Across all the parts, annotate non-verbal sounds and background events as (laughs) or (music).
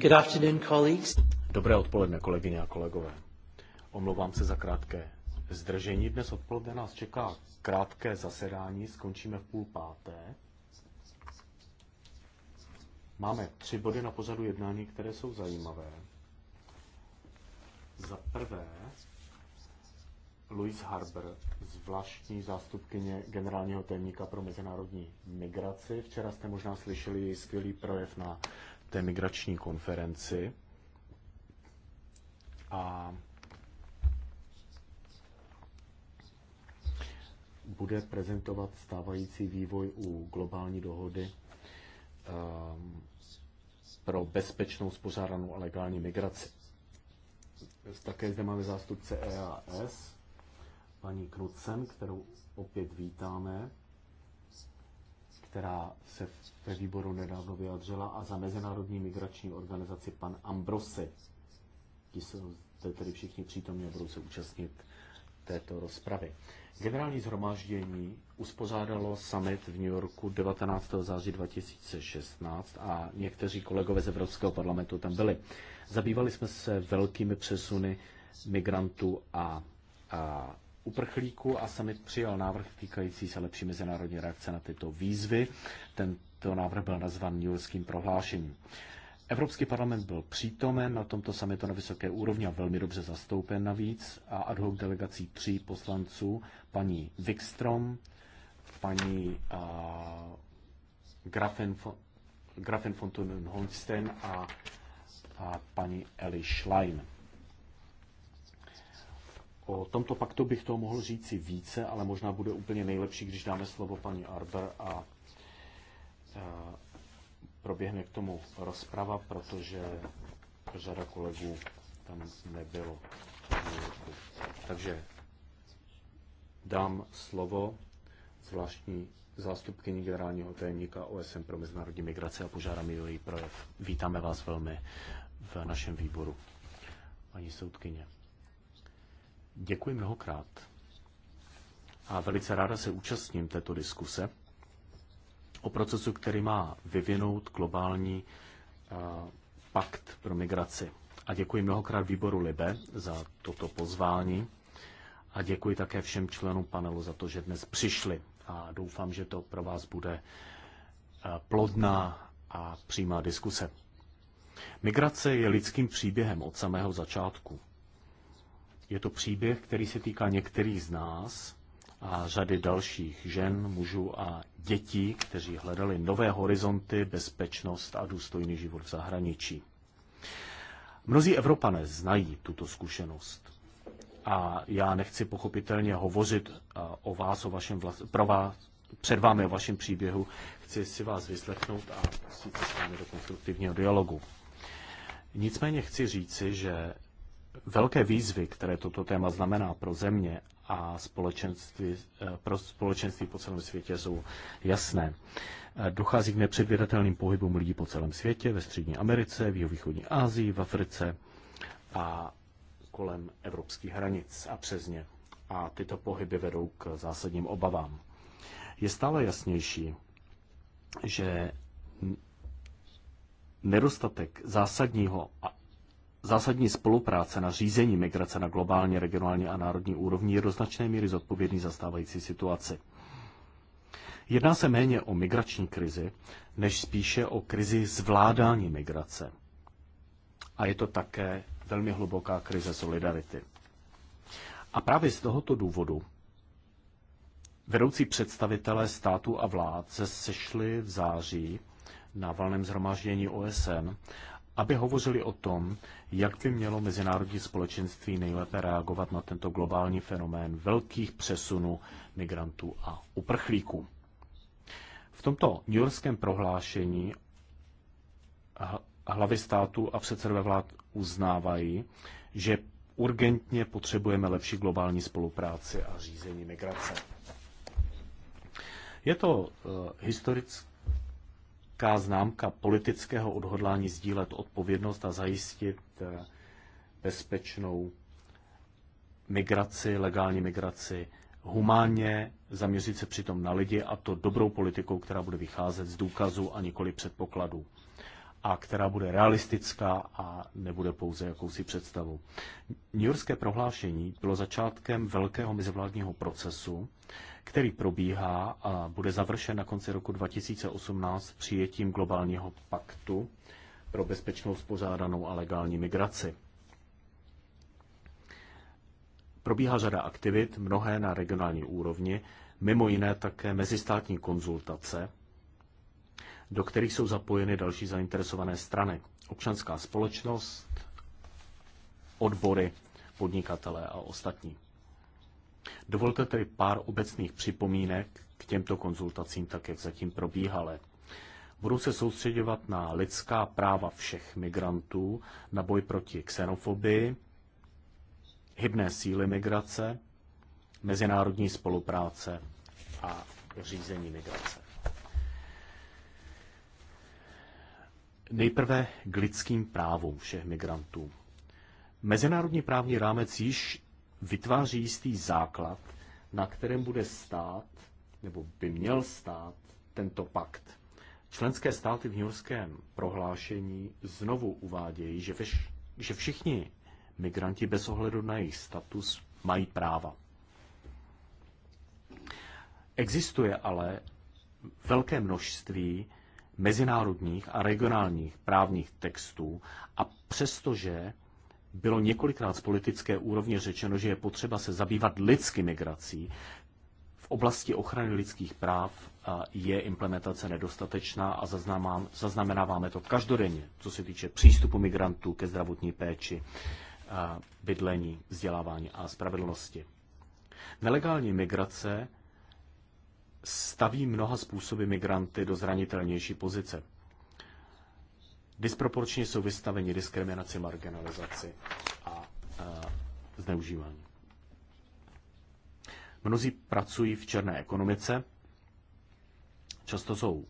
Good afternoon, colleagues. Dobré odpoledne, kolegyně a kolegové. Omlouvám se za krátké zdržení. Dnes odpoledne nás čeká krátké zasedání, skončíme v půl páté. Máme tři body na pozadu jednání, které jsou zajímavé. Za prvé, Louise Harber, zvláštní zástupkyně generálního tajemníka pro mezinárodní migraci. Včera jste možná slyšeli její skvělý projev na té migrační konferenci. A bude prezentovat stávající vývoj u globální dohody ehm, pro bezpečnou, spořádanou a legální migraci. Také zde máme zástupce EAS, paní Knudsen, kterou opět vítáme která se ve výboru nedávno vyjadřila, a za Mezinárodní migrační organizaci pan Ambrose. Ti jsou tady tedy všichni přítomní a budou se účastnit této rozpravy. Generální zhromáždění uspořádalo summit v New Yorku 19. září 2016 a někteří kolegové z Evropského parlamentu tam byli. Zabývali jsme se velkými přesuny migrantů a, a uprchlíků a summit přijal návrh týkající se lepší mezinárodní reakce na tyto výzvy. Tento návrh byl nazvan New prohlášením. Evropský parlament byl přítomen na tomto summitu na vysoké úrovni a velmi dobře zastoupen navíc a ad hoc delegací tří poslanců, paní Wikstrom, paní uh, Grafen, von, von Holstein a, a paní Eli Schlein. O tomto paktu bych to mohl říci více, ale možná bude úplně nejlepší, když dáme slovo paní Arber a e, proběhne k tomu rozprava, protože řada kolegů tam nebylo. Takže dám slovo zvláštní zástupkyni generálního tajemníka OSN pro mezinárodní migraci a požádám její projev. Vítáme vás velmi v našem výboru, paní soudkyně. Děkuji mnohokrát. A velice ráda se účastním této diskuse o procesu, který má vyvinout globální eh, pakt pro migraci. A děkuji mnohokrát výboru Libe za toto pozvání a děkuji také všem členům panelu za to, že dnes přišli a doufám, že to pro vás bude eh, plodná a přímá diskuse. Migrace je lidským příběhem od samého začátku. Je to příběh, který se týká některých z nás a řady dalších žen, mužů a dětí, kteří hledali nové horizonty, bezpečnost a důstojný život v zahraničí. Mnozí Evropané znají tuto zkušenost. A já nechci pochopitelně hovořit o vás, o vašem vlast... pro vás, před vámi o vašem příběhu. Chci si vás vyslechnout a pustit s vámi do konstruktivního dialogu. Nicméně chci říci, že velké výzvy, které toto téma znamená pro země a společenství, eh, pro společenství po celém světě, jsou jasné. Eh, dochází k nepředvědatelným pohybům lidí po celém světě, ve Střední Americe, v jihovýchodní Asii, v Africe a kolem evropských hranic a přes ně. A tyto pohyby vedou k zásadním obavám. Je stále jasnější, že nedostatek zásadního a zásadní spolupráce na řízení migrace na globální, regionální a národní úrovni je do značné míry zodpovědný za stávající situaci. Jedná se méně o migrační krizi, než spíše o krizi zvládání migrace. A je to také velmi hluboká krize solidarity. A právě z tohoto důvodu vedoucí představitelé států a vlád se sešli v září na valném zhromáždění OSN aby hovořili o tom, jak by mělo mezinárodní společenství nejlépe reagovat na tento globální fenomén velkých přesunů migrantů a uprchlíků. V tomto Yorkském prohlášení hlavy státu a předsedové vlád uznávají, že urgentně potřebujeme lepší globální spolupráci a řízení migrace. Je to eh, historický velká známka politického odhodlání sdílet odpovědnost a zajistit eh, bezpečnou migraci, legální migraci, humánně zaměřit se přitom na lidi a to dobrou politikou, která bude vycházet z důkazů a nikoli předpokladů a která bude realistická a nebude pouze jakousi představou. Yorkské prohlášení bylo začátkem velkého mezivládního procesu, který probíhá a bude završen na konci roku 2018 přijetím globálního paktu pro bezpečnou, spořádanou a legální migraci. Probíhá řada aktivit, mnohé na regionální úrovni, mimo jiné také mezistátní konzultace do kterých jsou zapojeny další zainteresované strany. Občanská společnost, odbory, podnikatelé a ostatní. Dovolte tedy pár obecných připomínek k těmto konzultacím, tak jak zatím probíhaly. Budou se soustředovat na lidská práva všech migrantů, na boj proti xenofobii, hybné síly migrace, mezinárodní spolupráce a řízení migrace. Nejprve k lidským právům všech migrantů. Mezinárodní právní rámec již vytváří jistý základ, na kterém bude stát, nebo by měl stát, tento pakt. Členské státy v Newyorském prohlášení znovu uvádějí, že, veš, že všichni migranti bez ohledu na jejich status mají práva. Existuje ale velké množství mezinárodních a regionálních právních textů a přestože bylo několikrát z politické úrovně řečeno, že je potřeba se zabývat lidsky migrací, v oblasti ochrany lidských práv je implementace nedostatečná a zaznamenáváme to každodenně, co se týče přístupu migrantů ke zdravotní péči, bydlení, vzdělávání a spravedlnosti. Nelegální migrace staví mnoha způsoby migranty do zranitelnější pozice. Disproporčně jsou vystaveni diskriminaci, marginalizaci a a zneužívání. Mnozí pracují v černé ekonomice, často jsou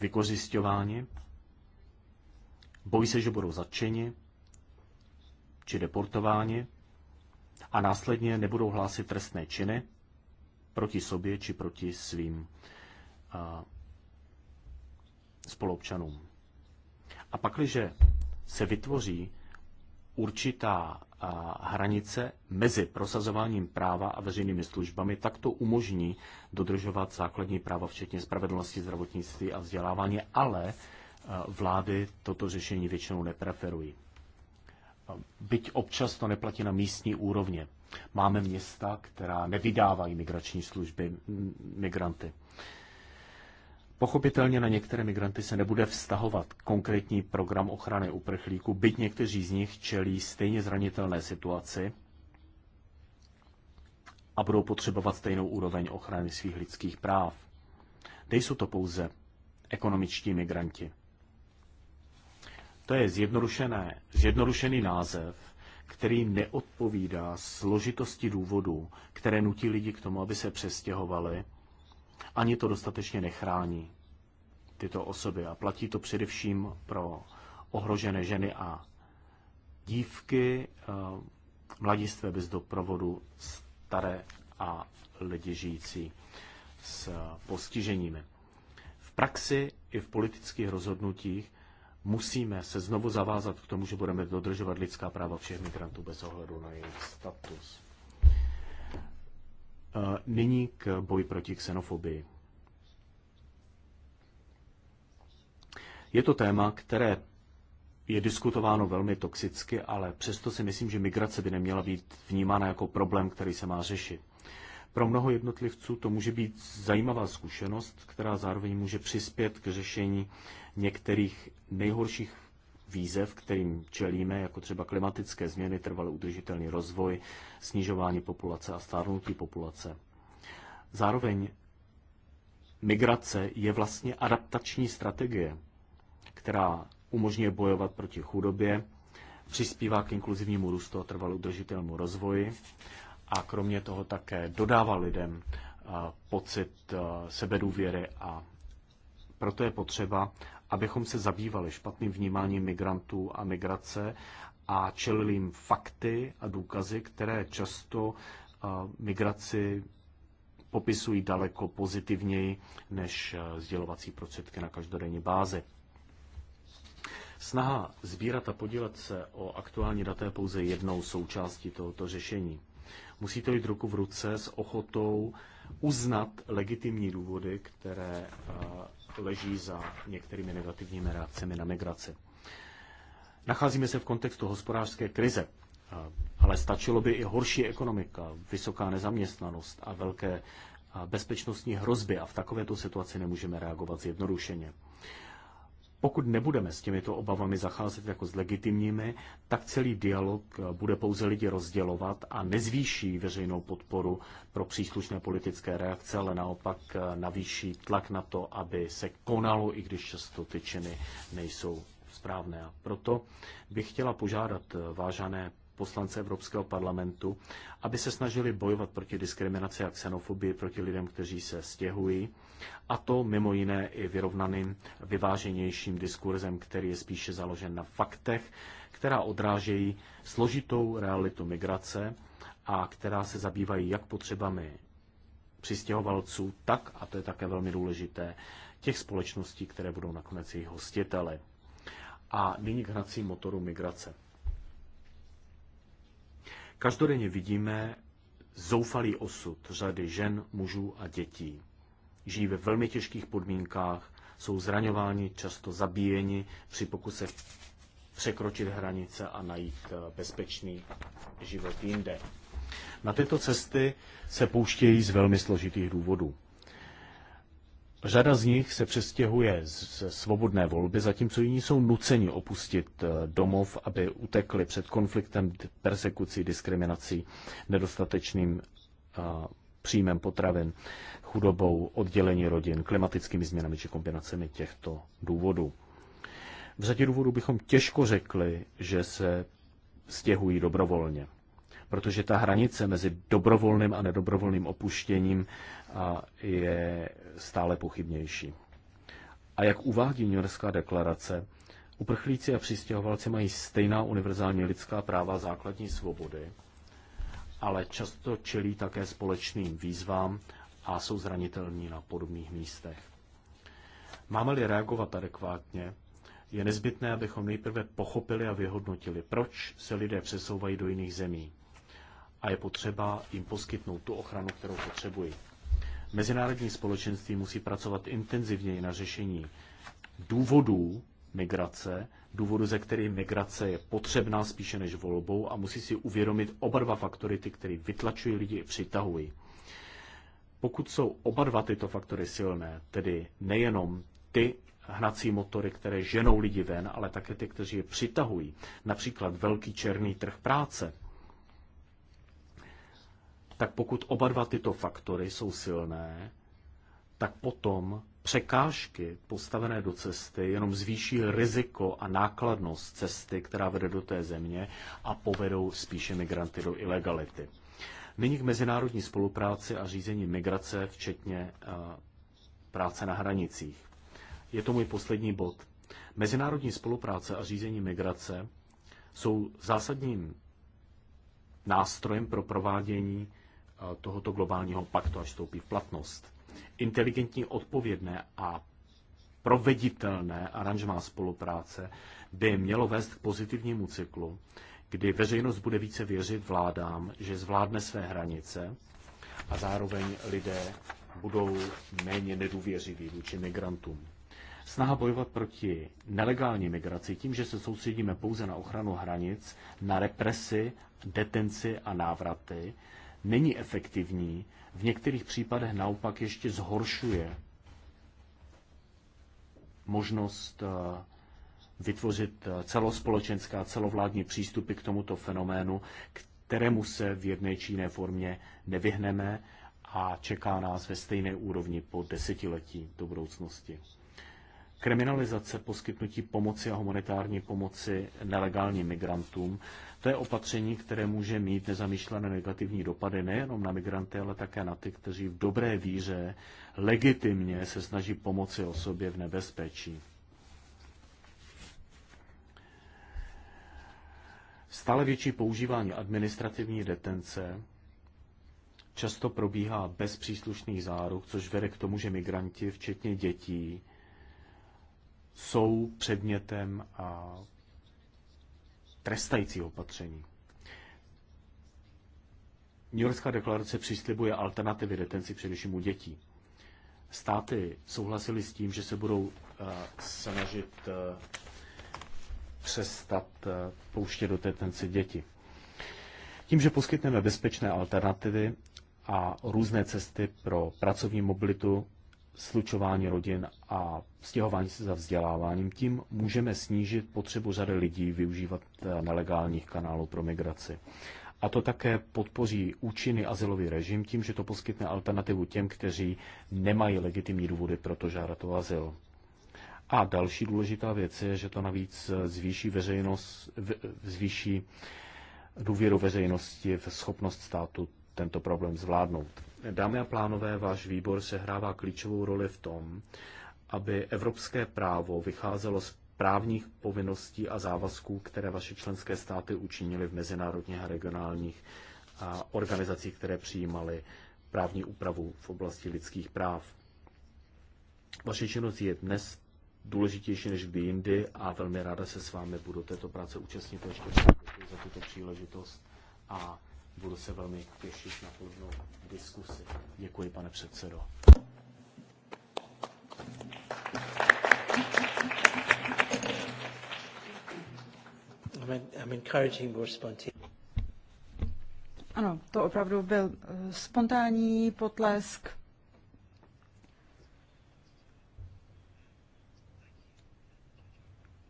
vykořišťováni, bojí se, že budou zatčeni či deportováni a následně nebudou hlásit trestné činy, proti sobě či proti svým spolupčanům. A pakliže se vytvoří určitá hranice mezi prosazováním práva a veřejnými službami, tak to umožní dodržovat základní práva, včetně spravedlnosti, zdravotnictví a vzdělávání, ale vlády toto řešení většinou nepreferují byť občas to neplatí na místní úrovně. Máme města, která nevydávají migrační služby migranty. Pochopitelně na některé migranty se nebude vztahovat konkrétní program ochrany uprchlíků, byť někteří z nich čelí stejně zranitelné situaci a budou potřebovat stejnou úroveň ochrany svých lidských práv. Nejsou to pouze ekonomičtí migranti. To je zjednodušené, zjednodušený název, který neodpovídá složitosti důvodů, které nutí lidi k tomu, aby se přestěhovali, ani to dostatečně nechrání tyto osoby. A platí to především pro ohrožené ženy a dívky, eh, mladistvé bez doprovodu, staré a lidi žijící s postiženími. V praxi i v politických rozhodnutích musíme se znovu zavázat k tomu, že budeme dodržovat lidská práva všech migrantů bez ohledu na jejich status. E, nyní k boji proti xenofobii. Je to téma, které je diskutováno velmi toxicky, ale přesto si myslím, že migrace by neměla být vnímána jako problém, který se má řešit. Pro mnoho jednotlivců to může být zajímavá zkušenost, která zároveň může přispět k řešení některých nejhorších výzev, kterým čelíme, jako třeba klimatické změny, trvalý udržitelný rozvoj, snižování populace a stárnutí populace. Zároveň migrace je vlastně adaptační strategie, která umožňuje bojovat proti chudobě, přispívá k inkluzivnímu růstu a trvalou udržitelnému rozvoji a kromě toho také dodává lidem eh, pocit eh, sebedůvěry a proto je potřeba, abychom se zabývali špatným vnímáním migrantů a migrace a čelili jim fakty a důkazy, které často eh, migraci popisují daleko pozitivněji než sdělovací prostředky na každodenní bázi. Snaha sbírat a podílet se o aktuální data je pouze jednou součástí tohoto řešení. Musí to jít ruku v ruce s ochotou uznat legitimní důvody, které eh, leží za některými negativními reakcemi na migraci. Nacházíme se v kontextu hospodářské krize, eh, ale stačilo by i horší ekonomika, vysoká nezaměstnanost a velké eh, bezpečnostní hrozby a v takovéto situaci nemůžeme reagovat zjednodušeně. Pokud nebudeme s těmito obavami zacházet jako s legitimními, tak celý dialog eh, bude pouze lidi rozdělovat a nezvýší veřejnou podporu pro příslušné politické reakce, ale naopak eh, navýší tlak na to, aby se konalo, i když často ty činy nejsou správné. A proto bych chtěla požádat eh, vážané poslance Evropského parlamentu, aby se snažili bojovat proti diskriminaci a xenofobii proti lidem, kteří se stěhují, a to mimo jiné i vyrovnaným, vyváženějším diskurzem, který je spíše založen na faktech, která odrážejí složitou realitu migrace a která se zabývají jak potřebami přistěhovalců, tak, a to je také velmi důležité, těch společností, které budou nakonec jejich hostiteli. A nyní k hnacím motoru migrace. Každodenně vidíme zoufalý osud řady žen, mužů a dětí. Žijí ve velmi těžkých podmínkách, jsou zraňováni, často zabíjeni při pokuse překročit hranice a najít eh, bezpečný život jinde. Na tyto cesty se pouštějí z velmi složitých důvodů. Řada z nich se přestěhuje ze svobodné volby, zatímco jiní jsou nuceni opustit eh, domov, aby utekli před konfliktem, persekucí, diskriminací, nedostatečným eh, příjmem potravin, chudobou, oddělení rodin, klimatickými změnami či kombinacemi těchto důvodů. V řadě důvodů bychom těžko řekli, že se stěhují dobrovolně protože ta hranice mezi dobrovolným a nedobrovolným opuštěním je stále pochybnější. A jak uvádí New Yorkská deklarace, uprchlíci a přistěhovalci mají stejná univerzální lidská práva a základní svobody, ale často čelí také společným výzvám a jsou zranitelní na podobných místech. Máme-li reagovat adekvátně, je nezbytné, abychom nejprve pochopili a vyhodnotili, proč se lidé přesouvají do jiných zemí a je potřeba jim poskytnout tu ochranu, kterou potřebují. Mezinárodní společenství musí pracovat intenzivněji na řešení důvodů migrace, důvodu, ze kterých migrace je potřebná spíše než volbou a musí si uvědomit oba dva faktory, ty, které vytlačují lidi i přitahují. Pokud jsou oba dva tyto faktory silné, tedy nejenom ty hnací motory, které ženou lidi ven, ale také ty, kteří je přitahují, například velký černý trh práce, tak pokud oba dva tyto faktory jsou silné, tak potom překážky postavené do cesty jenom zvýší riziko a nákladnost cesty, která vede do té země a povedou spíše migranty do ilegality. Nyní k mezinárodní spolupráci a řízení migrace, včetně eh, práce na hranicích. Je to můj poslední bod. Mezinárodní spolupráce a řízení migrace jsou zásadním nástrojem pro provádění tohoto globálního paktu, až vstoupí v platnost. Inteligentní, odpovědné a proveditelné aranžmá spolupráce by mělo vést k pozitivnímu cyklu, kdy veřejnost bude více věřit vládám, že zvládne své hranice a zároveň lidé budou méně nedůvěřiví vůči migrantům. Snaha bojovat proti nelegální migraci tím, že se soustředíme pouze na ochranu hranic, na represi, detenci a návraty, není efektivní, v některých případech naopak ještě zhoršuje možnost eh, vytvořit eh, celospolečenská, celovládní přístupy k tomuto fenoménu, kterému se v jedné či jiné formě nevyhneme a čeká nás ve stejné úrovni po desetiletí do budoucnosti. Kriminalizace poskytnutí pomoci a humanitární pomoci nelegálním migrantům, to je opatření, které může mít nezamýšlené negativní dopady nejenom na migranty, ale také na ty, kteří v dobré víře legitimně se snaží pomoci osobě v nebezpečí. Stále větší používání administrativní detence často probíhá bez příslušných záruk, což vede k tomu, že migranti, včetně dětí, jsou předmětem a trestající opatření. New Yorkská deklarace přislibuje alternativy detenci především u dětí. Státy souhlasily s tím, že se budou uh, snažit uh, přestat uh, pouštět do detence děti. Tím, že poskytneme bezpečné alternativy a různé cesty pro pracovní mobilitu, slučování rodin a stěhování se za vzděláváním. Tím můžeme snížit potřebu řady lidí využívat eh, nelegálních kanálů pro migraci. A to také podpoří účinný azylový režim tím, že to poskytne alternativu těm, kteří nemají legitimní důvody pro to žádat o azyl. A další důležitá věc je, že to navíc eh, zvýší veřejnost, zvýší důvěru veřejnosti v schopnost státu tento problém zvládnout. Dámy a plánové, váš výbor sehrává klíčovou roli v tom, aby evropské právo vycházelo z právních povinností a závazků, které vaše členské státy učinily v mezinárodních a regionálních organizacích, které přijímaly právní úpravu v oblasti lidských práv. Vaše činnost je dnes důležitější než kdy jindy a velmi ráda se s vámi budu této práce účastnit. Ještě děkuji za tuto příležitost a budu se velmi těšit na plodnou diskusi. Děkuji, pane předsedo. Ano, to opravdu byl eh, spontánní potlesk.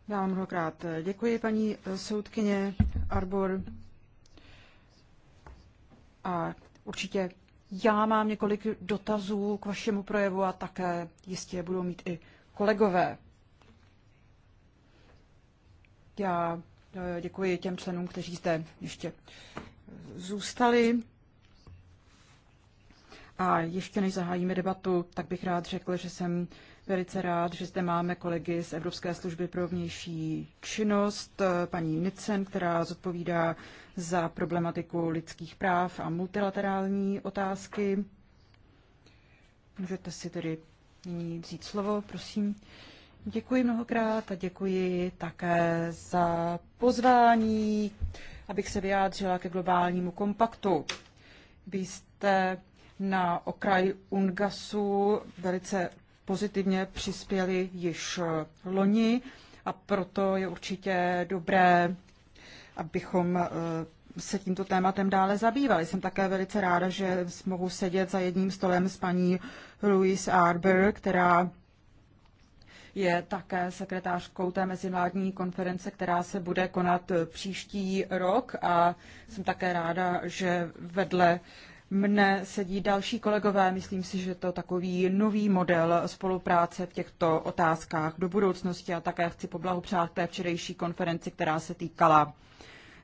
Já vám mnohokrát eh, děkuji, paní eh, soudkyně Arbor. A určitě já mám několik dotazů k vašemu projevu a také jistě budou mít i kolegové. Já eh, děkuji těm členům, kteří zde ještě zůstali. A ještě než zahájíme debatu, tak bych rád řekl, že jsem velice rád, že zde máme kolegy z Evropské služby pro vnější činnost, eh, paní Nicen, která zodpovídá za problematiku lidských práv a multilaterální otázky. Můžete si tedy nyní vzít slovo, prosím. Děkuji mnohokrát a děkuji také za pozvání, abych se vyjádřila ke globálnímu kompaktu. Vy jste na okraji UNGASu velice pozitivně přispěli již loni a proto je určitě dobré, abychom eh, se tímto tématem dále zabývali. Jsem také velice ráda, že mohu sedět za jedním stolem s paní Louise Arber, která je také sekretářkou té mezivládní konference, která se bude konat příští rok a jsem také ráda, že vedle mne sedí další kolegové. Myslím si, že to takový nový model spolupráce v těchto otázkách do budoucnosti a také chci poblahopřát té včerejší konferenci, která se týkala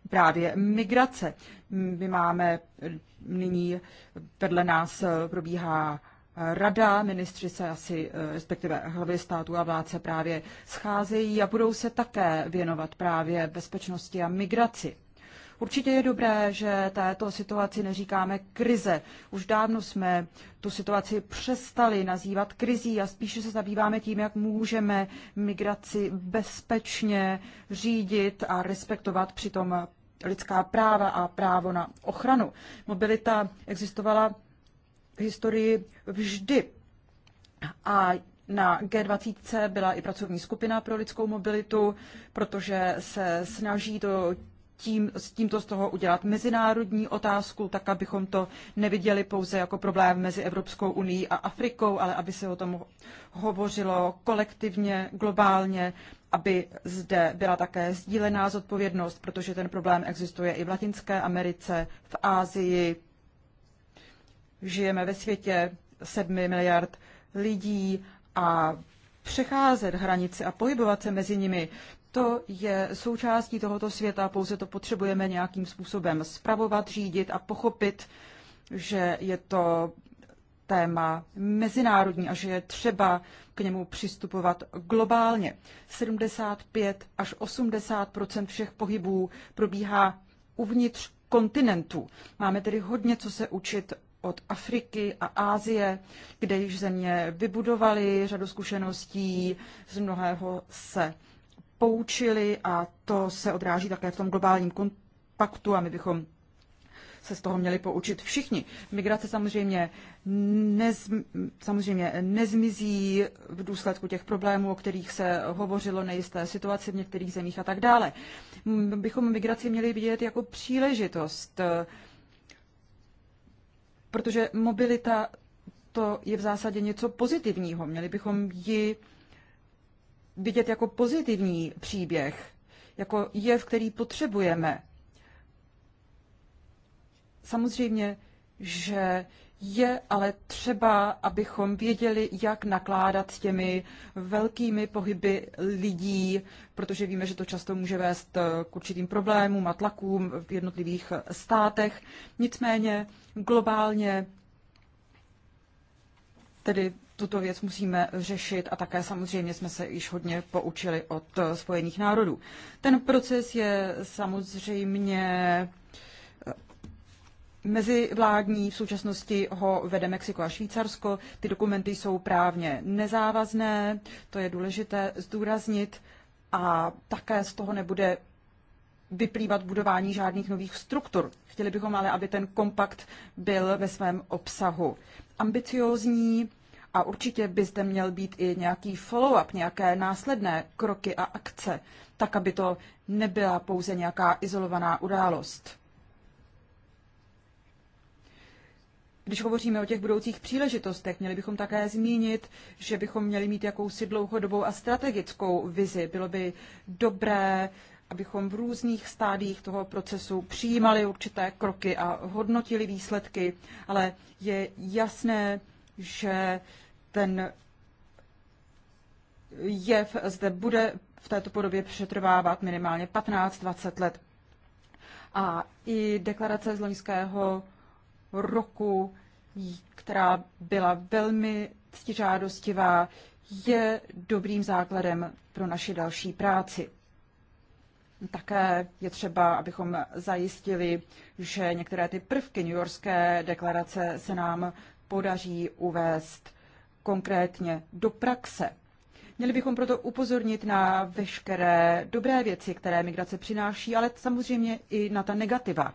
právě migrace. My máme nyní vedle nás probíhá rada, ministři se asi, respektive hlavy států a vládce právě scházejí a budou se také věnovat právě bezpečnosti a migraci. Určitě je dobré, že této situaci neříkáme krize. Už dávno jsme tu situaci přestali nazývat krizí a spíše se zabýváme tím, jak můžeme migraci bezpečně řídit a respektovat přitom lidská práva a právo na ochranu. Mobilita existovala v historii vždy. A na G20 byla i pracovní skupina pro lidskou mobilitu, protože se snaží to tím, s tímto z toho udělat mezinárodní otázku, tak abychom to neviděli pouze jako problém mezi Evropskou unii a Afrikou, ale aby se o tom hovořilo kolektivně, globálně, aby zde byla také sdílená zodpovědnost, protože ten problém existuje i v Latinské Americe, v Ázii. Žijeme ve světě sedmi miliard lidí a přecházet hranice a pohybovat se mezi nimi, to je součástí tohoto světa, pouze to potřebujeme nějakým způsobem spravovat, řídit a pochopit, že je to téma mezinárodní a že je třeba k němu přistupovat globálně. 75 až 80 všech pohybů probíhá uvnitř kontinentů. Máme tedy hodně co se učit od Afriky a Ázie, kde již země vybudovaly řadu zkušeností, z mnohého se poučili a to se odráží také v tom globálním kontaktu a my bychom se z toho měli poučit všichni. Migrace samozřejmě, nez, samozřejmě nezmizí v důsledku těch problémů, o kterých se hovořilo, nejisté situaci v některých zemích a tak dále. Bychom migraci měli vidět jako příležitost, protože mobilita to je v zásadě něco pozitivního. Měli bychom ji vidět jako pozitivní příběh, jako jev, který potřebujeme. Samozřejmě, že je ale třeba, abychom věděli, jak nakládat s těmi velkými pohyby lidí, protože víme, že to často může vést eh, k určitým problémům a tlakům v jednotlivých eh, státech. Nicméně globálně tedy tuto věc musíme řešit a také samozřejmě jsme se již hodně poučili od eh, Spojených národů. Ten proces je samozřejmě eh, mezivládní, v současnosti ho vede Mexiko a Švýcarsko. Ty dokumenty jsou právně nezávazné, to je důležité zdůraznit a také z toho nebude vyplývat budování žádných nových struktur. Chtěli bychom ale, aby ten kompakt byl ve svém obsahu ambiciózní, a určitě by zde měl být i nějaký follow-up, nějaké následné kroky a akce, tak aby to nebyla pouze nějaká izolovaná událost. Když hovoříme o těch budoucích příležitostech, měli bychom také zmínit, že bychom měli mít jakousi dlouhodobou a strategickou vizi. Bylo by dobré, abychom v různých stádiích toho procesu přijímali určité kroky a hodnotili výsledky, ale je jasné, že ten jev zde bude v této podobě přetrvávat minimálně 15-20 let. A i deklarace z loňského roku, která byla velmi ctižádostivá, je dobrým základem pro naši další práci. Také je třeba, abychom zajistili, že některé ty prvky New Yorkské deklarace se nám podaří uvést konkrétně do praxe. Měli bychom proto upozornit na veškeré dobré věci, které migrace přináší, ale samozřejmě i na ta negativa.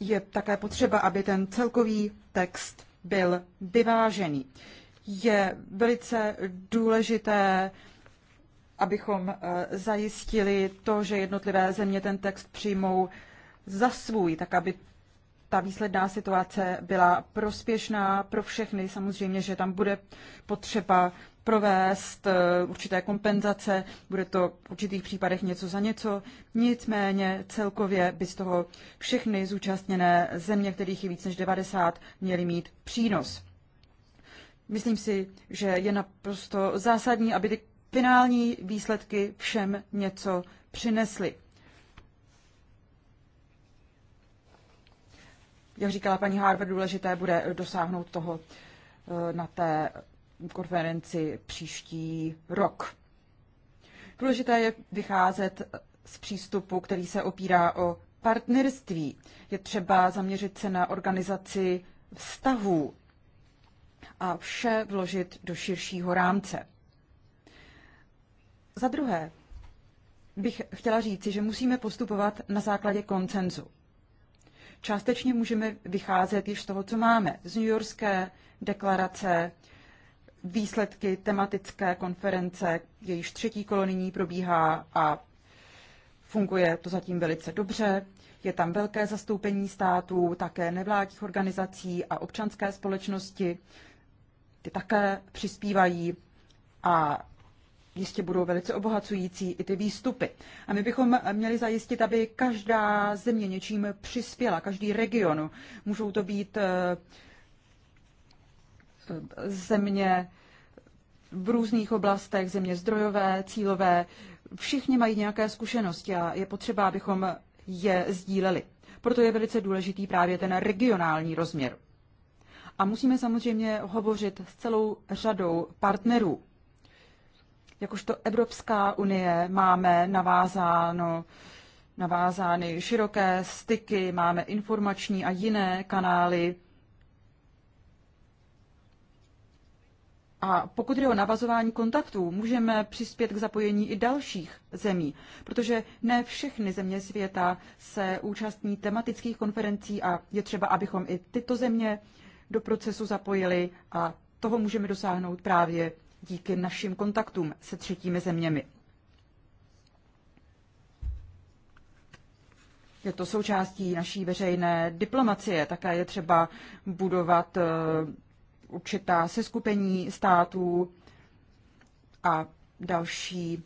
Je také potřeba, aby ten celkový text byl vyvážený. Je velice důležité, abychom eh, zajistili to, že jednotlivé země ten text přijmou za svůj, tak aby ta výsledná situace byla prospěšná pro všechny. Samozřejmě, že tam bude potřeba provést eh, určité kompenzace, bude to v určitých případech něco za něco. Nicméně celkově by z toho všechny zúčastněné země, kterých je víc než 90, měly mít přínos. Myslím si, že je naprosto zásadní, aby ty finální výsledky všem něco přinesly. jak říkala paní Harvard, důležité bude dosáhnout toho eh, na té konferenci příští rok. Důležité je vycházet z přístupu, který se opírá o partnerství. Je třeba zaměřit se na organizaci vztahů a vše vložit do širšího rámce. Za druhé bych chtěla říci, že musíme postupovat na základě koncenzu. Částečně můžeme vycházet již z toho, co máme z New Yorkské deklarace, výsledky tematické konference, jejíž třetí kolo nyní probíhá a funguje to zatím velice dobře. Je tam velké zastoupení států, také nevládních organizací a občanské společnosti. Ty také přispívají a jistě budou velice obohacující i ty výstupy. A my bychom měli zajistit, aby každá země něčím přispěla, každý region. Můžou to být eh, eh, země v různých oblastech, země zdrojové, cílové. Všichni mají nějaké zkušenosti a je potřeba, abychom je sdíleli. Proto je velice důležitý právě ten regionální rozměr. A musíme samozřejmě hovořit s celou řadou partnerů jakožto Evropská unie máme navázáno navázány široké styky, máme informační a jiné kanály. A pokud jde o navazování kontaktů, můžeme přispět k zapojení i dalších zemí, protože ne všechny země světa se účastní tematických konferencí a je třeba, abychom i tyto země do procesu zapojili a toho můžeme dosáhnout právě díky našim kontaktům se třetími zeměmi. Je to součástí naší veřejné diplomacie. Také je třeba budovat eh, určitá seskupení států a další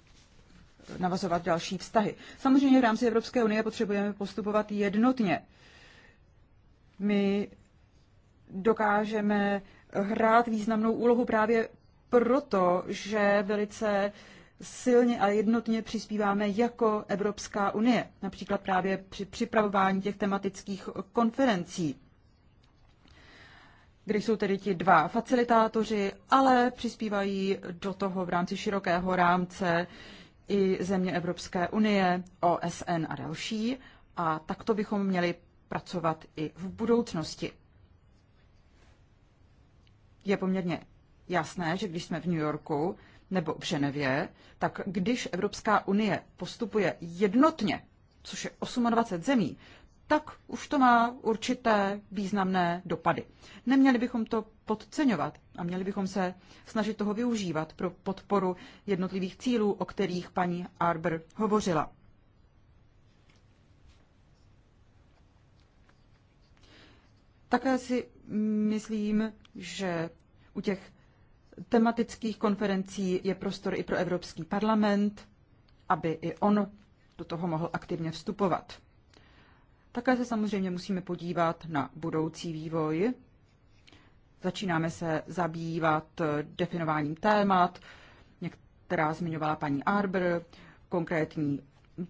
navazovat další vztahy. Samozřejmě v rámci Evropské unie potřebujeme postupovat jednotně. My dokážeme hrát významnou úlohu právě proto, že velice silně a jednotně přispíváme jako Evropská unie, například právě při připravování těch tematických konferencí, kde jsou tedy ti dva facilitátoři, ale přispívají do toho v rámci širokého rámce i země Evropské unie, OSN a další. A takto bychom měli pracovat i v budoucnosti. Je poměrně jasné, že když jsme v New Yorku nebo v Ženevě, tak když Evropská unie postupuje jednotně, což je 28 zemí, tak už to má určité významné dopady. Neměli bychom to podceňovat a měli bychom se snažit toho využívat pro podporu jednotlivých cílů, o kterých paní Arber hovořila. Také si myslím, že u těch tematických konferencí je prostor i pro Evropský parlament, aby i on do toho mohl aktivně vstupovat. Také se samozřejmě musíme podívat na budoucí vývoj. Začínáme se zabývat definováním témat, která zmiňovala paní Arber konkrétní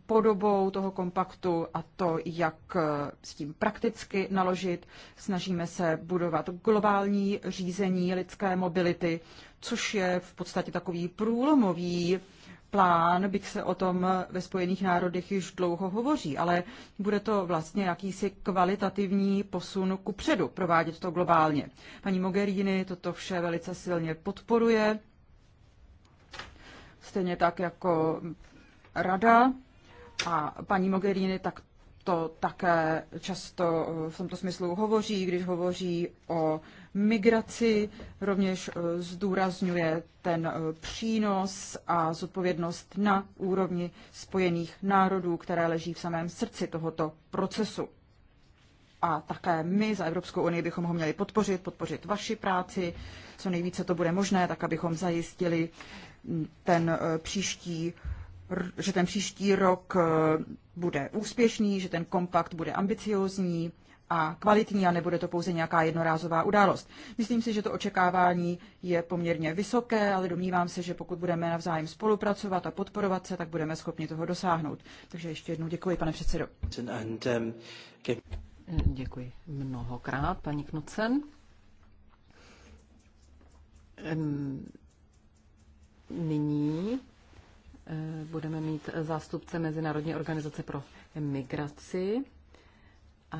podobou toho kompaktu a to, jak eh, s tím prakticky naložit. Snažíme se budovat globální řízení lidské mobility, což je v podstatě takový průlomový plán, bych se o tom ve Spojených národech již dlouho hovoří, ale bude to vlastně jakýsi kvalitativní posun ku předu, provádět to globálně. Paní Mogherini toto vše velice silně podporuje, stejně tak jako rada a paní Mogherini tak to také často v tomto smyslu hovoří, když hovoří o migraci, rovněž e, zdůrazňuje ten e, přínos a zodpovědnost na úrovni spojených národů, které leží v samém srdci tohoto procesu. A také my za Evropskou unii bychom ho měli podpořit, podpořit vaši práci, co nejvíce to bude možné, tak abychom zajistili ten e, příští že ten příští rok eh, bude úspěšný, že ten kompakt bude ambiciózní a kvalitní a nebude to pouze nějaká jednorázová událost. Myslím si, že to očekávání je poměrně vysoké, ale domnívám se, že pokud budeme navzájem spolupracovat a podporovat se, tak budeme schopni toho dosáhnout. Takže ještě jednou děkuji, pane předsedo. Um, děkuji mnohokrát, paní Knocen. Nyní Eh, budeme mít zástupce Mezinárodní organizace pro migraci. A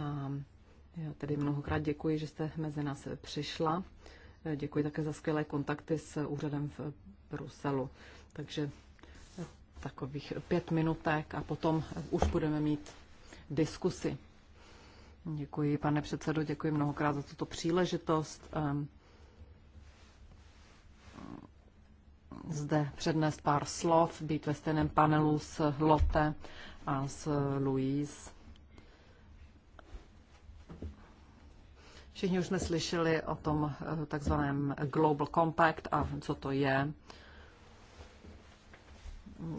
já tedy mnohokrát děkuji, že jste mezi nás přišla. Eh, děkuji také za skvělé kontakty s úřadem v Bruselu. Takže takových pět minutek a potom už budeme mít diskusy. Děkuji, pane předsedo, děkuji mnohokrát za tuto příležitost. zde přednést pár slov, být ve stejném panelu s Lotte a s Louise. Všichni už jsme slyšeli o tom eh, takzvaném Global Compact a co to je.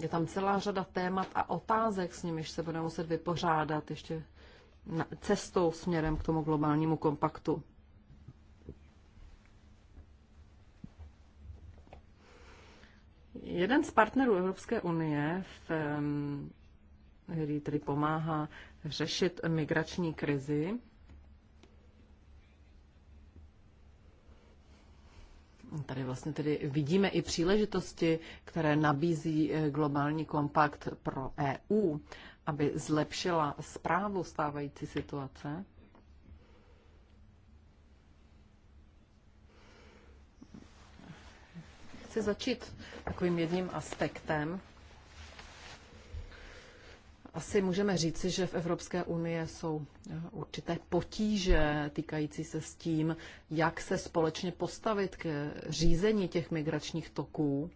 Je tam celá řada témat a otázek, s nimiž se budeme muset vypořádat ještě cestou směrem k tomu globálnímu kompaktu. Jeden z partnerů Evropské unie v který tedy pomáhá řešit migrační krizi. Tady vlastně tedy vidíme i příležitosti, které nabízí eh, globální kompakt pro EU, aby zlepšila zprávu stávající situace. chci začít takovým jedním aspektem. Asi můžeme říci, že v Evropské unii jsou eh, určité potíže týkající se s tím, jak se společně postavit k řízení těch migračních toků.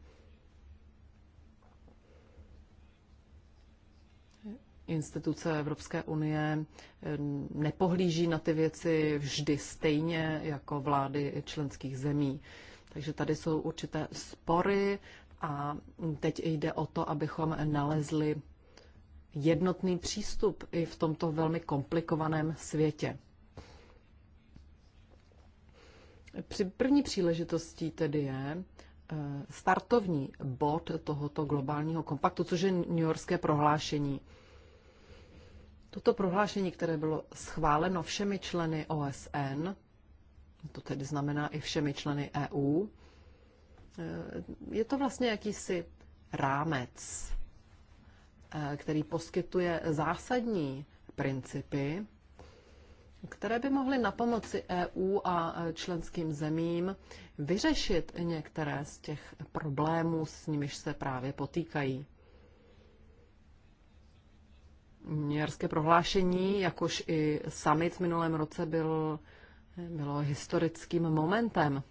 instituce Evropské unie eh, nepohlíží na ty věci vždy stejně jako vlády členských zemí. Takže tady jsou určité spory a teď jde o to, abychom nalezli jednotný přístup i v tomto velmi komplikovaném světě. Při první příležitostí tedy je eh, startovní bod tohoto globálního kompaktu, což je New Yorkské prohlášení. Toto prohlášení, které bylo schváleno všemi členy OSN, to tedy znamená i všemi členy EU, je to vlastně jakýsi rámec, eh, který poskytuje zásadní principy, které by mohly na pomoci EU a členským zemím vyřešit některé z těch problémů, s nimiž se právě potýkají. Měrské prohlášení, jakož i summit v minulém roce byl bylo historickým momentem.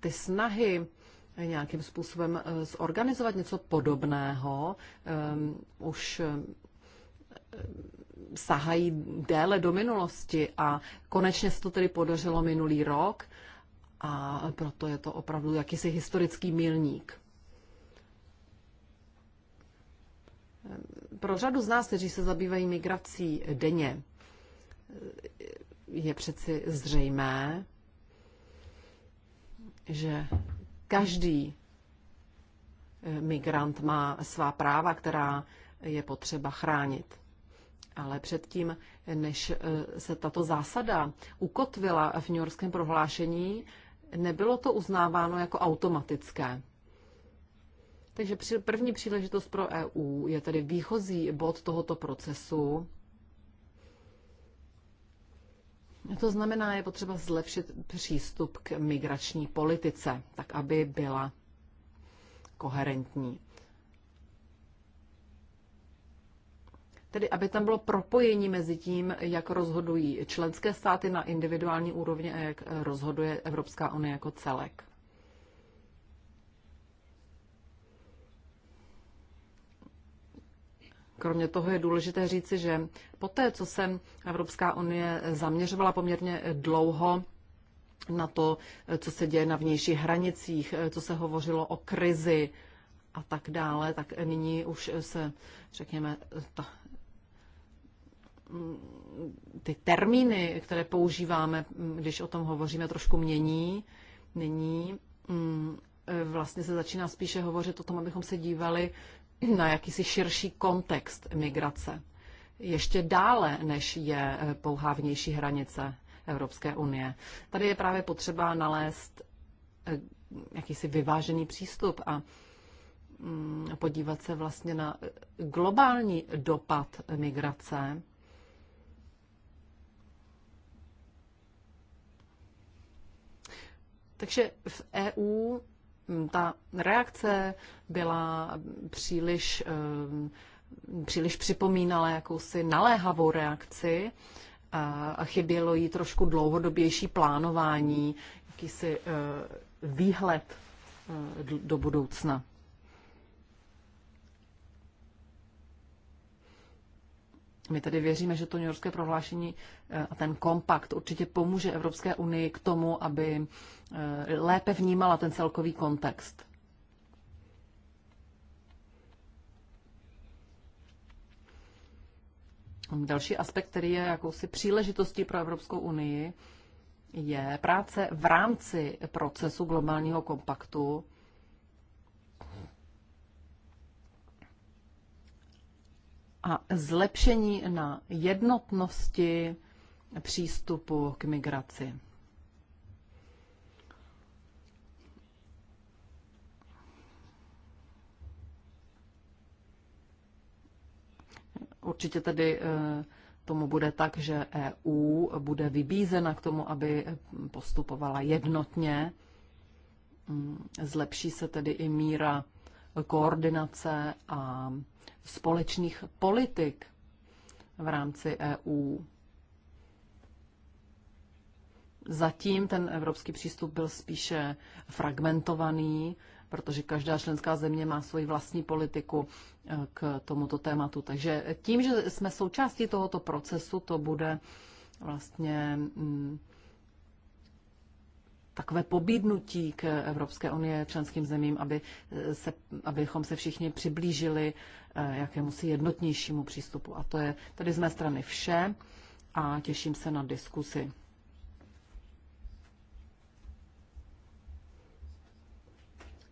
Ty snahy nějakým způsobem eh, zorganizovat něco podobného eh, už eh, sahají déle do minulosti a konečně se to tedy podařilo minulý rok a proto je to opravdu jakýsi historický milník pro řadu z nás, kteří se zabývají migrací denně, je přeci zřejmé, že každý eh, migrant má svá práva, která je potřeba chránit. Ale předtím, než eh, se tato zásada ukotvila v New prohlášení, nebylo to uznáváno jako automatické. Takže první příležitost pro EU je tedy výchozí bod tohoto procesu. To znamená, je potřeba zlepšit přístup k migrační politice, tak aby byla koherentní. Tedy, aby tam bylo propojení mezi tím, jak rozhodují členské státy na individuální úrovni a jak rozhoduje Evropská unie jako celek. Kromě toho je důležité říci, že poté, co se Evropská unie zaměřovala poměrně dlouho na to, co se děje na vnějších hranicích, co se hovořilo o krizi a tak dále, tak nyní už se, řekněme, ta, ty termíny, které používáme, když o tom hovoříme, trošku mění. Nyní mm, vlastně se začíná spíše hovořit o tom, abychom se dívali na jakýsi širší kontext migrace. Ještě dále, než je eh, pouhá vnější hranice Evropské unie. Tady je právě potřeba nalézt eh, jakýsi vyvážený přístup a mm, podívat se vlastně na eh, globální dopad migrace. Takže v EU Mm, ta reakce byla příliš, eh, příliš připomínala jakousi naléhavou reakci a chybělo jí trošku dlouhodobější plánování, jakýsi eh, výhled eh, do budoucna. My tedy věříme, že to New Yorkské prohlášení eh, a ten kompakt určitě pomůže Evropské unii k tomu, aby eh, lépe vnímala ten celkový kontext. Další aspekt, který je jakousi příležitostí pro Evropskou unii, je práce v rámci procesu globálního kompaktu a zlepšení na jednotnosti přístupu k migraci. Určitě tedy eh, tomu bude tak, že EU bude vybízena k tomu, aby postupovala jednotně. Mm, zlepší se tedy i míra koordinace a společných politik v rámci EU. Zatím ten evropský přístup byl spíše fragmentovaný, protože každá členská země má svoji vlastní politiku eh, k tomuto tématu. Takže tím, že jsme součástí tohoto procesu, to bude vlastně mm, takové pobídnutí k Evropské unie členským zemím, aby se, abychom se všichni přiblížili Eh, jakémusi jednotnějšímu přístupu. A to je tady z mé strany vše a těším se na diskusi.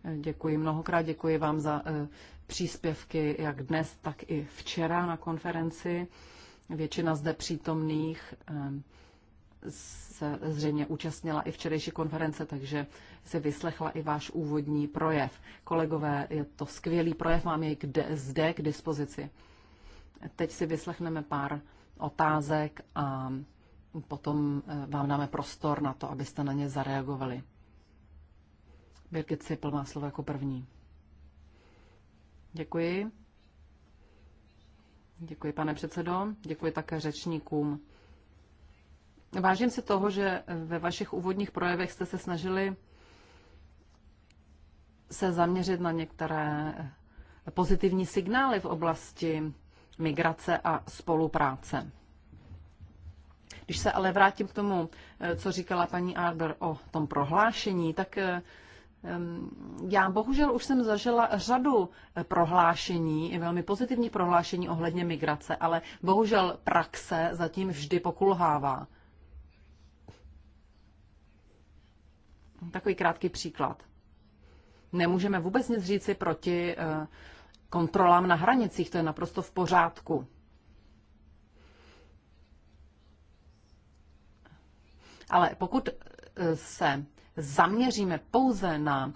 Eh, děkuji mnohokrát, děkuji vám za eh, příspěvky jak dnes, tak i včera na konferenci. Většina zde přítomných se zřejmě účastnila i včerejší konference, takže si vyslechla i váš úvodní projev. Kolegové, je to skvělý projev, mám jej kde, zde k dispozici. Teď si vyslechneme pár otázek a potom eh, vám dáme prostor na to, abyste na ně zareagovali. Birgit Cipl má slovo jako první. Děkuji. Děkuji, pane předsedo. Děkuji také řečníkům. Vážím se toho, že ve vašich úvodních projevech jste se snažili se zaměřit na některé pozitivní signály v oblasti migrace a spolupráce. Když se ale vrátím k tomu, co říkala paní Arber o tom prohlášení, tak já bohužel už jsem zažila řadu prohlášení, velmi pozitivní prohlášení ohledně migrace, ale bohužel praxe zatím vždy pokulhává. Takový krátký příklad nemůžeme vůbec nic říci proti eh, kontrolám na hranicích, to je naprosto v pořádku. Ale pokud eh, se zaměříme pouze na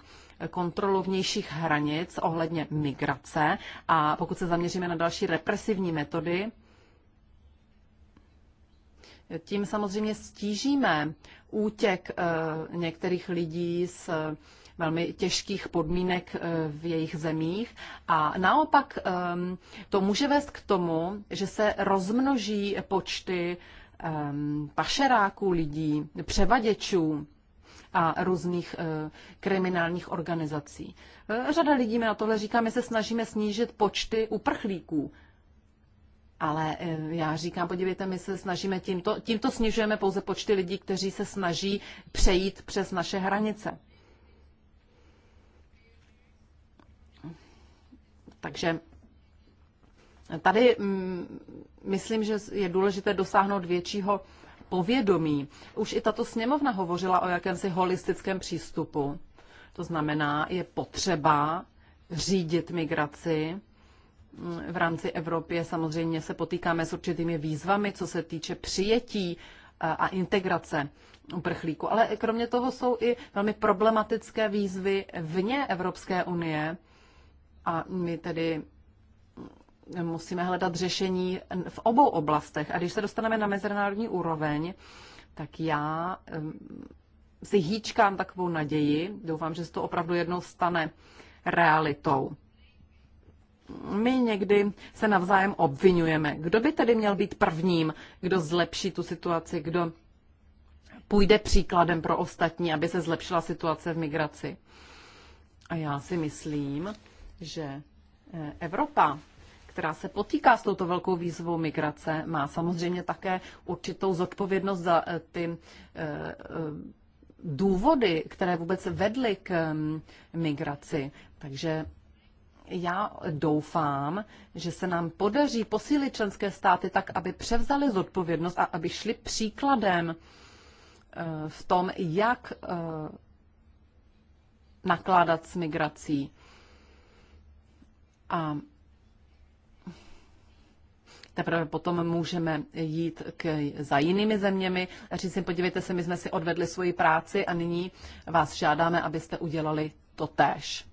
kontrolu vnějších hranic ohledně migrace a pokud se zaměříme na další represivní metody, tím samozřejmě stížíme útěk eh, některých lidí z velmi těžkých podmínek eh, v jejich zemích. A naopak ehm, to může vést k tomu, že se rozmnoží počty ehm, pašeráků lidí, převaděčů, a různých eh, kriminálních organizací. Eh, řada lidí mi na tohle říká, my se snažíme snížit počty uprchlíků. Ale já říkám, podívejte, my se snažíme tímto, tímto snižujeme pouze počty lidí, kteří se snaží přejít přes naše hranice. Takže tady mm, myslím, že je důležité dosáhnout většího povědomí. Už i tato sněmovna hovořila o jakémsi holistickém přístupu. To znamená, je potřeba řídit migraci. V rámci Evropy samozřejmě se potýkáme s určitými výzvami, co se týče přijetí eh, a integrace uprchlíků. Ale kromě toho jsou i velmi problematické výzvy vně Evropské unie, a my tedy musíme hledat řešení v obou oblastech. A když se dostaneme na mezinárodní úroveň, tak já si hýčkám takovou naději. Doufám, že se to opravdu jednou stane realitou. My někdy se navzájem obvinujeme. Kdo by tedy měl být prvním, kdo zlepší tu situaci, kdo půjde příkladem pro ostatní, aby se zlepšila situace v migraci? A já si myslím, že eh, Evropa, která se potýká s touto velkou výzvou migrace, má samozřejmě také určitou zodpovědnost za eh, ty eh, důvody, které vůbec vedly k mm, migraci. Takže já doufám, že se nám podaří posílit členské státy tak, aby převzali zodpovědnost a aby šli příkladem v tom, jak nakládat s migrací. A teprve potom můžeme jít k, za jinými zeměmi a říct si, podívejte se, my jsme si odvedli svoji práci a nyní vás žádáme, abyste udělali to též.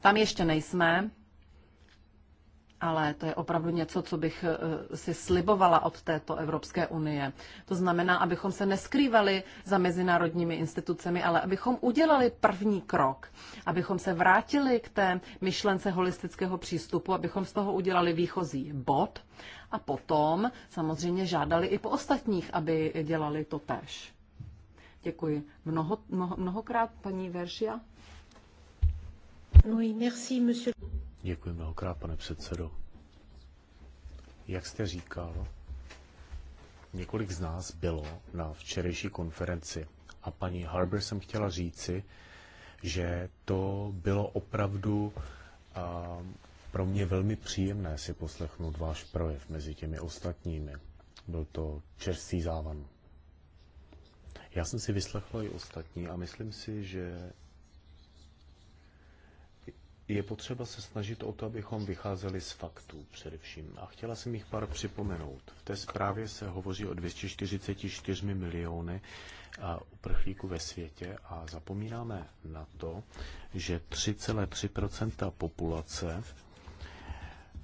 Tam ještě nejsme, ale to je opravdu něco, co bych eh, si slibovala od této Evropské unie. To znamená, abychom se neskrývali za mezinárodními institucemi, ale abychom udělali první krok, abychom se vrátili k té myšlence holistického přístupu, abychom z toho udělali výchozí bod a potom samozřejmě žádali i po ostatních, aby dělali to tež. Děkuji mnoho, mnoho, mnohokrát, paní Veršia. Oui, merci, monsieur. Děkuji mnohokrát, pane předsedo. Jak jste říkal, několik z nás bylo na včerejší konferenci a paní Harber jsem chtěla říci, že to bylo opravdu a, pro mě velmi příjemné si poslechnout váš projev mezi těmi ostatními. Byl to čerstvý závan. Já jsem si vyslechla i ostatní a myslím si, že je potřeba se snažit o to, abychom vycházeli z faktů především. A chtěla jsem jich pár připomenout. V té zprávě se hovoří o 244 miliony uprchlíků ve světě a zapomínáme na to, že 3,3 populace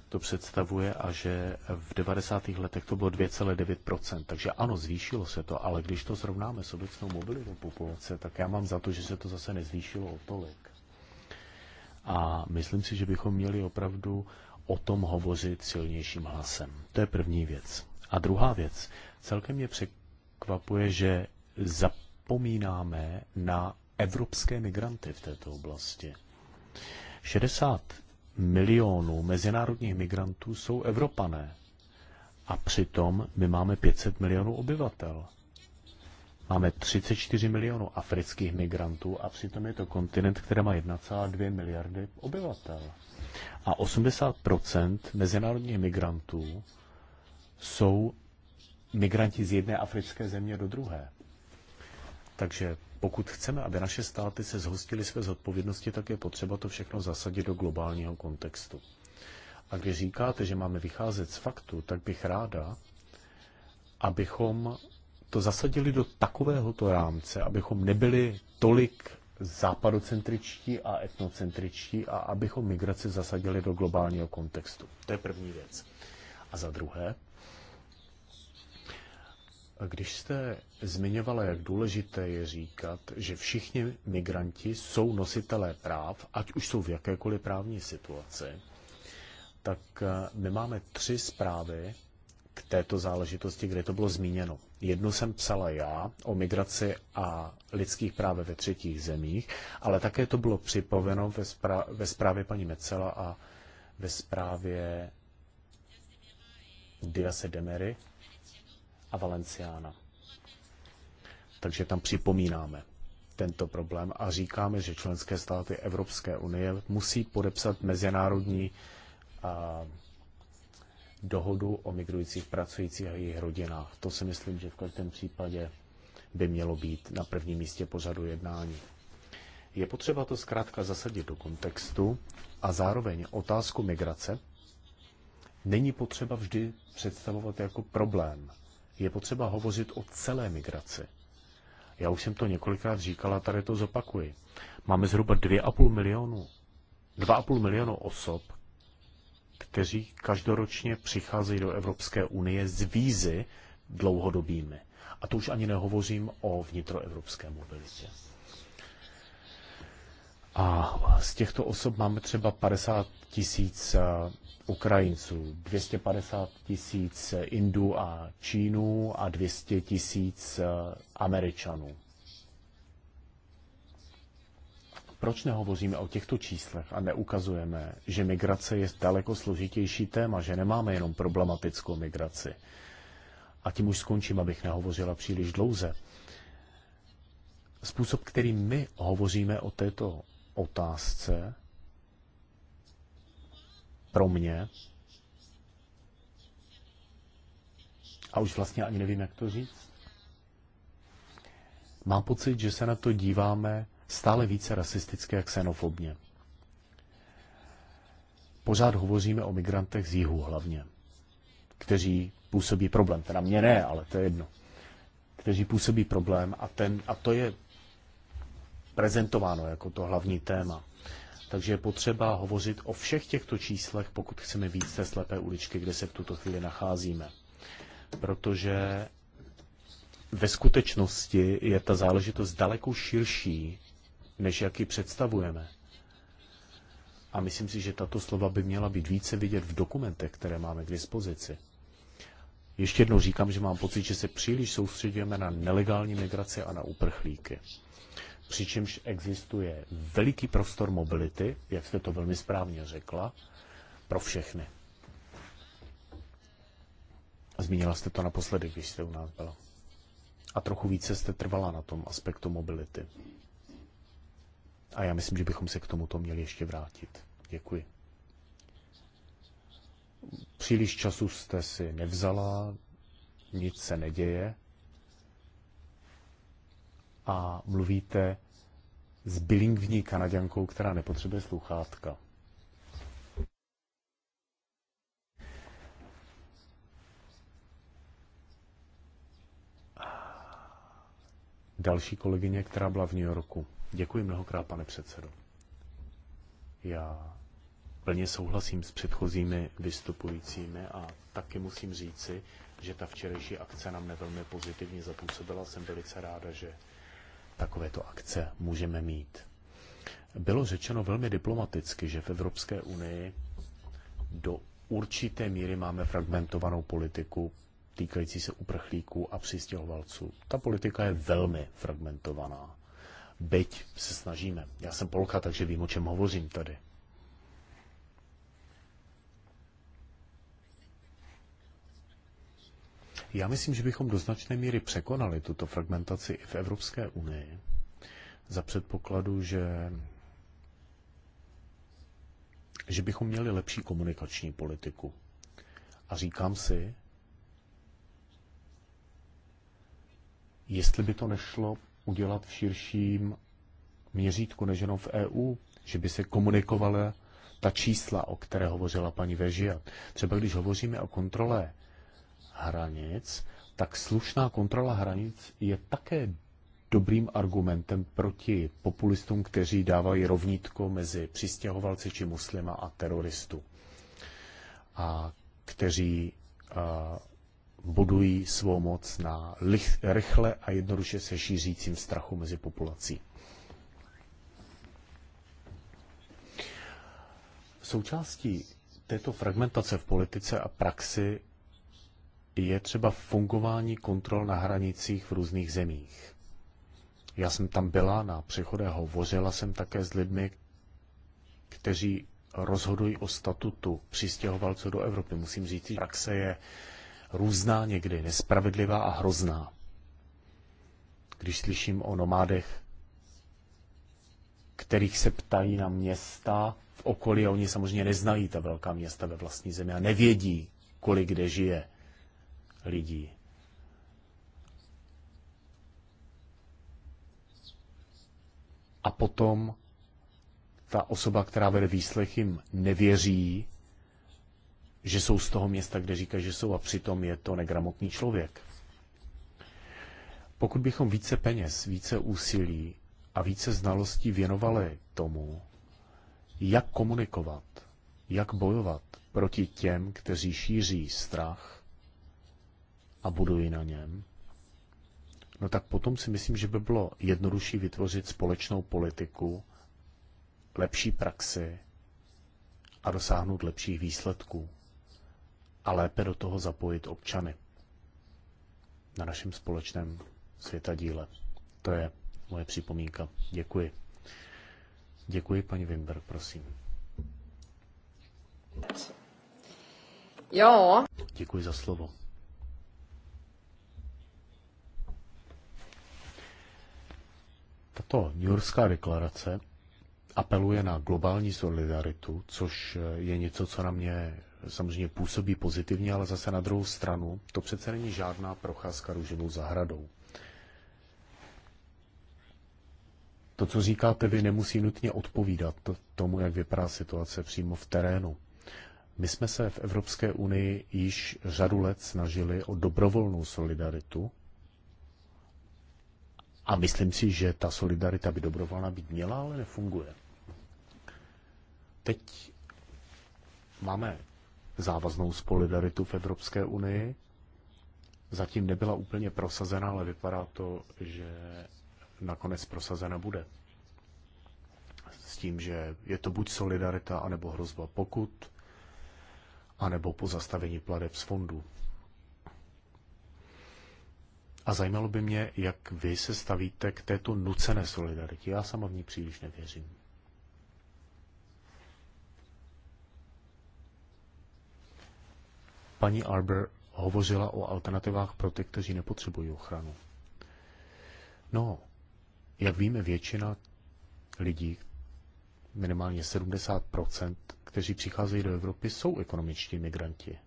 to představuje a že v 90. letech to bylo 2,9%. Takže ano, zvýšilo se to, ale když to srovnáme s obecnou mobilitou populace, tak já mám za to, že se to zase nezvýšilo o tolik a myslím si, že bychom měli opravdu o tom hovořit silnějším hlasem. To je první věc. A druhá věc. Celkem mě překvapuje, že zapomínáme na evropské migranty v této oblasti. 60 milionů mezinárodních migrantů jsou Evropané. A přitom my máme 500 milionů obyvatel. Máme 34 milionů afrických migrantů a přitom je to kontinent, který má 1,2 miliardy obyvatel. A 80 mezinárodních migrantů jsou migranti z jedné africké země do druhé. Takže pokud chceme, aby naše státy se zhostily své zodpovědnosti, tak je potřeba to všechno zasadit do globálního kontextu. A když říkáte, že máme vycházet z faktu, tak bych ráda, abychom to zasadili do takovéhoto rámce, abychom nebyli tolik západocentričtí a etnocentričtí a abychom migraci zasadili do globálního kontextu. To je první věc. A za druhé, když jste zmiňovala, jak důležité je říkat, že všichni migranti jsou nositelé práv, ať už jsou v jakékoliv právní situaci, tak eh, my máme tři zprávy k této záležitosti, kde to bylo zmíněno. Jednu jsem psala já o migraci a lidských právech ve třetích zemích, ale také to bylo připoveno ve, zpra- ve zprávě paní Mecela a ve zprávě Diase Demery a Valenciána. Takže tam připomínáme tento problém a říkáme, že členské státy Evropské unie musí podepsat mezinárodní dohodu o migrujících pracujících a jejich rodinách. To si myslím, že v každém případě by mělo být na prvním místě pořadu jednání. Je potřeba to zkrátka zasadit do kontextu a zároveň otázku migrace není potřeba vždy představovat jako problém. Je potřeba hovořit o celé migraci. Já už jsem to několikrát říkala, tady to zopakuji. Máme zhruba 2,5 milionu, 2,5 milionu osob, kteří každoročně přicházejí do Evropské unie z vízy dlouhodobými. A to už ani nehovořím o vnitroevropské mobilitě. A z těchto osob máme třeba 50 tisíc eh, Ukrajinců, 250 tisíc eh, Indů a Čínů a 200 tisíc eh, Američanů. Proč nehovoříme o těchto číslech a neukazujeme, že migrace je daleko složitější téma, že nemáme jenom problematickou migraci? A tím už skončím, abych nehovořila příliš dlouze. Způsob, kterým my hovoříme o této otázce, pro mě, a už vlastně ani nevím, jak to říct, mám pocit, že se na to díváme stále více rasistické a xenofobně. Pořád hovoříme o migrantech z jihu hlavně, kteří působí problém. Teda mě ne, ale to je jedno. Kteří působí problém a, ten, a to je prezentováno jako to hlavní téma. Takže je potřeba hovořit o všech těchto číslech, pokud chceme víc té slepé uličky, kde se v tuto chvíli nacházíme. Protože ve skutečnosti je ta záležitost daleko širší než jaký představujeme. A myslím si, že tato slova by měla být více vidět v dokumentech, které máme k dispozici. Ještě jednou říkám, že mám pocit, že se příliš soustředujeme na nelegální migraci a na uprchlíky. Přičemž existuje veliký prostor mobility, jak jste to velmi správně řekla, pro všechny. Zmínila jste to naposledy, když jste u nás byla. A trochu více jste trvala na tom aspektu mobility. A já myslím, že bychom se k tomuto měli ještě vrátit. Děkuji. Příliš času jste si nevzala, nic se neděje a mluvíte s bilingvní kanaděnkou, která nepotřebuje sluchátka. Další kolegyně, která byla v New Yorku. Děkuji mnohokrát, pane předsedo. Já plně souhlasím s předchozími vystupujícími a taky musím říci, že ta včerejší akce na mne velmi pozitivně zapůsobila. Jsem velice ráda, že takovéto akce můžeme mít. Bylo řečeno velmi diplomaticky, že v Evropské unii do určité míry máme fragmentovanou politiku týkající se uprchlíků a přistěhovalců. Ta politika je velmi fragmentovaná byť se snažíme. Já jsem Polka, takže vím, o čem hovořím tady. Já myslím, že bychom do značné míry překonali tuto fragmentaci i v Evropské unii za předpokladu, že že bychom měli lepší komunikační politiku. A říkám si, jestli by to nešlo udělat v širším měřítku než jenom v EU, že by se komunikovala ta čísla, o které hovořila paní Vežia. Třeba když hovoříme o kontrole hranic, tak slušná kontrola hranic je také dobrým argumentem proti populistům, kteří dávají rovnítko mezi přistěhovalci či muslima a teroristu. A kteří budují svou moc na rychle a jednoduše se šířícím strachu mezi populací. Součástí této fragmentace v politice a praxi je třeba fungování kontrol na hranicích v různých zemích. Já jsem tam byla na přechode hovořila jsem také s lidmi, kteří rozhodují o statutu přistěhovalců do Evropy. Musím říct, že praxe je různá, někdy nespravedlivá a hrozná. Když slyším o nomádech, kterých se ptají na města v okolí, a oni samozřejmě neznají ta velká města ve vlastní zemi a nevědí, kolik kde žije lidí. A potom ta osoba, která vede výslech, jim nevěří že jsou z toho města, kde říká, že jsou a přitom je to negramotný člověk. Pokud bychom více peněz, více úsilí a více znalostí věnovali tomu, jak komunikovat, jak bojovat proti těm, kteří šíří strach a budují na něm, no tak potom si myslím, že by bylo jednodušší vytvořit společnou politiku, lepší praxi a dosáhnout lepších výsledků a lépe do toho zapojit občany na našem společném světadíle. To je moje připomínka. Děkuji. Děkuji, paní Wimber, prosím. Jo. Děkuji za slovo. Tato New Yorkská deklarace apeluje na globální solidaritu, což je něco, co na mě samozřejmě působí pozitivně, ale zase na druhou stranu to přece není žádná procházka růžovou zahradou. To, co říkáte vy, nemusí nutně odpovídat tomu, jak vypadá situace přímo v terénu. My jsme se v Evropské unii již řadu let snažili o dobrovolnou solidaritu a myslím si, že ta solidarita by dobrovolná být měla, ale nefunguje. Teď máme závaznou solidaritu v Evropské unii. Zatím nebyla úplně prosazena, ale vypadá to, že nakonec prosazena bude. S tím, že je to buď solidarita, anebo hrozba pokut, anebo pozastavení pladeb z fondů. A zajímalo by mě, jak vy se stavíte k této nucené solidaritě. Já sama v ní příliš nevěřím. paní Arbor hovořila o alternativách pro ty, kteří nepotřebují ochranu. No, jak víme, většina lidí, minimálně 70%, kteří přicházejí do Evropy, jsou ekonomičtí migranti.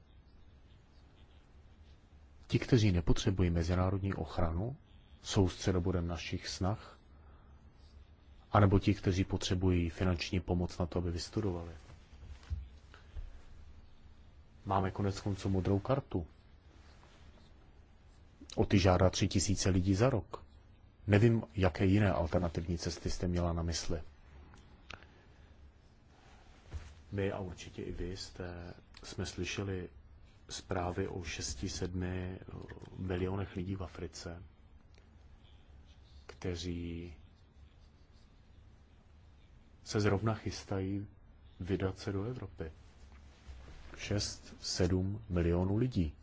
Ti, kteří nepotřebují mezinárodní ochranu, jsou středobodem našich snah, anebo ti, kteří potřebují finanční pomoc na to, aby vystudovali. Máme konec konců modrou kartu. O ty žádá tři tisíce lidí za rok. Nevím, jaké jiné alternativní cesty jste měla na mysli. My a určitě i vy jste, jsme slyšeli zprávy o 6-7 milionech lidí v Africe, kteří se zrovna chystají vydat se do Evropy. 6-7 milionů lidí.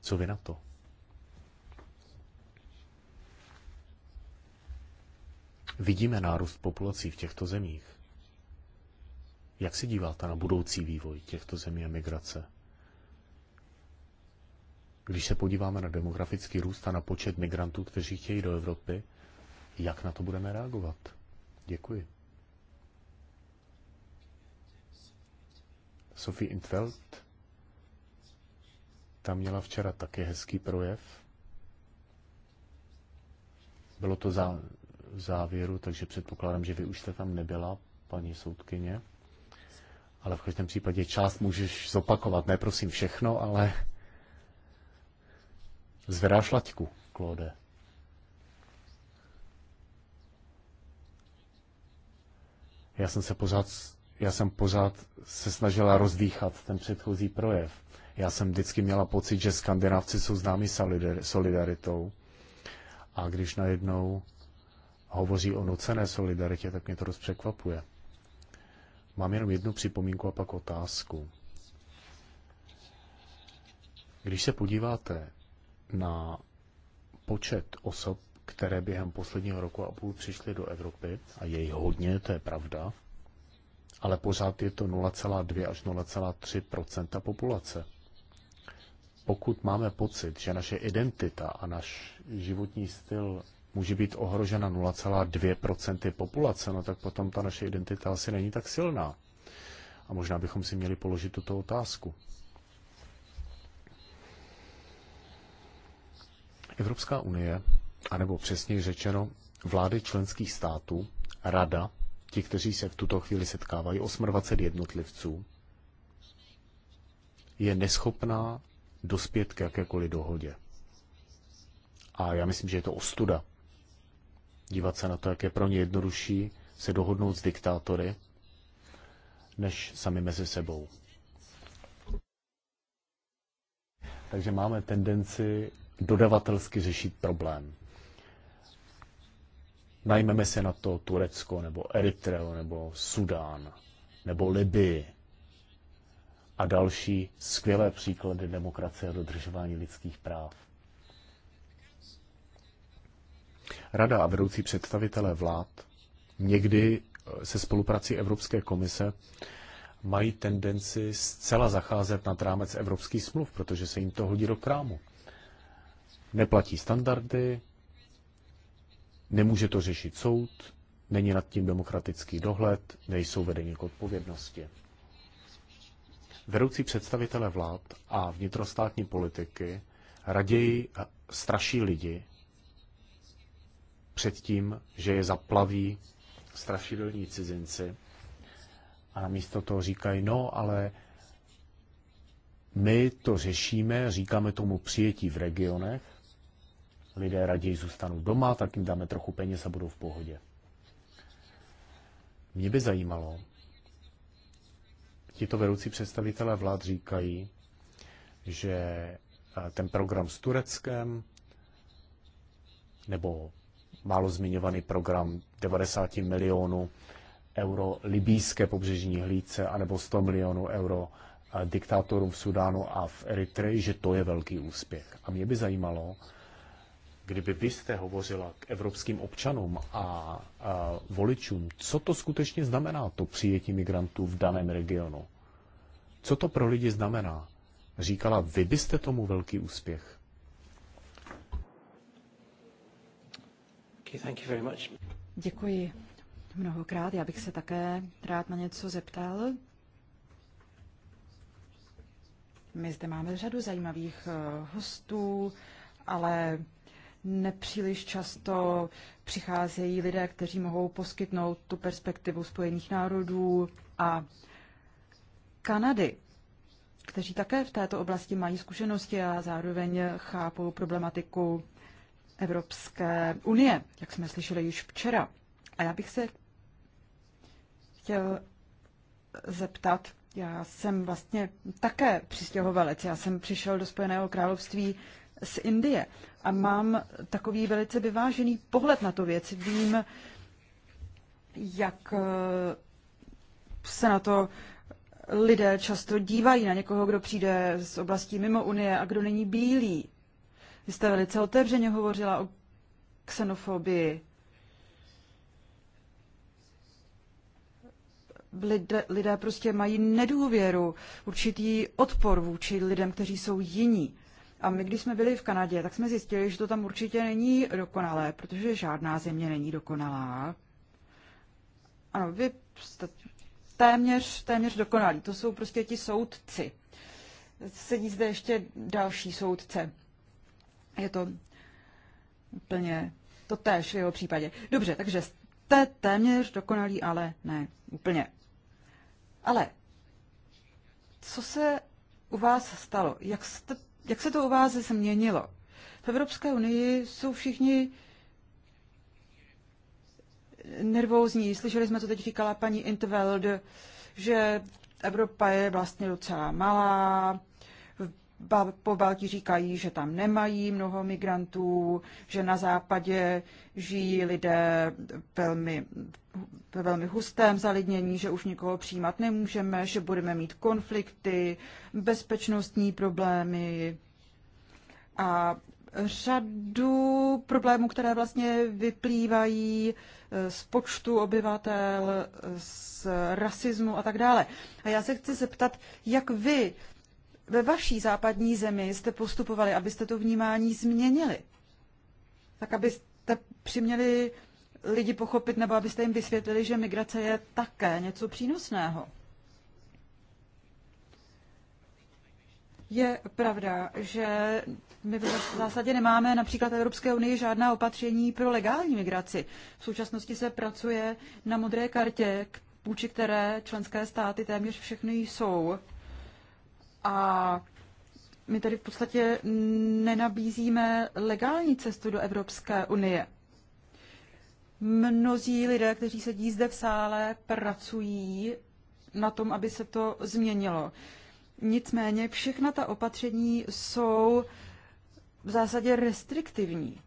Co vy na to? Vidíme nárůst populací v těchto zemích. Jak se díváte na budoucí vývoj těchto zemí a migrace? Když se podíváme na demografický růst a na počet migrantů, kteří chtějí do Evropy, jak na to budeme reagovat? Děkuji. Sophie Intveld. Ta měla včera taky hezký projev. Bylo to za, v závěru, takže předpokládám, že vy už jste tam nebyla, paní soudkyně. Ale v každém případě část můžeš zopakovat. Ne, prosím, všechno, ale zvedáš laťku, Klode. Já jsem se pořád já jsem pořád se snažila rozdýchat ten předchozí projev. Já jsem vždycky měla pocit, že skandinávci jsou známi solidaritou. A když najednou hovoří o nucené solidaritě, tak mě to dost překvapuje. Mám jenom jednu připomínku a pak otázku. Když se podíváte na počet osob, které během posledního roku a půl přišly do Evropy, a je jich hodně, to je pravda, ale pořád je to 0,2 až 0,3 populace. Pokud máme pocit, že naše identita a náš životní styl může být ohrožena 0,2 populace, no tak potom ta naše identita asi není tak silná. A možná bychom si měli položit tuto otázku. Evropská unie, anebo přesněji řečeno vlády členských států, rada ti, kteří se v tuto chvíli setkávají, 28 jednotlivců, je neschopná dospět k jakékoliv dohodě. A já myslím, že je to ostuda. Dívat se na to, jak je pro ně jednodušší se dohodnout s diktátory, než sami mezi sebou. Takže máme tendenci dodavatelsky řešit problém. Najmeme se na to Turecko, nebo Eritreo, nebo Sudán, nebo Libii a další skvělé příklady demokracie a dodržování lidských práv. Rada a vedoucí představitelé vlád někdy eh, se spoluprací Evropské komise mají tendenci zcela zacházet na rámec evropských smluv, protože se jim to hodí do krámu. Neplatí standardy, Nemůže to řešit soud, není nad tím demokratický dohled, nejsou vedeni k odpovědnosti. Vedoucí představitele vlád a vnitrostátní politiky raději straší lidi před tím, že je zaplaví strašidelní cizinci a namísto toho říkají, no ale my to řešíme, říkáme tomu přijetí v regionech, lidé raději zůstanou doma, tak jim dáme trochu peněz a budou v pohodě. Mě by zajímalo, tito vedoucí představitelé vlád říkají, že eh, ten program s Tureckem nebo málo zmiňovaný program 90 milionů euro libýské pobřežní hlídce anebo 100 milionů euro eh, diktátorům v Sudánu a v Eritreji, že to je velký úspěch. A mě by zajímalo, kdyby vy jste hovořila k evropským občanům a, a voličům, co to skutečně znamená, to přijetí migrantů v daném regionu? Co to pro lidi znamená? Říkala, vy byste tomu velký úspěch. Děkuji mnohokrát. Já bych se také rád na něco zeptal. My zde máme řadu zajímavých eh, hostů, ale nepříliš často přicházejí lidé, kteří mohou poskytnout tu perspektivu Spojených národů a Kanady, kteří také v této oblasti mají zkušenosti a zároveň chápou problematiku Evropské unie, jak jsme slyšeli již včera. A já bych se chtěl zeptat, já jsem vlastně také přistěhovalec. Já jsem přišel do Spojeného království z Indie. A mám takový velice vyvážený pohled na tu věc. Vím, jak eh, se na to lidé často dívají na někoho, kdo přijde z oblastí mimo Unie a kdo není bílý. Vy jste velice otevřeně hovořila o xenofobii. Lidé, lidé prostě mají nedůvěru, určitý odpor vůči lidem, kteří jsou jiní. A my, když jsme byli v Kanadě, tak jsme zjistili, že to tam určitě není dokonalé, protože žádná země není dokonalá. Ano, vy jste téměř, téměř dokonalí. To jsou prostě ti soudci. Sedí zde ještě další soudce. Je to úplně to též v jeho případě. Dobře, takže jste téměř dokonalí, ale ne úplně. Ale co se u vás stalo? Jak jste jak se to u vás změnilo? V Evropské unii jsou všichni nervózní. Slyšeli jsme, co teď říkala paní Intveld, že Evropa je vlastně docela malá, po Balti říkají, že tam nemají mnoho migrantů, že na západě žijí lidé velmi, ve velmi hustém zalidnění, že už nikoho přijímat nemůžeme, že budeme mít konflikty, bezpečnostní problémy a řadu problémů, které vlastně vyplývají eh, z počtu obyvatel, z rasismu a tak dále. A já se chci zeptat, jak vy ve vaší západní zemi jste postupovali, abyste to vnímání změnili? Tak abyste přiměli lidi pochopit, nebo abyste jim vysvětlili, že migrace je také něco přínosného? Je pravda, že my v zásadě nemáme například Evropské unii žádná opatření pro legální migraci. V současnosti se pracuje na modré kartě, vůči které členské státy téměř všechny jsou. A my tady v podstatě nenabízíme legální cestu do Evropské unie. Mnozí lidé, kteří sedí zde v sále, pracují na tom, aby se to změnilo. Nicméně všechna ta opatření jsou v zásadě restriktivní.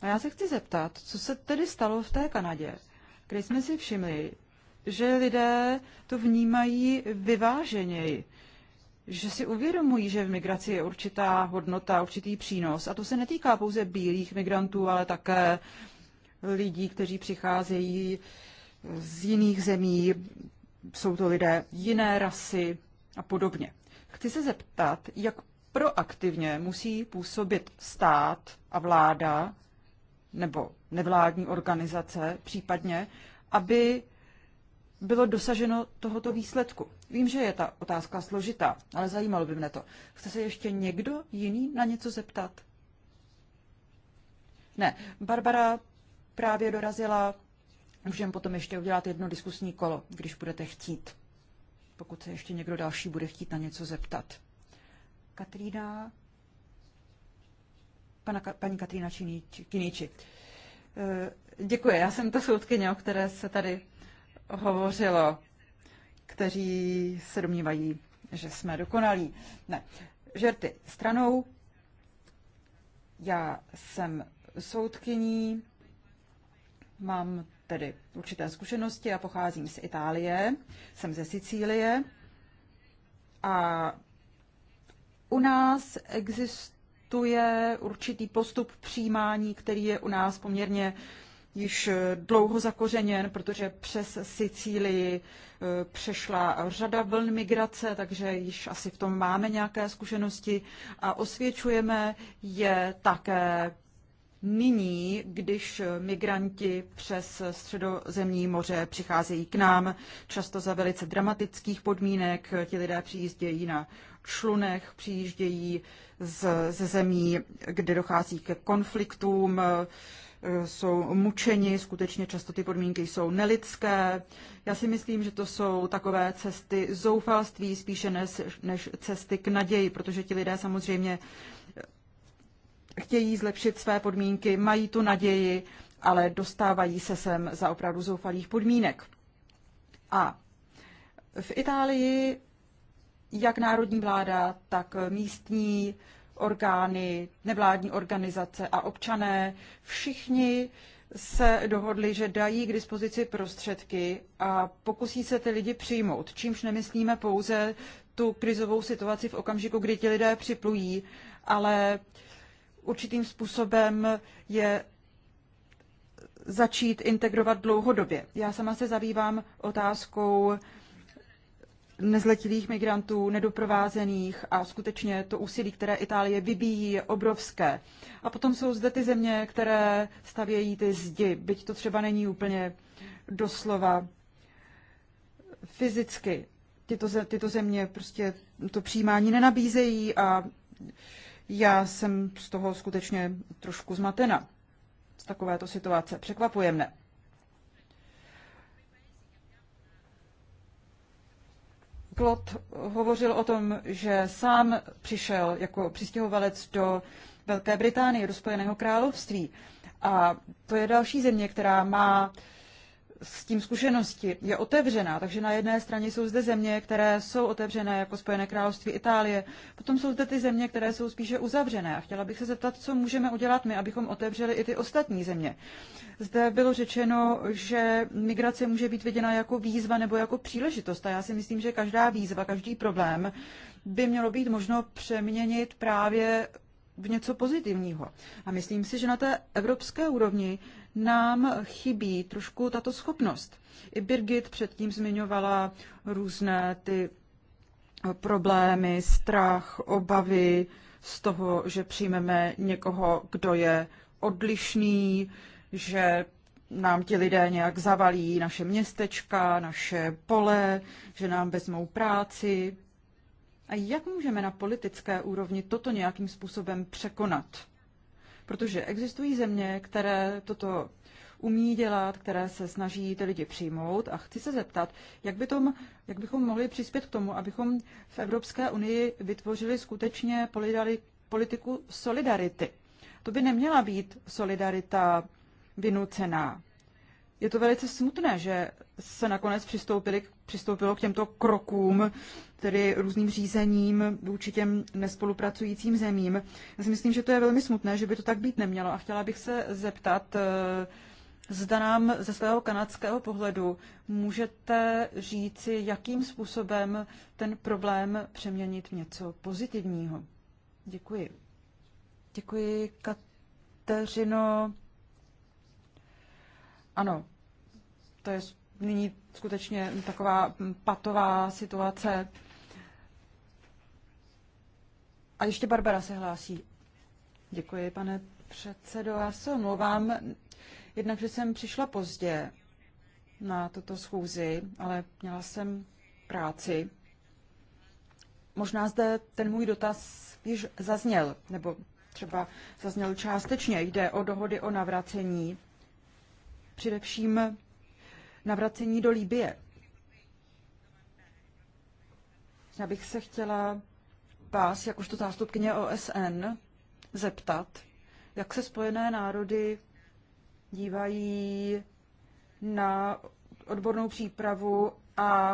A já se chci zeptat, co se tedy stalo v té Kanadě, kde jsme si všimli, že lidé to vnímají vyváženěji že si uvědomují, že v migraci je určitá hodnota, určitý přínos. A to se netýká pouze bílých migrantů, ale také lidí, kteří přicházejí z jiných zemí, jsou to lidé jiné rasy a podobně. Chci se zeptat, jak proaktivně musí působit stát a vláda nebo nevládní organizace případně, aby bylo dosaženo tohoto výsledku? Vím, že je ta otázka složitá, ale zajímalo by mne to. Chce se ještě někdo jiný na něco zeptat? Ne, Barbara právě dorazila. Můžeme potom ještě udělat jedno diskusní kolo, když budete chtít. Pokud se ještě někdo další bude chtít na něco zeptat. Katrína, pana, paní Katrína Kiniči. Eh, děkuji, já jsem ta soudkyně, o které se tady hovořilo, kteří se domnívají, že jsme dokonalí. Ne, žerty stranou. Já jsem soudkyní, mám tedy určité zkušenosti, a pocházím z Itálie, jsem ze Sicílie a u nás existuje určitý postup přijímání, který je u nás poměrně uh, již eh, dlouho zakořeněn, protože přes Sicílii eh, přešla řada vln migrace, takže již asi v tom máme nějaké zkušenosti a osvědčujeme je také nyní, když eh, migranti přes středozemní moře přicházejí k nám, často za velice dramatických podmínek. Ti lidé přijíždějí na člunech, přijíždějí z, ze zemí, kde dochází ke konfliktům, jsou mučeni, skutečně často ty podmínky jsou nelidské. Já si myslím, že to jsou takové cesty zoufalství spíše než, než cesty k naději, protože ti lidé samozřejmě chtějí zlepšit své podmínky, mají tu naději, ale dostávají se sem za opravdu zoufalých podmínek. A v Itálii jak národní vláda, tak místní orgány, nevládní organizace a občané, všichni se dohodli, že dají k dispozici prostředky a pokusí se ty lidi přijmout, čímž nemyslíme pouze tu krizovou situaci v okamžiku, kdy ti lidé připlují, ale určitým způsobem je začít integrovat dlouhodobě. Já sama se zabývám otázkou nezletilých migrantů, nedoprovázených a skutečně to úsilí, které Itálie vybíjí, je obrovské. A potom jsou zde ty země, které stavějí ty zdi, byť to třeba není úplně doslova fyzicky. Tyto, tyto země prostě to přijímání nenabízejí a já jsem z toho skutečně trošku zmatena. Z takovéto situace. Překvapuje mne. Klot hovořil o tom, že sám přišel jako přistěhovalec do Velké Británie, do Spojeného království. A to je další země, která má uh, s tím zkušenosti je otevřená. Takže na jedné straně jsou zde země, které jsou otevřené, jako Spojené království Itálie. Potom jsou zde ty země, které jsou spíše uzavřené. A chtěla bych se zeptat, co můžeme udělat my, abychom otevřeli i ty ostatní země. Zde bylo řečeno, že migrace může být viděna jako výzva nebo jako příležitost. A já si myslím, že každá výzva, každý problém by mělo být možno přeměnit právě v něco pozitivního. A myslím si, že na té evropské úrovni nám chybí trošku tato schopnost. I Birgit předtím zmiňovala různé ty problémy, strach, obavy z toho, že přijmeme někoho, kdo je odlišný, že nám ti lidé nějak zavalí naše městečka, naše pole, že nám vezmou práci. A jak můžeme na politické úrovni toto nějakým způsobem překonat? protože existují země, které toto umí dělat, které se snaží ty lidi přijmout. A chci se zeptat, jak, by tom, jak bychom mohli přispět k tomu, abychom v Evropské unii vytvořili skutečně politiku solidarity. To by neměla být solidarita vynucená je to velice smutné, že se nakonec přistoupili, přistoupilo k těmto krokům, tedy různým řízením vůči těm nespolupracujícím zemím. Já si myslím, že to je velmi smutné, že by to tak být nemělo a chtěla bych se zeptat, eh, zda nám ze svého kanadského pohledu můžete říci, jakým způsobem ten problém přeměnit v něco pozitivního. Děkuji. Děkuji, Kateřino. Ano, to je nyní skutečně taková patová situace. A ještě Barbara se hlásí. Děkuji, pane předsedo. Já se omlouvám, jednak, že jsem přišla pozdě na tuto schůzi, ale měla jsem práci. Možná zde ten můj dotaz již zazněl, nebo třeba zazněl částečně. Jde o dohody o navracení především navracení do Líbie. Já bych se chtěla vás, jakožto zástupkyně OSN, zeptat, jak se Spojené národy dívají na odbornou přípravu a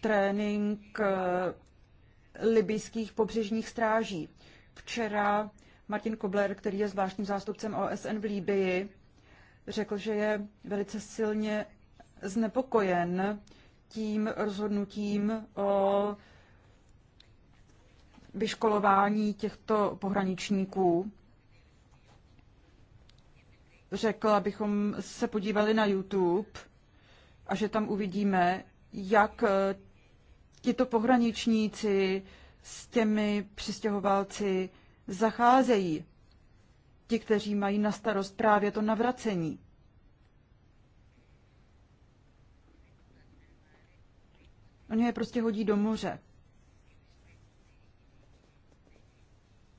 trénink eh, libijských pobřežních stráží. Včera Martin Kobler, který je zvláštním zástupcem OSN v Líbii, řekl, že je velice silně znepokojen tím rozhodnutím o vyškolování těchto pohraničníků. Řekl, abychom se podívali na YouTube a že tam uvidíme, jak eh, tito pohraničníci s těmi přistěhovalci zacházejí ti, kteří mají na starost právě to navracení. Oni je prostě hodí do moře.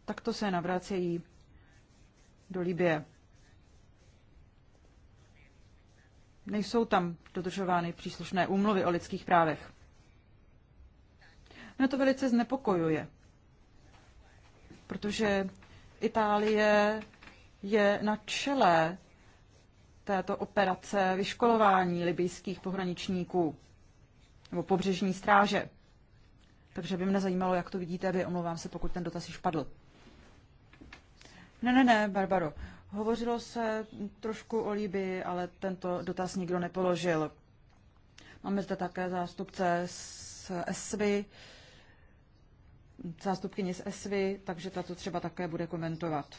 Tak to se navracejí do Libie. Nejsou tam dodržovány příslušné úmluvy o lidských právech. Mě to velice znepokojuje, protože Itálie je na čele této operace vyškolování libijských pohraničníků nebo pobřežní stráže. Takže by mě zajímalo, jak to vidíte vy. Omlouvám se, pokud ten dotaz již padl. Ne, ne, ne, Barbaro. Hovořilo se trošku o Líbii, ale tento dotaz nikdo nepoložil. Máme zde také zástupce z ESVY, zástupkyně z ESVY, takže ta to třeba také bude komentovat.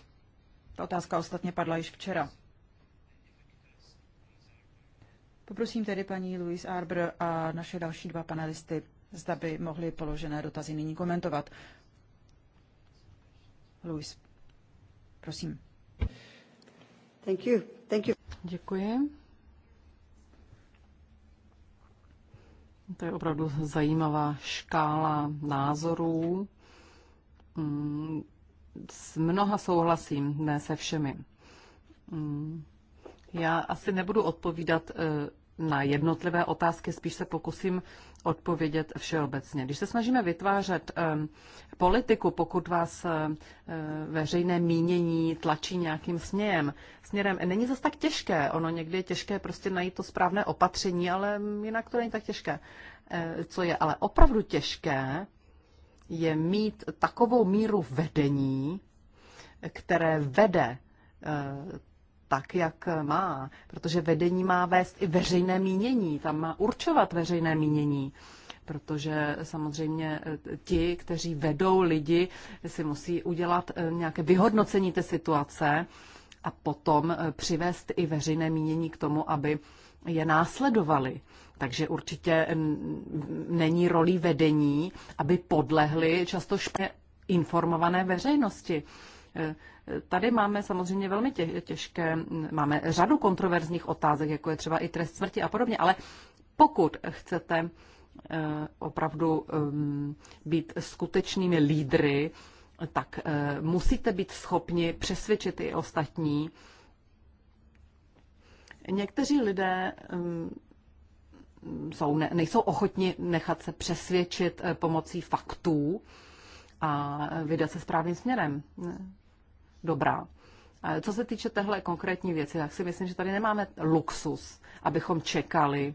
Ta otázka ostatně padla již včera. Poprosím tedy paní Louise Arbor a naše další dva panelisty, zda by mohli položené dotazy nyní komentovat. Louise, prosím. Thank you. Thank you. Děkuji. To je opravdu zajímavá škála názorů. Mm, s mnoha souhlasím, ne se všemi. Mm. Já asi nebudu odpovídat e, na jednotlivé otázky, spíš se pokusím odpovědět všeobecně. Když se snažíme vytvářet e, politiku, pokud vás e, veřejné mínění tlačí nějakým směrem, směrem, není zase tak těžké. Ono někdy je těžké prostě najít to správné opatření, ale jinak to není tak těžké. co je ale opravdu těžké, je mít takovou míru vedení, které vede eh, tak, jak má. Protože vedení má vést i veřejné mínění, tam má určovat veřejné mínění. Protože samozřejmě eh, ti, kteří vedou lidi, si musí udělat eh, nějaké vyhodnocení té situace a potom přivést i veřejné mínění k tomu, aby je následovali. Takže určitě není roli vedení, aby podlehli často špatně informované veřejnosti. Eh, tady máme samozřejmě velmi těžké, máme řadu kontroverzních otázek, jako je třeba i trest smrti a podobně, ale pokud chcete eh, opravdu mm, být skutečnými lídry, tak eh, musíte být schopni přesvědčit i ostatní. Někteří lidé mm, jsou, ne, nejsou ochotni nechat se přesvědčit eh, pomocí faktů a vydat se správným směrem. Dobrá. Co se týče téhle konkrétní věci, tak si myslím, že tady nemáme luxus, abychom čekali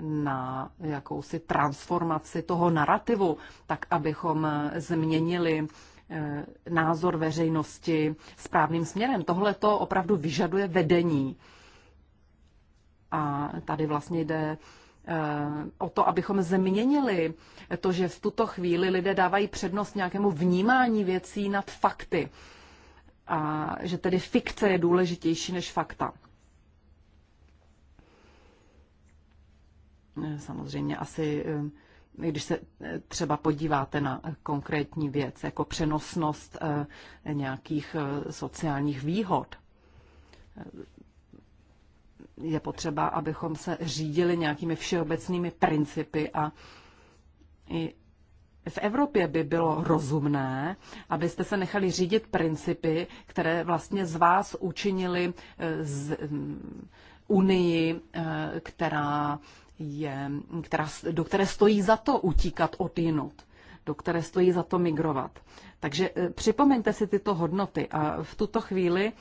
na jakousi transformaci toho narrativu, tak abychom eh, změnili eh, názor veřejnosti správným směrem. Tohle to opravdu vyžaduje vedení. A tady vlastně jde o to, abychom změnili to, že v tuto chvíli lidé dávají přednost nějakému vnímání věcí nad fakty. A že tedy fikce je důležitější než fakta. Samozřejmě asi, eh, když se eh, třeba podíváte na konkrétní věc, jako přenosnost eh, nějakých sociálních výhod, je potřeba, abychom se řídili nějakými všeobecnými principy a i v Evropě by bylo rozumné, abyste se nechali řídit principy, které vlastně z vás učinili eh, z mm, Unii, eh, která je, která, do které stojí za to utíkat od jinut, do které stojí za to migrovat. Takže eh, připomeňte si tyto hodnoty a v tuto chvíli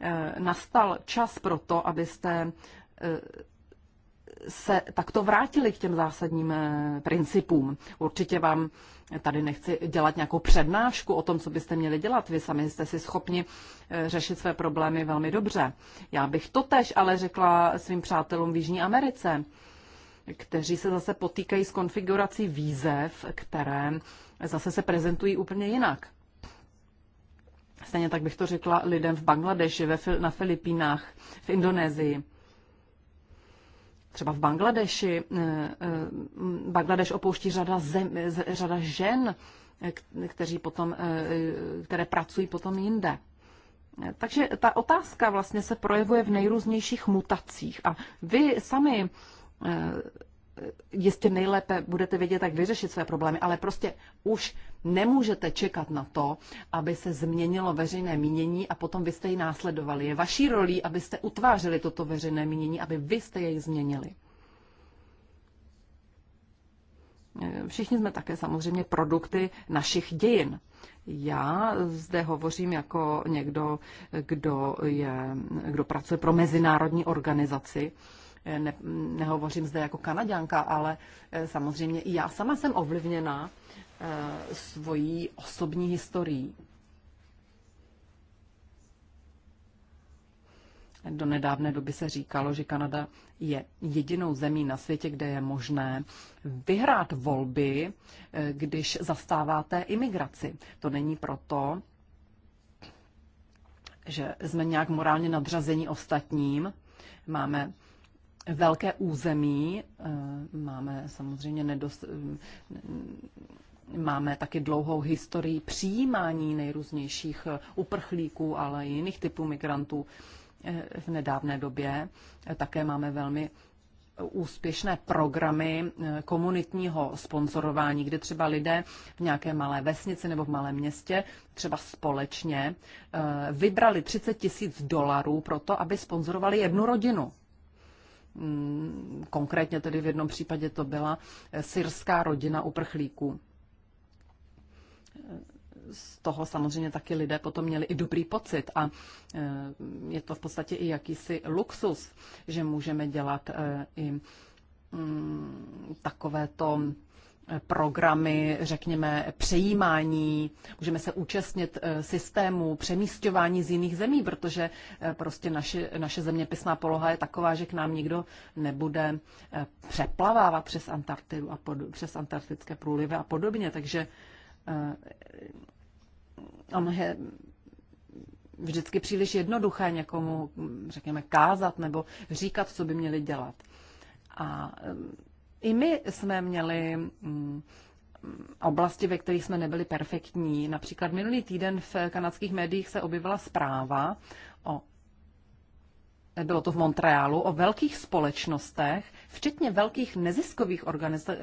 Eh, nastal čas pro to, abyste eh, se takto vrátili k těm zásadním eh, principům. Určitě vám tady nechci dělat nějakou přednášku o tom, co byste měli dělat. Vy sami jste si schopni řešit své problémy velmi dobře. Já bych to tež ale řekla svým přátelům v Jižní Americe, kteří se zase potýkají s konfigurací výzev, které zase se prezentují úplně jinak. Stejně tak bych to řekla lidem v Bangladeši, ve, na Filipínách, v Indonésii. Třeba v Bangladeši, eh, eh, Bangladeš opouští řada, zem, řada žen, eh, kteří potom, které pracují potom jinde. Takže ta otázka vlastně se projevuje v nejrůznějších mutacích. A vy sami jistě nejlépe budete vědět, jak vyřešit své problémy, ale prostě už nemůžete čekat na to, aby se změnilo veřejné mínění a potom vy jste ji následovali. Je vaší rolí, abyste utvářeli toto veřejné mínění, aby vy jste jej změnili. Všichni jsme také samozřejmě produkty našich dějin. Já zde hovořím jako někdo, kdo, je, kdo pracuje pro mezinárodní organizaci, ne, nehovořím zde jako kanaděnka, ale eh, samozřejmě i já sama jsem ovlivněna eh, svojí osobní historií. Do nedávné doby se říkalo, že Kanada je jedinou zemí na světě, kde je možné vyhrát volby, eh, když zastáváte imigraci. To není proto, že jsme nějak morálně nadřazení ostatním. Máme velké území. Eh, máme samozřejmě nedost... Máme taky dlouhou historii přijímání nejrůznějších eh, uprchlíků, ale i jiných typů migrantů eh, v nedávné době. Také máme velmi úspěšné programy komunitního sponzorování, kde třeba lidé v nějaké malé vesnici nebo v malém městě třeba společně vybrali 30 tisíc dolarů pro to, aby sponzorovali jednu rodinu. Mm, konkrétně tedy v jednom případě to byla eh, syrská rodina uprchlíků. Eh, z toho samozřejmě taky lidé potom měli i dobrý pocit a eh, je to v podstatě i jakýsi luxus, že můžeme dělat i mm, takovéto programy, řekněme, přejímání, můžeme se účastnit eh, systému přemístování z jiných zemí, protože eh, prostě naše, naše zeměpisná poloha je taková, že k nám nikdo nebude eh, přeplavávat přes Antarktidu a pod, přes antarktické průlivy a podobně, takže ono je vždycky příliš jednoduché někomu, řekněme, kázat nebo říkat, co by měli dělat. A i my jsme měli mm, oblasti, ve kterých jsme nebyli perfektní. Například minulý týden v kanadských médiích se objevila zpráva o bylo to v Montrealu, o velkých společnostech, včetně velkých neziskových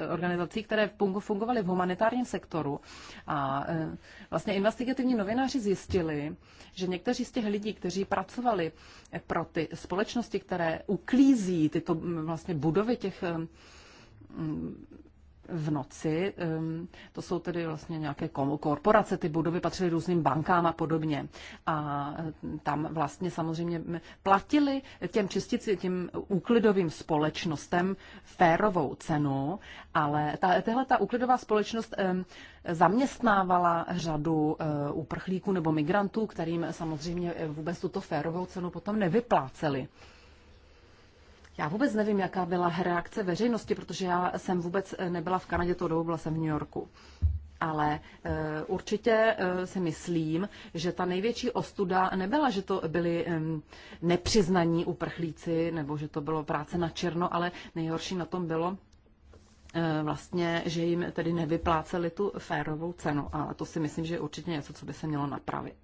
organizací, které fungovaly v humanitárním sektoru. A e, vlastně investigativní novináři zjistili, že někteří z těch lidí, kteří pracovali pro ty společnosti, které uklízí tyto vlastně budovy těch e, Mm, v noci. To jsou tedy vlastně nějaké korporace, ty budovy patřily různým bankám a podobně. A mm, tam vlastně samozřejmě platili těm čistici, těm úklidovým společnostem férovou cenu, ale ta, tahle ta úklidová společnost zaměstnávala řadu e, uprchlíků nebo migrantů, kterým samozřejmě e, vůbec tuto férovou cenu potom nevypláceli. Já vůbec nevím, jaká byla reakce veřejnosti, protože já jsem vůbec eh, nebyla v Kanadě tou dobu, byla jsem v New Yorku. Ale e, určitě e, si myslím, že ta největší ostuda nebyla, že to byli e, nepřiznaní uprchlíci nebo že to bylo práce na černo, ale nejhorší na tom bylo, vlastně, že jim tedy nevypláceli tu férovou cenu. Ale to si myslím, že je určitě něco, co by se mělo napravit.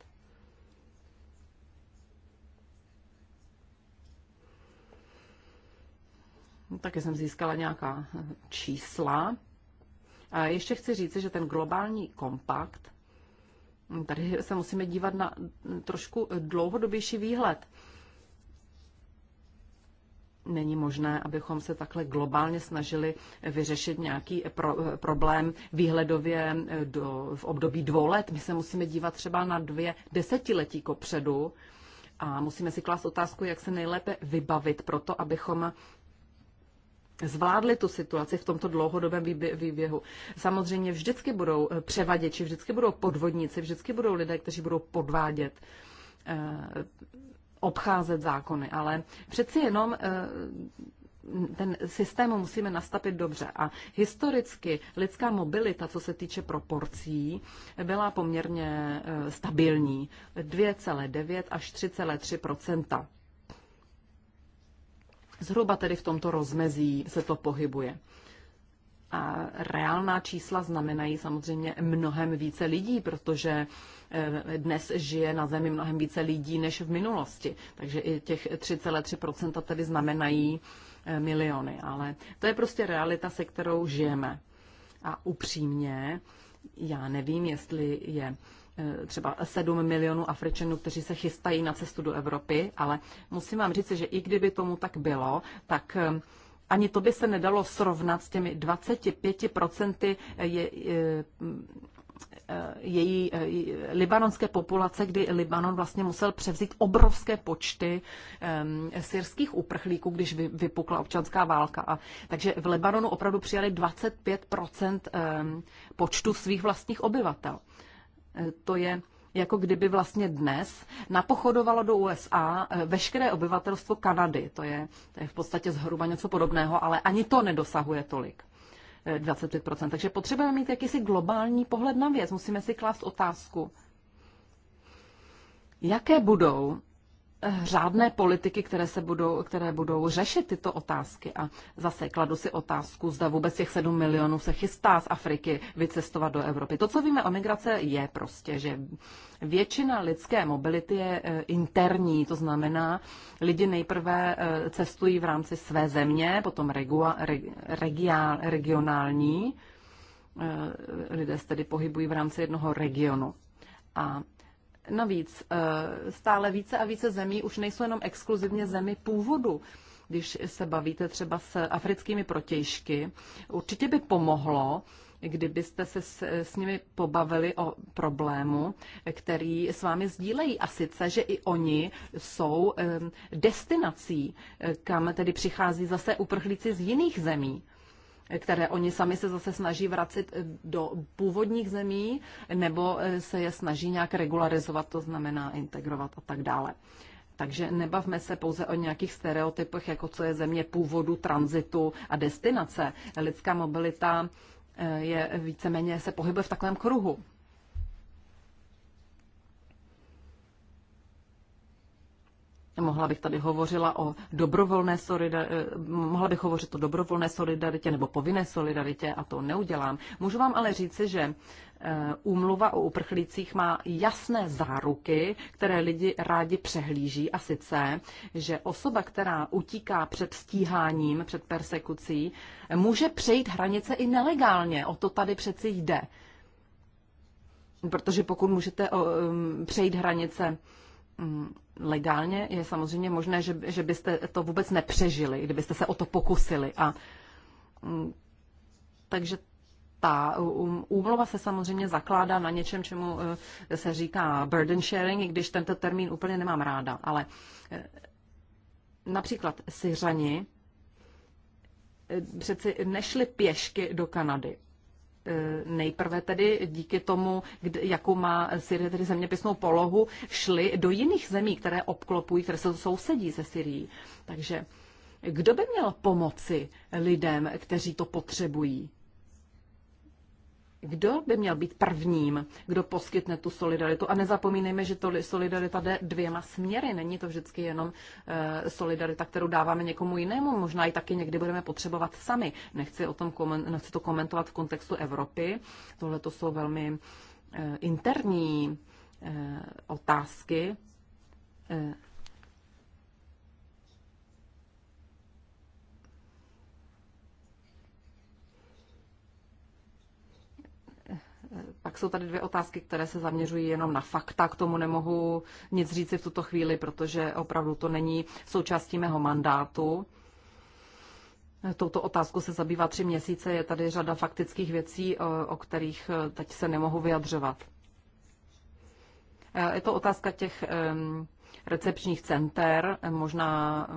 taky jsem získala nějaká čísla. A ještě chci říct, že ten globální kompakt, tady se musíme dívat na trošku dlouhodobější výhled. Není možné, abychom se takhle globálně snažili vyřešit nějaký pro, problém výhledově do, v období dvou let. My se musíme dívat třeba na dvě desetiletí kopředu a musíme si klást otázku, jak se nejlépe vybavit pro to, abychom zvládli tu situaci v tomto dlouhodobém výběhu. Samozřejmě vždycky budou eh, převaděči, vždycky budou podvodníci, vždycky budou lidé, kteří budou podvádět eh, obcházet zákony, ale přeci jenom eh, ten systém musíme nastavit dobře. A historicky lidská mobilita, co se týče proporcí, byla poměrně stabilní. 2,9 až 3,3 Zhruba tedy v tomto rozmezí se to pohybuje. A reálná čísla znamenají samozřejmě mnohem více lidí, protože eh, dnes žije na Zemi mnohem více lidí než v minulosti. Takže i těch 3,3% tedy znamenají eh, miliony. Ale to je prostě realita, se kterou žijeme. A upřímně, já nevím, jestli je Eh, třeba 7 milionů Afričanů, kteří se chystají na cestu do Evropy, ale musím vám říct, že i kdyby tomu tak bylo, tak eh, ani to by se nedalo srovnat s těmi 25% eh, je, je, její libanonské populace, kdy Libanon vlastně musel převzít obrovské počty um, syrských uprchlíků, když vy, vypukla občanská válka. A, takže v Libanonu opravdu přijali 25 um, počtu svých vlastních obyvatel. To je jako kdyby vlastně dnes napochodovalo do USA eh, veškeré obyvatelstvo Kanady. To je, to je v podstatě zhruba něco podobného, ale ani to nedosahuje tolik. 25%. Eh, Takže potřebujeme mít jakýsi globální pohled na věc. Musíme si klást otázku, jaké budou řádné politiky, které, se budou, které budou řešit tyto otázky. A zase kladu si otázku, zda vůbec těch 7 milionů se chystá z Afriky vycestovat do Evropy. To, co víme o migrace, je prostě, že většina lidské mobility je e, interní, to znamená, lidi nejprve e, cestují v rámci své země, potom regua, regia, regionální, e, lidé se tedy pohybují v rámci jednoho regionu. A Navíc eh, stále více a více zemí už nejsou jenom exkluzivně zemi původu. Když se bavíte třeba s africkými protějšky, určitě by pomohlo, kdybyste se s, eh, s nimi pobavili o problému, který s vámi sdílejí. A sice, že i oni jsou eh, destinací, kam tedy přichází zase uprchlíci z jiných zemí které oni sami se zase snaží vracet eh, do původních zemí, nebo eh, se je snaží nějak regularizovat, to znamená integrovat a tak dále. Takže nebavme se pouze o nějakých stereotypech, jako co je země původu, tranzitu a destinace. Lidská mobilita eh, je víceméně se pohybuje v takovém kruhu. Mohla bych tady hovořila o dobrovolné solidaritě, eh, mohla bych hovořit o dobrovolné solidaritě nebo povinné solidaritě a to neudělám. Můžu vám ale říci, že eh, Úmluva o uprchlících má jasné záruky, které lidi rádi přehlíží, a sice, že osoba, která utíká před stíháním, před persekucí, může přejít hranice i nelegálně. O to tady přeci jde. Protože pokud můžete eh, přejít hranice Mm, legálně, je samozřejmě možné, že, že byste to vůbec nepřežili, kdybyste se o to pokusili. A, mm, takže ta úmluva se samozřejmě zakládá na něčem, čemu e, se říká burden sharing, i když tento termín úplně nemám ráda. Ale e, například Syřani e, přeci nešli pěšky do Kanady. E, nejprve tedy díky tomu, kde, jakou má Syrie tedy zeměpisnou polohu, šli do jiných zemí, které obklopují, které se sousedí se Syrií. Takže kdo by měl pomoci lidem, kteří to potřebují? kdo by měl být prvním, kdo poskytne tu solidaritu. A nezapomínejme, že to solidarita jde dvěma směry. Není to vždycky jenom eh, solidarita, kterou dáváme někomu jinému. Možná i taky někdy budeme potřebovat sami. Nechci, o tom komen, nechci to komentovat v kontextu Evropy. Tohle to jsou velmi eh, interní eh, otázky. Pak jsou tady dvě otázky, které se zaměřují jenom na fakta. K tomu nemohu nic říci v tuto chvíli, protože opravdu to není součástí mého mandátu. Touto otázku se zabývá tři měsíce. Je tady řada faktických věcí, o kterých e, teď se nemohu vyjadřovat. E, je to otázka těch e, recepčních center. Možná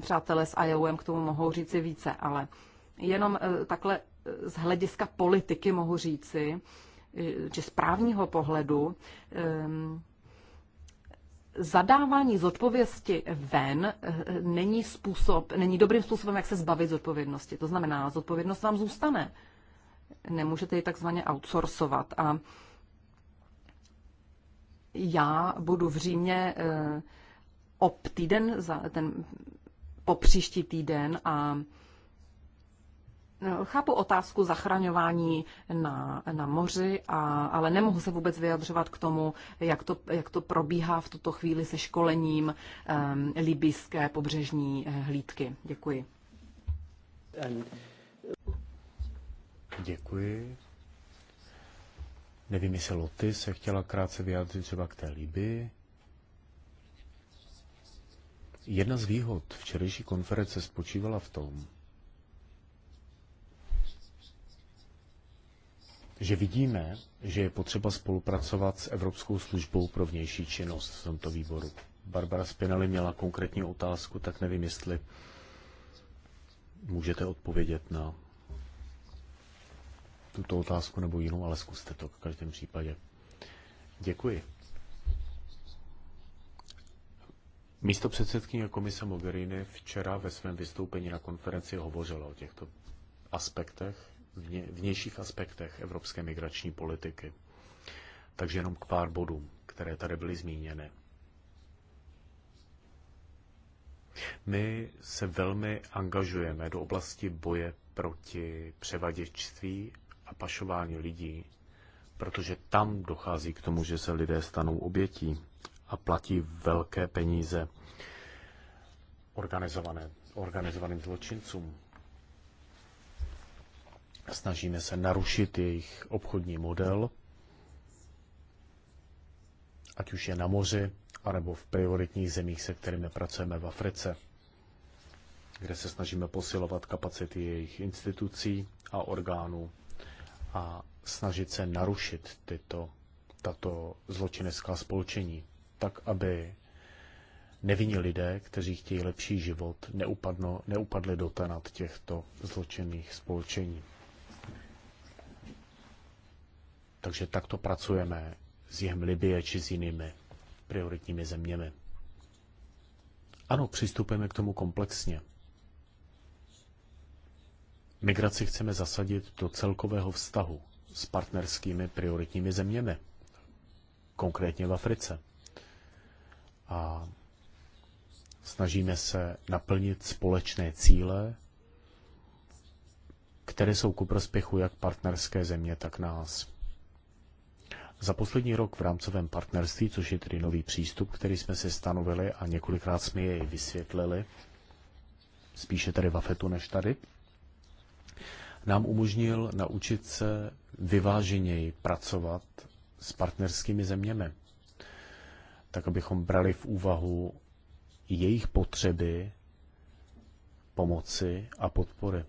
přátelé s IOM k tomu mohou říci více, ale jenom takhle z hlediska politiky mohu říci, že z právního pohledu zadávání zodpovědnosti ven eh, není způsob, není dobrým způsobem, jak se zbavit zodpovědnosti. To znamená, zodpovědnost vám zůstane. Nemůžete ji takzvaně outsourcovat. A já budu v Římě eh, ob týden, za ten, po příští týden a Chápu otázku zachraňování na, na moři, a, ale nemohu se vůbec vyjadřovat k tomu, jak to, jak to probíhá v tuto chvíli se školením um, libijské pobřežní eh, hlídky. Děkuji. Děkuji. Nevím, jestli Loty se chtěla krátce vyjádřit třeba k té Libii. Jedna z výhod včerejší konference spočívala v tom, že vidíme, že je potřeba spolupracovat s Evropskou službou pro vnější činnost v tomto výboru. Barbara Spinelli měla konkrétní otázku, tak nevím, jestli můžete odpovědět na tuto otázku nebo jinou, ale zkuste to v každém případě. Děkuji. Místo předsedkyně komise Mogherini včera ve svém vystoupení na konferenci hovořila o těchto aspektech vnějších aspektech evropské migrační politiky. Takže jenom k pár bodům, které tady byly zmíněny. My se velmi angažujeme do oblasti boje proti převaděčství a pašování lidí, protože tam dochází k tomu, že se lidé stanou obětí a platí velké peníze organizované, organizovaným zločincům. Snažíme se narušit jejich obchodní model, ať už je na moři, anebo v prioritních zemích, se kterými pracujeme v Africe, kde se snažíme posilovat kapacity jejich institucí a orgánů a snažit se narušit tyto, tato zločinecká spolčení, tak aby nevinní lidé, kteří chtějí lepší život, neupadlo, neupadli do tenat těchto zločinných spolčení. Takže takto pracujeme s jihem Libie či s jinými prioritními zeměmi. Ano, přistupujeme k tomu komplexně. Migraci chceme zasadit do celkového vztahu s partnerskými prioritními zeměmi, konkrétně v Africe. A snažíme se naplnit společné cíle, které jsou ku prospěchu jak partnerské země, tak nás. Za poslední rok v rámcovém partnerství, což je tedy nový přístup, který jsme si stanovili a několikrát jsme jej vysvětlili, spíše tady v Afetu než tady, nám umožnil naučit se vyváženěji pracovat s partnerskými zeměmi, tak abychom brali v úvahu jejich potřeby pomoci a podpory.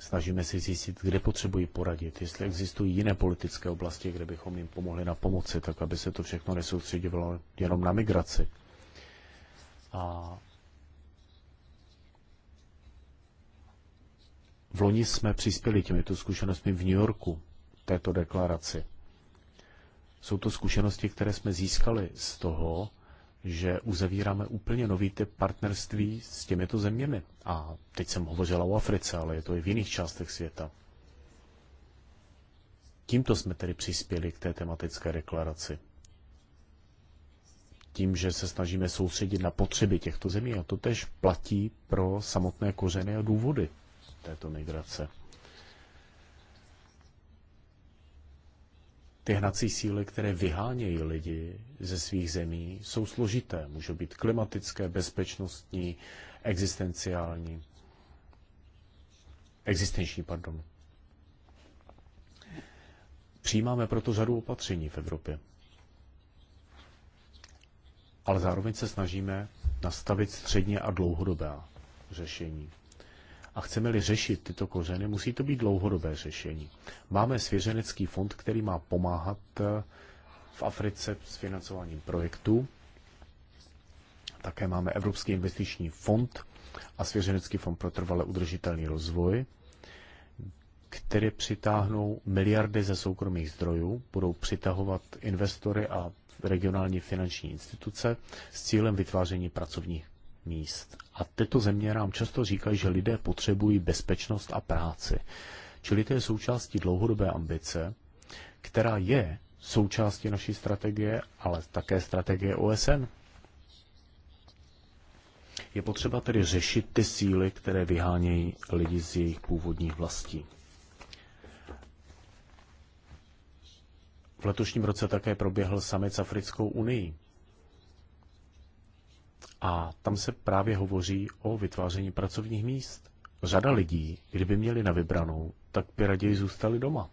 Snažíme se zjistit, kde potřebují poradit, jestli existují jiné politické oblasti, kde bychom jim pomohli na pomoci, tak aby se to všechno nesoustředilo jenom na migraci. A v loni jsme přispěli těmito zkušenostmi v New Yorku této deklaraci. Jsou to zkušenosti, které jsme získali z toho, že uzavíráme úplně nový typ partnerství s těmito zeměmi. A teď jsem hovořila o Africe, ale je to i v jiných částech světa. Tímto jsme tedy přispěli k té tematické deklaraci. Tím, že se snažíme soustředit na potřeby těchto zemí a to tež platí pro samotné kořeny a důvody této migrace. Ty hnací síly, které vyhánějí lidi ze svých zemí, jsou složité. Můžou být klimatické, bezpečnostní, existenciální, existenční, pardon. Přijímáme proto řadu opatření v Evropě. Ale zároveň se snažíme nastavit středně a dlouhodobé řešení a chceme-li řešit tyto kořeny, musí to být dlouhodobé řešení. Máme svěřenecký fond, který má pomáhat eh, v Africe s financováním projektů. Také máme Evropský investiční fond a Svěřenecký fond pro trvale udržitelný rozvoj, které přitáhnou miliardy ze soukromých zdrojů, budou přitahovat investory a regionální finanční instituce s cílem vytváření pracovních míst. A tyto země nám často říkají, že lidé potřebují bezpečnost a práci. Čili to je součástí dlouhodobé ambice, která je součástí naší strategie, ale také strategie OSN. Je potřeba tedy řešit ty síly, které vyhánějí lidi z jejich původních vlastí. V letošním roce také proběhl summit s Africkou unii. A tam se právě hovoří o vytváření pracovních míst. Řada lidí, kdyby měli na vybranou, tak by raději zůstali doma.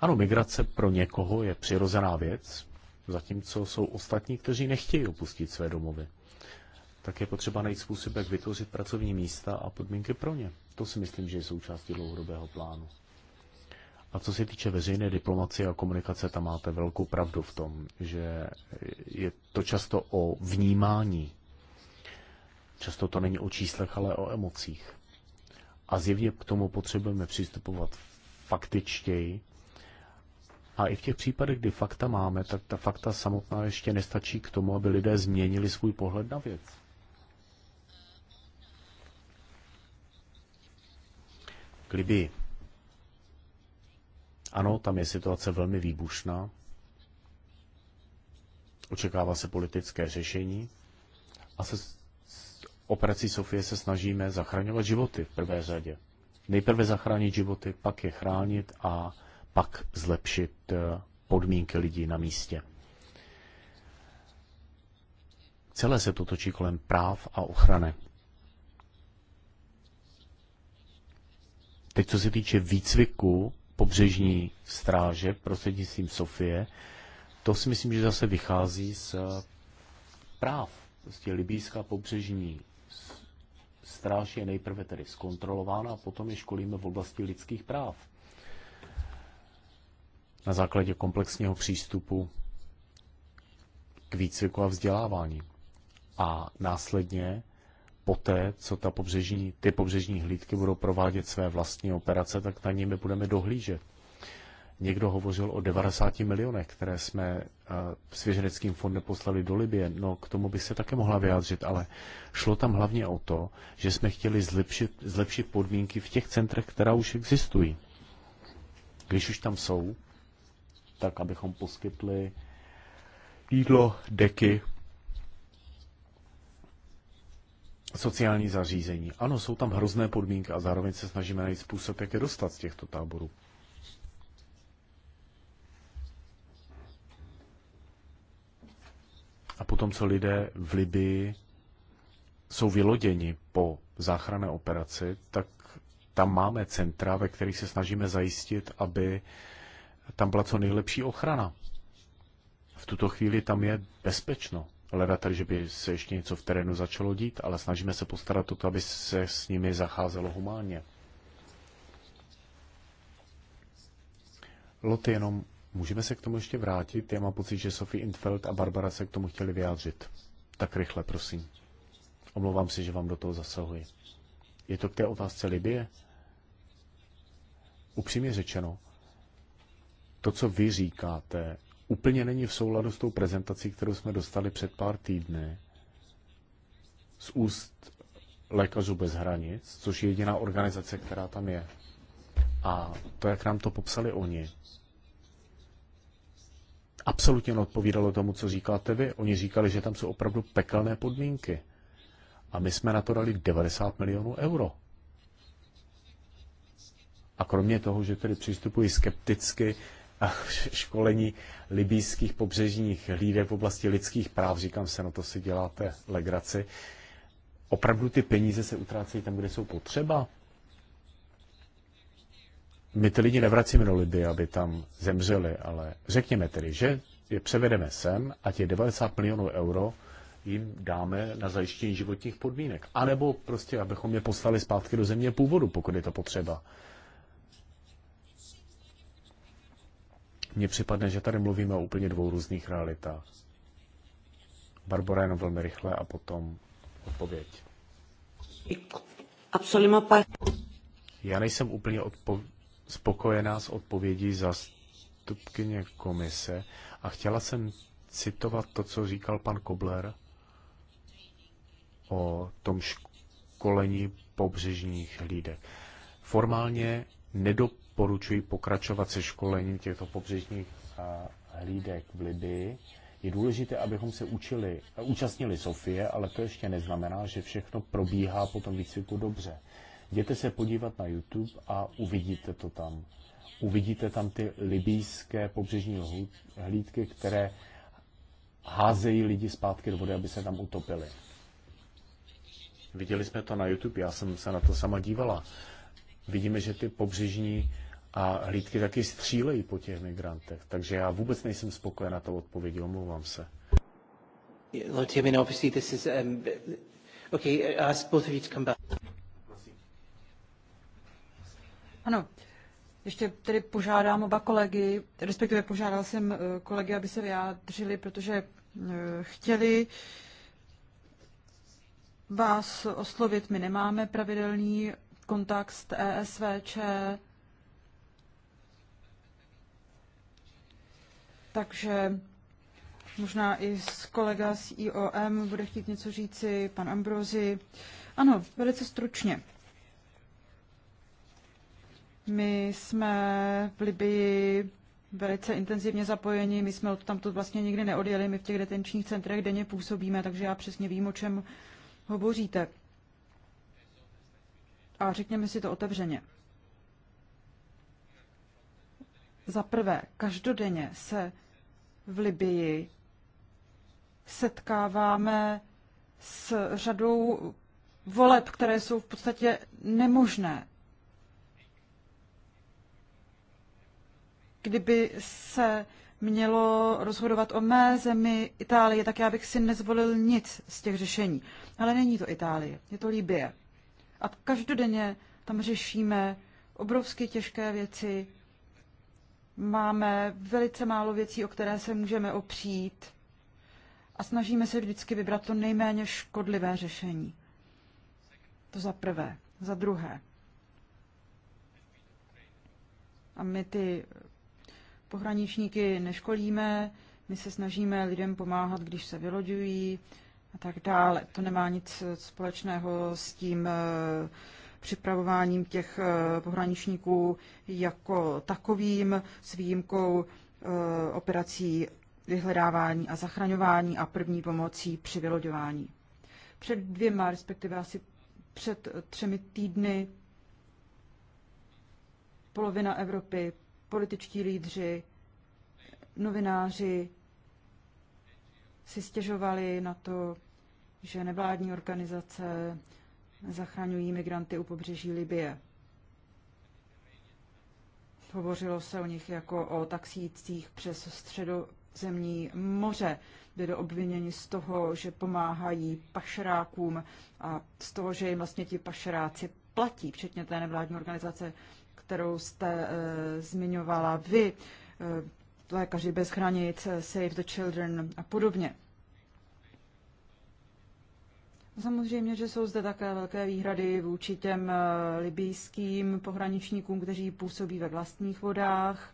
Ano, migrace pro někoho je přirozená věc, zatímco jsou ostatní, kteří nechtějí opustit své domovy. Tak je potřeba najít způsob, jak vytvořit pracovní místa a podmínky pro ně. To si myslím, že je součástí dlouhodobého plánu. A co se týče veřejné diplomacie a komunikace, tam máte velkou pravdu v tom, že je to často o vnímání. Často to není o číslech, ale o emocích. A zjevně k tomu potřebujeme přistupovat faktičtěji. A i v těch případech, kdy fakta máme, tak ta fakta samotná ještě nestačí k tomu, aby lidé změnili svůj pohled na věc. Kdyby ano, tam je situace velmi výbušná. Očekává se politické řešení a se operací Sofie se snažíme zachraňovat životy v prvé řadě. Nejprve zachránit životy, pak je chránit a pak zlepšit eh, podmínky lidí na místě. Celé se to točí kolem práv a ochrany. Teď, co se týče výcviku pobřežní stráže prostřednictvím Sofie, to si myslím, že zase vychází z eh, práv. Prostě libýská pobřežní stráž je nejprve tedy zkontrolována a potom je školíme v oblasti lidských práv. Na základě komplexního přístupu k výcviku a vzdělávání. A následně poté, co ta pobřežní, ty pobřežní hlídky budou provádět své vlastní operace, tak na nimi budeme dohlížet. Někdo hovořil o 90 milionech, které jsme eh, svěřeneckým fondem poslali do Libie. No, k tomu by se také mohla vyjádřit, ale šlo tam hlavně o to, že jsme chtěli zlepšit, zlepšit podmínky v těch centrech, která už existují. Když už tam jsou, tak abychom poskytli jídlo, deky, sociální zařízení. Ano, jsou tam hrozné podmínky a zároveň se snažíme najít způsob, jak je dostat z těchto táborů. A potom, co lidé v Libii jsou vyloděni po záchranné operaci, tak tam máme centra, ve kterých se snažíme zajistit, aby tam byla co nejlepší ochrana. V tuto chvíli tam je bezpečno. Leda tady, že by se ještě něco v terénu začalo dít, ale snažíme se postarat o to, aby se s nimi zacházelo humánně. Loty jenom, můžeme se k tomu ještě vrátit? Já mám pocit, že Sophie Intfeld a Barbara se k tomu chtěli vyjádřit. Tak rychle, prosím. Omlouvám se, že vám do toho zasahuji. Je to k té otázce Libie? Upřímně řečeno, to, co vy říkáte úplně není v souladu s tou prezentací, kterou jsme dostali před pár týdny z úst Lékařů bez hranic, což je jediná organizace, která tam je. A to, jak nám to popsali oni, absolutně odpovídalo tomu, co říkáte vy. Oni říkali, že tam jsou opravdu pekelné podmínky. A my jsme na to dali 90 milionů euro. A kromě toho, že tedy přistupuji skepticky (laughs) školení libijských pobřežních hlídek v oblasti lidských práv. Říkám se, no to si děláte legraci. Opravdu ty peníze se utrácejí tam, kde jsou potřeba? My ty lidi nevracíme do Liby, aby tam zemřeli, ale řekněme tedy, že je převedeme sem a těch 90 milionů euro jim dáme na zajištění životních podmínek. A nebo prostě, abychom je poslali zpátky do země původu, pokud je to potřeba. mně připadne, že tady mluvíme o úplně dvou různých realitách. Barbora jenom velmi rychle a potom odpověď. Já nejsem úplně odpo- spokojená s odpovědí zástupkyně komise a chtěla jsem citovat to, co říkal pan Kobler o tom školení pobřežních hlídek. Formálně nedop doporučuji pokračovat se školením těchto pobřežních hlídek v Libii. Je důležité, abychom se učili, účastnili Sofie, ale to ještě neznamená, že všechno probíhá po tom výcviku dobře. Jděte se podívat na YouTube a uvidíte to tam. Uvidíte tam ty libijské pobřežní hlídky, které házejí lidi zpátky do vody, aby se tam utopili. Viděli jsme to na YouTube, já jsem se na to sama dívala. Vidíme, že ty pobřežní a hlídky taky střílejí po těch migrantech. Takže já vůbec nejsem spokojená tou odpovědi, omlouvám se. Um, both of you to come back. Ano, ještě tedy požádám oba kolegy, respektive požádal jsem eh, kolegy, aby se vyjádřili, protože eh, chtěli vás oslovit. My nemáme pravidelný kontakt s ESVČ, Takže možná i s kolega z IOM bude chtít něco říci, pan Ambrozi. Ano, velice stručně. My jsme v Libii velice intenzivně zapojeni, my jsme od tamto vlastně nikdy neodjeli, my v těch detenčních centrech denně působíme, takže já přesně vím, o čem hovoříte. A řekněme si to otevřeně. Za prvé, každodenně se v Libii setkáváme s řadou voleb, které jsou v podstatě nemožné. Kdyby se mělo rozhodovat o mé zemi Itálie, tak já bych si nezvolil nic z těch řešení. Ale není to Itálie, je to Libie. A každodenně tam řešíme obrovsky těžké věci, Máme velice málo věcí, o které se můžeme opřít a snažíme se vždycky vybrat to nejméně škodlivé řešení. To za prvé. Za druhé. A my ty pohraničníky neškolíme, my se snažíme lidem pomáhat, když se vyloďují a tak dále. To nemá nic společného s tím, eh, připravováním těch eh, pohraničníků jako takovým s výjimkou eh, operací vyhledávání a zachraňování a první pomocí při vyloďování. Před dvěma, respektive asi před třemi týdny polovina Evropy, političtí lídři, novináři si stěžovali na to, že nevládní organizace zachraňují migranty u pobřeží Libie. Hovořilo se o nich jako o taxících přes středozemní moře. Byli obviněni z toho, že pomáhají pašerákům a z toho, že jim vlastně ti pašeráci platí, včetně té nevládní organizace, kterou jste e, zmiňovala vy, e, lékaři bez hranic, Save the Children a podobně. Samozřejmě, že jsou zde také velké výhrady vůči těm eh, libijským pohraničníkům, kteří působí ve vlastních vodách,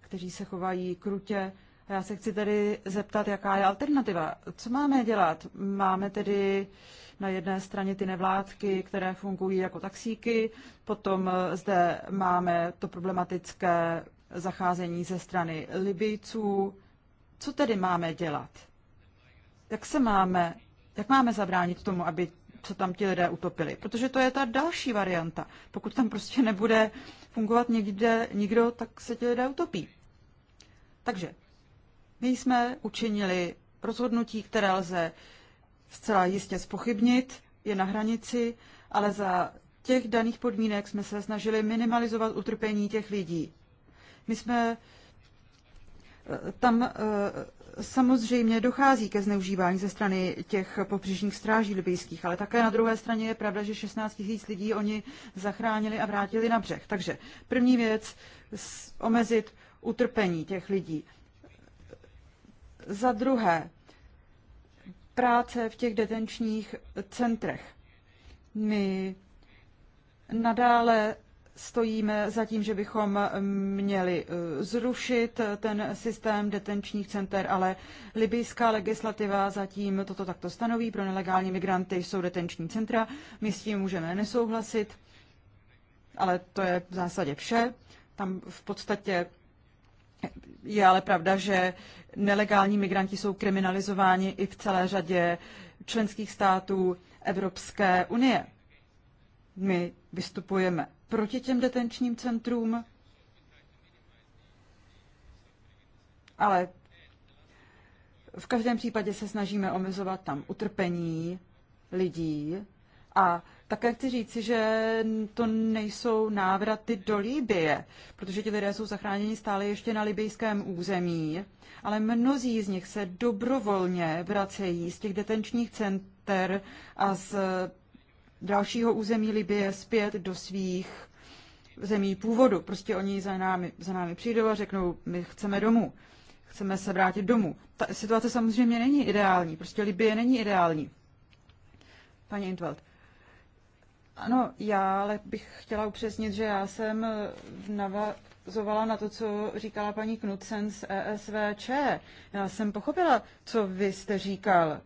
kteří se chovají krutě. A já se chci tedy zeptat, jaká je alternativa. Co máme dělat? Máme tedy na jedné straně ty nevládky, které fungují jako taxíky, potom eh, zde máme to problematické zacházení ze strany Libijců. Co tedy máme dělat? Jak se máme jak máme zabránit tomu, aby se tam ti lidé utopili? Protože to je ta další varianta. Pokud tam prostě nebude fungovat někde nikdo, tak se ti lidé utopí. Takže my jsme učinili rozhodnutí, které lze zcela jistě spochybnit, je na hranici, ale za těch daných podmínek jsme se snažili minimalizovat utrpení těch lidí. My jsme eh, tam eh, Samozřejmě dochází ke zneužívání ze strany těch pobřežních stráží libijských, ale také na druhé straně je pravda, že 16 tisíc lidí oni zachránili a vrátili na břeh. Takže první věc, omezit utrpení těch lidí. Za druhé, práce v těch detenčních centrech. My nadále stojíme za tím, že bychom měli eh, zrušit ten systém detenčních center, ale libijská legislativa zatím toto takto stanoví. Pro nelegální migranty jsou detenční centra. My s tím můžeme nesouhlasit, ale to je v zásadě vše. Tam v podstatě je ale pravda, že nelegální migranti jsou kriminalizováni i v celé řadě členských států Evropské unie. My vystupujeme proti těm detenčním centrům, ale v každém případě se snažíme omezovat tam utrpení lidí a také chci říci, že to nejsou návraty do Líbie, protože ti lidé jsou zachráněni stále ještě na libijském území, ale mnozí z nich se dobrovolně vracejí z těch detenčních center a z dalšího území Libie zpět do svých zemí původu. Prostě oni za námi, za námi přijdou a řeknou, my chceme domů, chceme se vrátit domů. Ta situace samozřejmě není ideální, prostě Libie není ideální. Paní Intveld. Ano, já ale bych chtěla upřesnit, že já jsem eh, navazovala na to, co říkala paní Knudsen z ESVČ. Já jsem pochopila, co vy jste říkal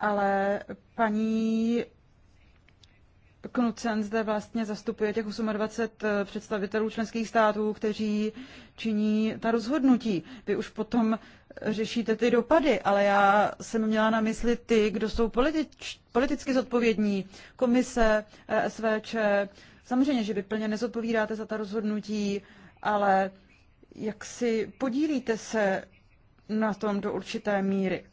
ale paní Knucen zde vlastně zastupuje těch 28 eh, představitelů členských států, kteří činí ta rozhodnutí. Vy už potom řešíte ty dopady, ale já jsem měla na mysli ty, kdo jsou politič, politicky zodpovědní. Komise, eh, SVČ, samozřejmě, že vy plně nezodpovídáte za ta rozhodnutí, ale jak si podílíte se na tom do určité míry.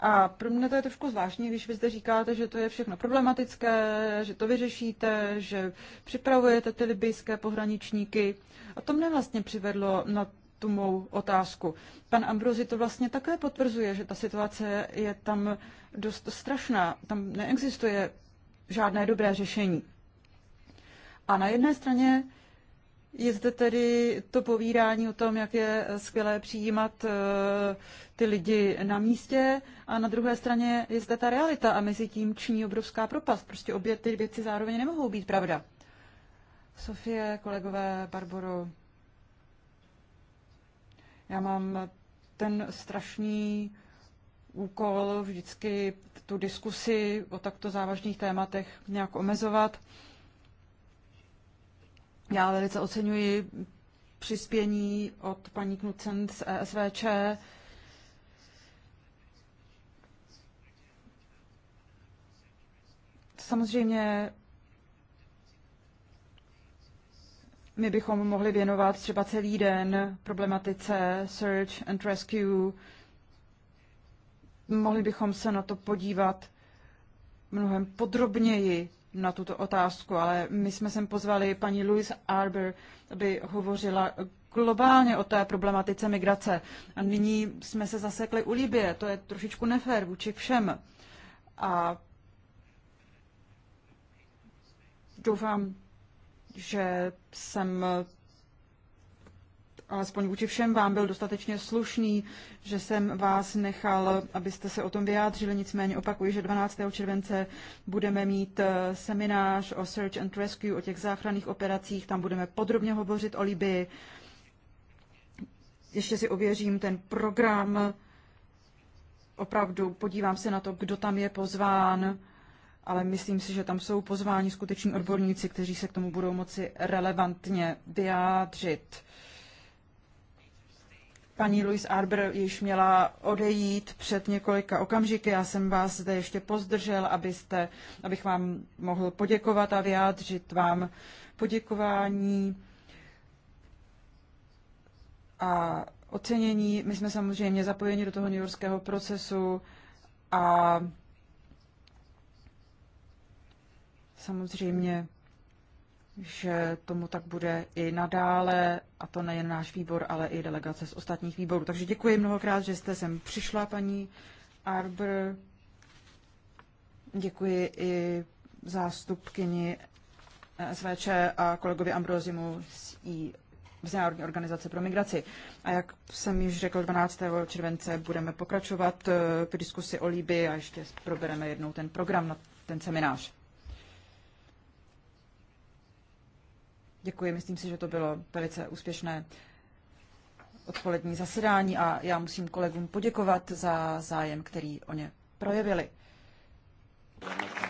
A pro mě to je trošku zvláštní, když vy zde říkáte, že to je všechno problematické, že to vyřešíte, že připravujete ty libijské pohraničníky. A to mě vlastně přivedlo na tu mou otázku. Pan Ambrozi to vlastně také potvrzuje, že ta situace je tam dost strašná. Tam neexistuje žádné dobré řešení. A na jedné straně je zde tedy to povídání o tom, jak je skvělé přijímat eh, ty lidi na místě a na druhé straně je zde ta realita a mezi tím činí obrovská propast. Prostě obě ty věci zároveň nemohou být pravda. Sofie, kolegové, Barboro, já mám ten strašný úkol vždycky tu diskusi o takto závažných tématech nějak omezovat. Já velice oceňuji přispění od paní Knucen z ESVČ. Samozřejmě my bychom mohli věnovat třeba celý den problematice search and rescue. Mohli bychom se na to podívat mnohem podrobněji na tuto otázku, ale my jsme sem pozvali paní Louise Arber, aby hovořila globálně o té problematice migrace. A nyní jsme se zasekli u Libie, to je trošičku nefér vůči všem. A doufám, že jsem alespoň vůči všem vám byl dostatečně slušný, že jsem vás nechal, abyste se o tom vyjádřili. Nicméně opakuji, že 12. července budeme mít eh, seminář o Search and Rescue, o těch záchranných operacích. Tam budeme podrobně hovořit o Libii. Ještě si ověřím ten program. Opravdu podívám se na to, kdo tam je pozván ale myslím si, že tam jsou pozváni skuteční odborníci, kteří se k tomu budou moci relevantně vyjádřit. Paní Louise Arbor již měla odejít před několika okamžiky. Já jsem vás zde ještě pozdržel, abyste, abych vám mohl poděkovat a vyjádřit vám poděkování a ocenění. My jsme samozřejmě zapojeni do toho newyorského procesu a samozřejmě že tomu tak bude i nadále, a to nejen náš výbor, ale i delegace z ostatních výborů. Takže děkuji mnohokrát, že jste sem přišla, paní Arbr. Děkuji i zástupkyni SVČ a kolegovi Ambrozimu z I Mezinárodní organizace pro migraci. A jak jsem již řekl, 12. července budeme pokračovat eh, v diskusi o líbě, a ještě probereme jednou ten program na ten seminář. Děkuji, myslím si, že to bylo velice úspěšné odpolední zasedání a já musím kolegům poděkovat za zájem, který o ně projevili. Děkujeme.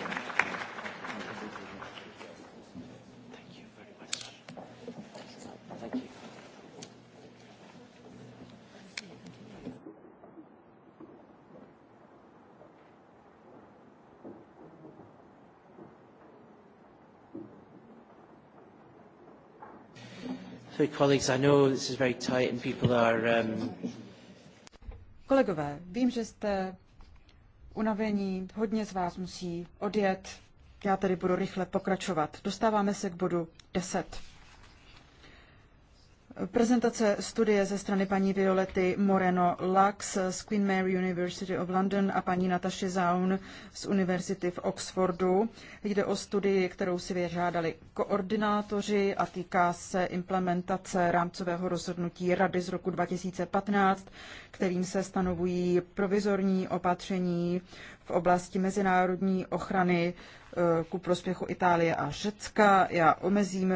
Kolegové, vím, že jste unavení, hodně z vás musí odjet. Já tedy budu rychle pokračovat. Dostáváme se k bodu 10. Prezentace studie ze strany paní Violety Moreno Lux z Queen Mary University of London a paní Nataše Zaun z Univerzity v Oxfordu. Jde o studii, kterou si vyžádali koordinátoři a týká se implementace rámcového rozhodnutí Rady z roku 2015, kterým se stanovují provizorní opatření v oblasti mezinárodní ochrany eh, ku prospěchu Itálie a Řecka. Já omezím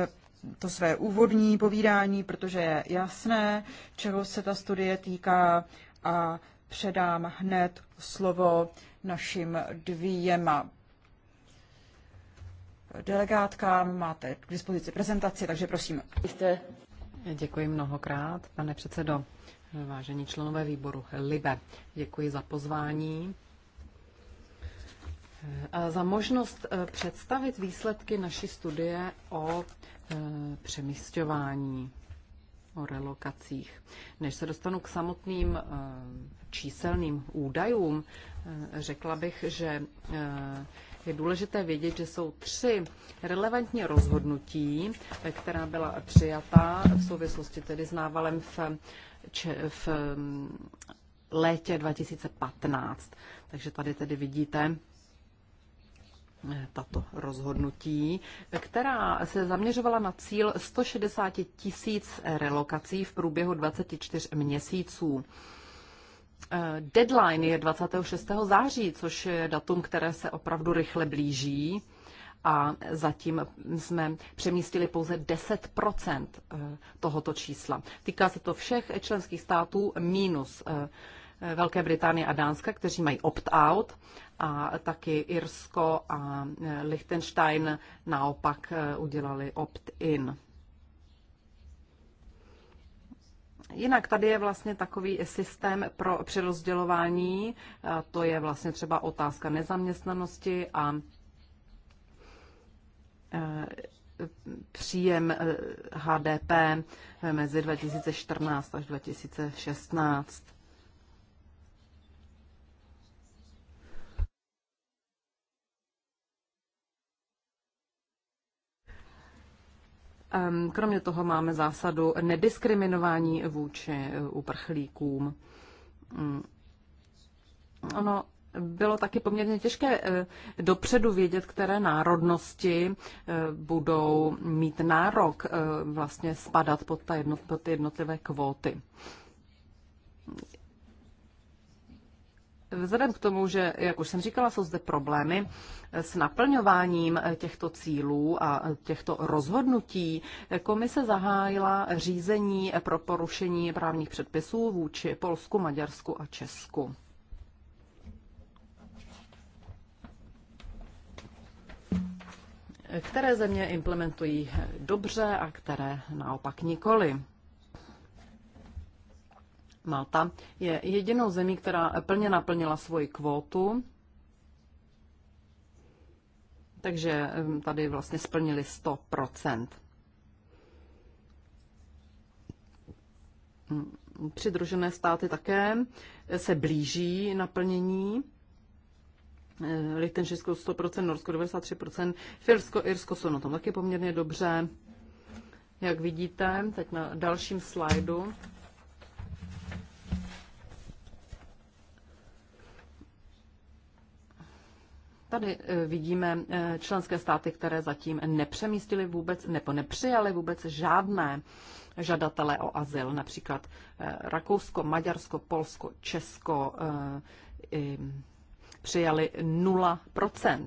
to své úvodní povídání, protože je jasné, čeho se ta studie týká a předám hned slovo našim dvěma delegátkám. Máte k dispozici prezentaci, takže prosím. Děkuji mnohokrát, pane předsedo. Vážení členové výboru LIBE, děkuji za pozvání za možnost e, představit výsledky naší studie o e, přemysťování, o relokacích. Než se dostanu k samotným e, číselným údajům, řekla bych, že je důležité vědět, že jsou tři relevantní rozhodnutí, která byla přijata v souvislosti tedy s návalem v, v létě 2015. Takže tady tedy vidíte tato rozhodnutí, která se zaměřovala na cíl 160 tisíc relokací v průběhu 24 měsíců. Eh, deadline je 26. září, což je datum, které se opravdu rychle blíží a zatím jsme přemístili pouze 10 eh, tohoto čísla. Týká se to všech členských států minus eh, Velké Británie a Dánska, kteří mají opt-out a taky Irsko a eh, Liechtenstein naopak eh, udělali opt-in. Jinak tady je vlastně takový systém pro přerozdělování, to je vlastně třeba otázka nezaměstnanosti a eh, příjem HDP mezi 2014 až 2016. Ehm, kromě toho máme zásadu nediskriminování vůči eh, uprchlíkům. Mm. Ono bylo taky poměrně těžké eh, dopředu vědět, které národnosti eh, budou mít nárok vlastně spadat pod, ta pod ty jednotlivé kvóty. Vzhledem k tomu, že, jak už jsem říkala, jsou zde problémy s naplňováním těchto cílů a těchto rozhodnutí, komise zahájila řízení pro porušení právních předpisů vůči Polsku, Maďarsku a Česku. Které země implementují dobře a které naopak nikoli. Malta je jedinou zemí, která plně naplnila svoji kvótu, takže tady vlastně splnili 100 hm, Přidružené státy také se blíží naplnění. Eh, Lichtenštejnsko 100%, Norsko 93%, Firsko, Irsko jsou na tom taky poměrně dobře. Jak vidíte, teď na dalším slajdu Tady eh, vidíme eh, členské státy, které zatím nepřemístily vůbec nebo nepřijali vůbec žádné žadatele o azyl, například eh, Rakousko, Maďarsko, Polsko, Česko přijali 0%.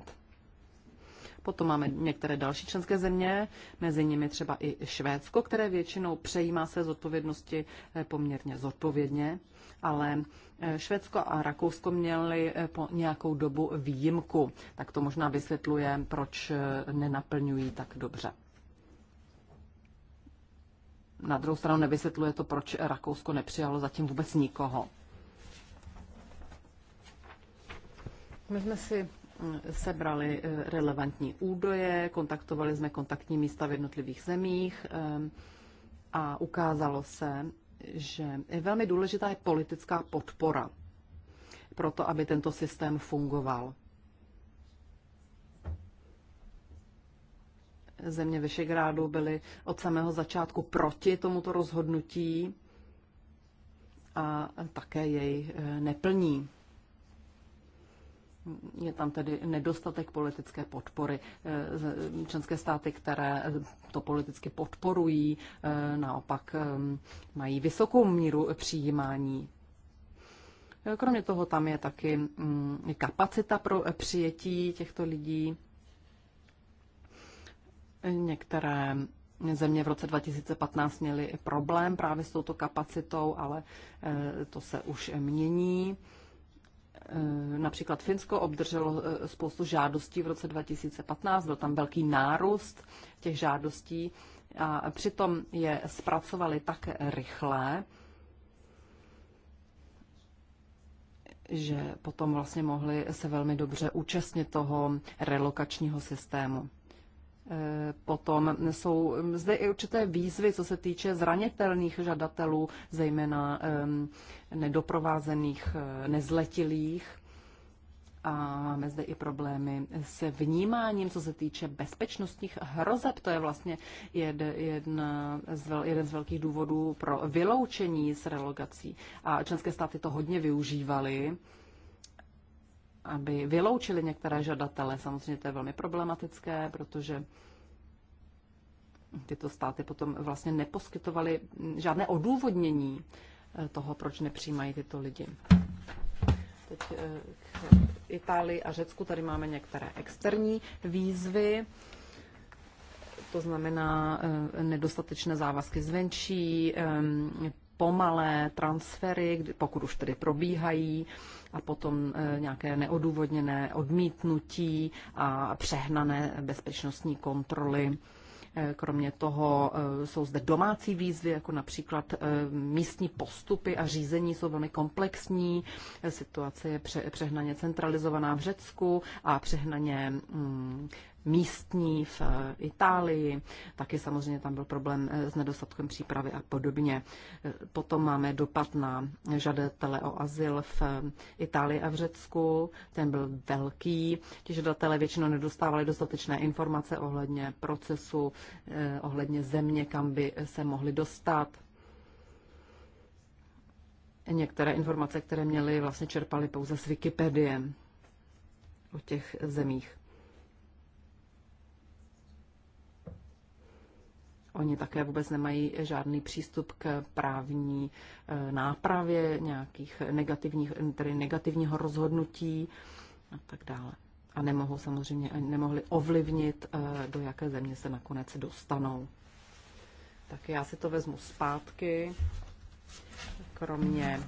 Potom máme některé další členské země, mezi nimi třeba i Švédsko, které většinou přejímá se z odpovědnosti eh, poměrně zodpovědně, ale eh, Švédsko a Rakousko měly eh, po nějakou dobu výjimku. Tak to možná vysvětluje, proč nenaplňují tak dobře. Na druhou stranu nevysvětluje to, proč Rakousko nepřijalo zatím vůbec nikoho. My jsme si sebrali eh, relevantní údaje, kontaktovali jsme kontaktní místa v jednotlivých zemích eh, a ukázalo se, že je velmi důležitá je politická podpora pro to, aby tento systém fungoval. Země Vyšegrádu byly od samého začátku proti tomuto rozhodnutí a také jej eh, neplní. Je tam tedy nedostatek politické podpory. Eh, členské státy, které to politicky podporují, eh, naopak eh, mají vysokou míru přijímání. Kromě toho tam je taky mm, kapacita pro přijetí těchto lidí. Některé země v roce 2015 měly problém právě s touto kapacitou, ale to se už mění. Eh, například Finsko obdrželo eh, spoustu žádostí v roce 2015, byl tam velký nárůst těch žádostí a přitom je zpracovali tak rychle, že potom vlastně mohli se velmi dobře účastnit toho relokačního systému. Potom jsou zde i určité výzvy, co se týče zranitelných žadatelů, zejména nedoprovázených eh, nezletilých. A máme zde i problémy se vnímáním, co se týče bezpečnostních hrozeb. To je vlastně jedna z vel, jeden z velkých důvodů pro vyloučení s relogací. A členské státy to hodně využívaly aby vyloučili některé žadatele. Samozřejmě to je velmi problematické, protože tyto státy potom vlastně neposkytovaly žádné odůvodnění eh, toho, proč nepřijímají tyto lidi. Teď eh, k Itálii a Řecku tady máme některé externí výzvy, to znamená eh, nedostatečné závazky zvenčí, pomalé transfery, pokud už tedy probíhají, a potom e, nějaké neodůvodněné odmítnutí a přehnané bezpečnostní kontroly. E, kromě toho e, jsou zde domácí výzvy, jako například místní postupy a řízení jsou velmi komplexní. Situace je pře přehnaně centralizovaná v Řecku a přehnaně mm, místní v eh, Itálii. Taky samozřejmě tam byl problém eh, s nedostatkem přípravy a podobně. Eh, potom máme dopad na žadatele o azyl v Itálii a v Řecku. Ten byl velký. Ti žadatelé většinou nedostávali dostatečné informace ohledně procesu, ohledně země, kam by se mohli dostat některé informace, které měli, vlastně čerpali pouze z Wikipedie o těch zemích. Oni také vůbec nemají žádný přístup k právní eh, nápravě nějakých negativních, tedy negativního rozhodnutí a tak dále. A nemohou samozřejmě, nemohli ovlivnit, eh, do jaké země se nakonec dostanou. Tak já si to vezmu zpátky. Kromě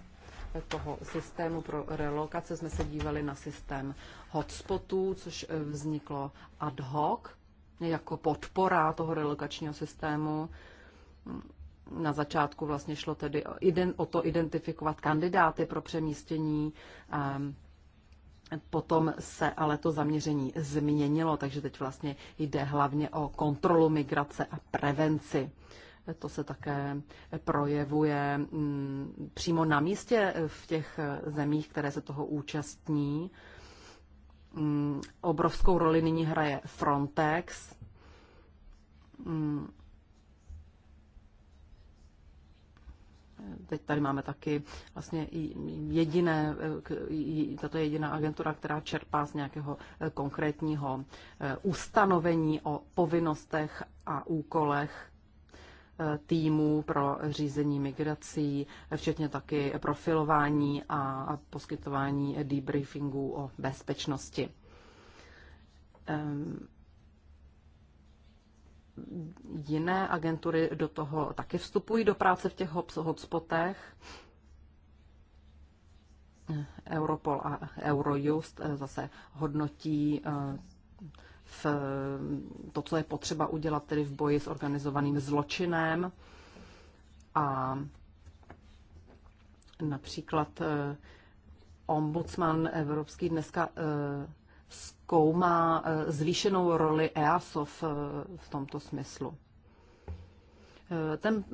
toho systému pro relokace jsme se dívali na systém hotspotů, což eh, vzniklo ad hoc jako podpora toho relokačního systému. Na začátku vlastně šlo tedy o to identifikovat kandidáty pro přemístění. Ehm, potom se ale to zaměření změnilo, takže teď vlastně jde hlavně o kontrolu migrace a prevenci. To se také projevuje mm, přímo na místě v těch zemích, které se toho účastní. Mm, obrovskou roli nyní hraje Frontex. Mm. Teď tady máme taky vlastně jediné, tato jediná agentura, která čerpá z nějakého e, konkrétního e, ustanovení o povinnostech a úkolech týmů pro řízení migrací, včetně taky profilování a poskytování debriefingů o bezpečnosti. Ehm, jiné agentury do toho taky vstupují do práce v těch hotspotech. Europol a Eurojust eh, zase hodnotí eh, v to, co je potřeba udělat tedy v boji s organizovaným zločinem a například eh, ombudsman evropský dneska eh, zkoumá eh, zvýšenou roli EASO v, v tomto smyslu. Ten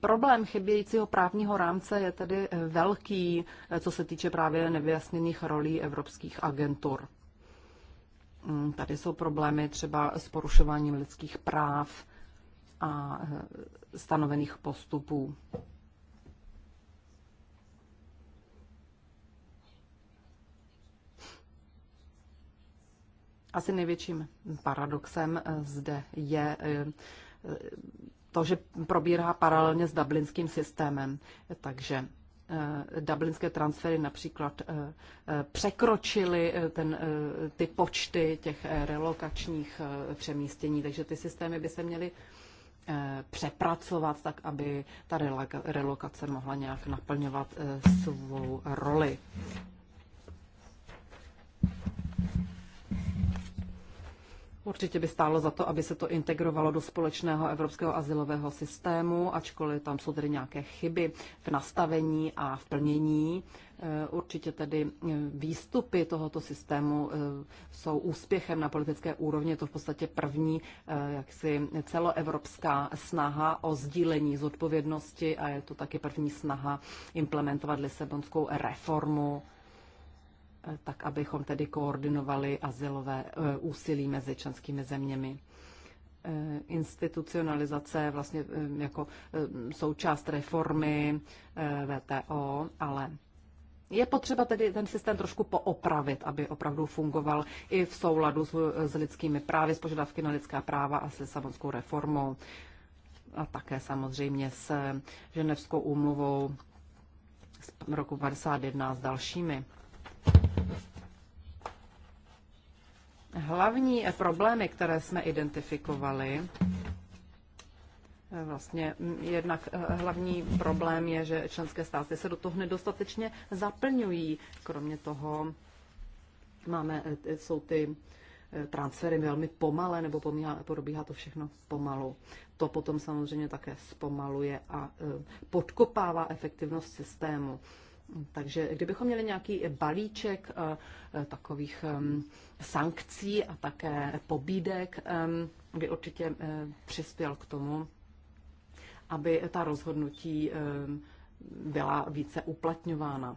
problém chybějícího právního rámce je tedy velký, co se týče právě nevyjasněných rolí evropských agentur. Mm, tady jsou problémy třeba s porušováním lidských práv a e, stanovených postupů. Asi největším paradoxem e, zde je e, to, že probírá paralelně s dublinským systémem. Takže Eh, dublinské transfery například eh, eh, překročily ten, ty počty těch relokačních přemístění, takže ty systémy by se měly přepracovat tak, aby ta relokace mohla nějak naplňovat svou roli. Určitě by stálo za to, aby se to integrovalo do společného evropského asilového systému, ačkoliv tam jsou tedy nějaké chyby v nastavení a v plnění. Eh, určitě tedy eh, výstupy tohoto systému eh, jsou úspěchem na politické úrovni. Je to v podstatě první jaksi celoevropská snaha o sdílení zodpovědnosti a je to taky první snaha implementovat Lisabonskou reformu tak abychom tedy koordinovali asilové eh, úsilí mezi členskými zeměmi. Eh, institucionalizace vlastně eh, jako součást reformy VTO, ale je potřeba tedy ten systém trošku poopravit, aby opravdu fungoval i v souladu s, s lidskými právy, s požadavky na lidská práva a se samotnou reformou a také samozřejmě s Ženevskou úmluvou z roku 1951 a s dalšími. Hlavní problémy, které jsme identifikovali, eh, Vlastně mm, jednak eh, hlavní problém je, že členské státy se do toho nedostatečně zaplňují. Kromě toho máme, eh, jsou ty transfery velmi pomalé, nebo pomíhá, probíhá to všechno pomalu. To potom samozřejmě také zpomaluje a podkopává efektivnost systému. Takže kdybychom měli nějaký balíček eh, takových eh, sankcí a také pobídek, eh, by určitě přispěl k tomu, aby ta rozhodnutí byla více uplatňována.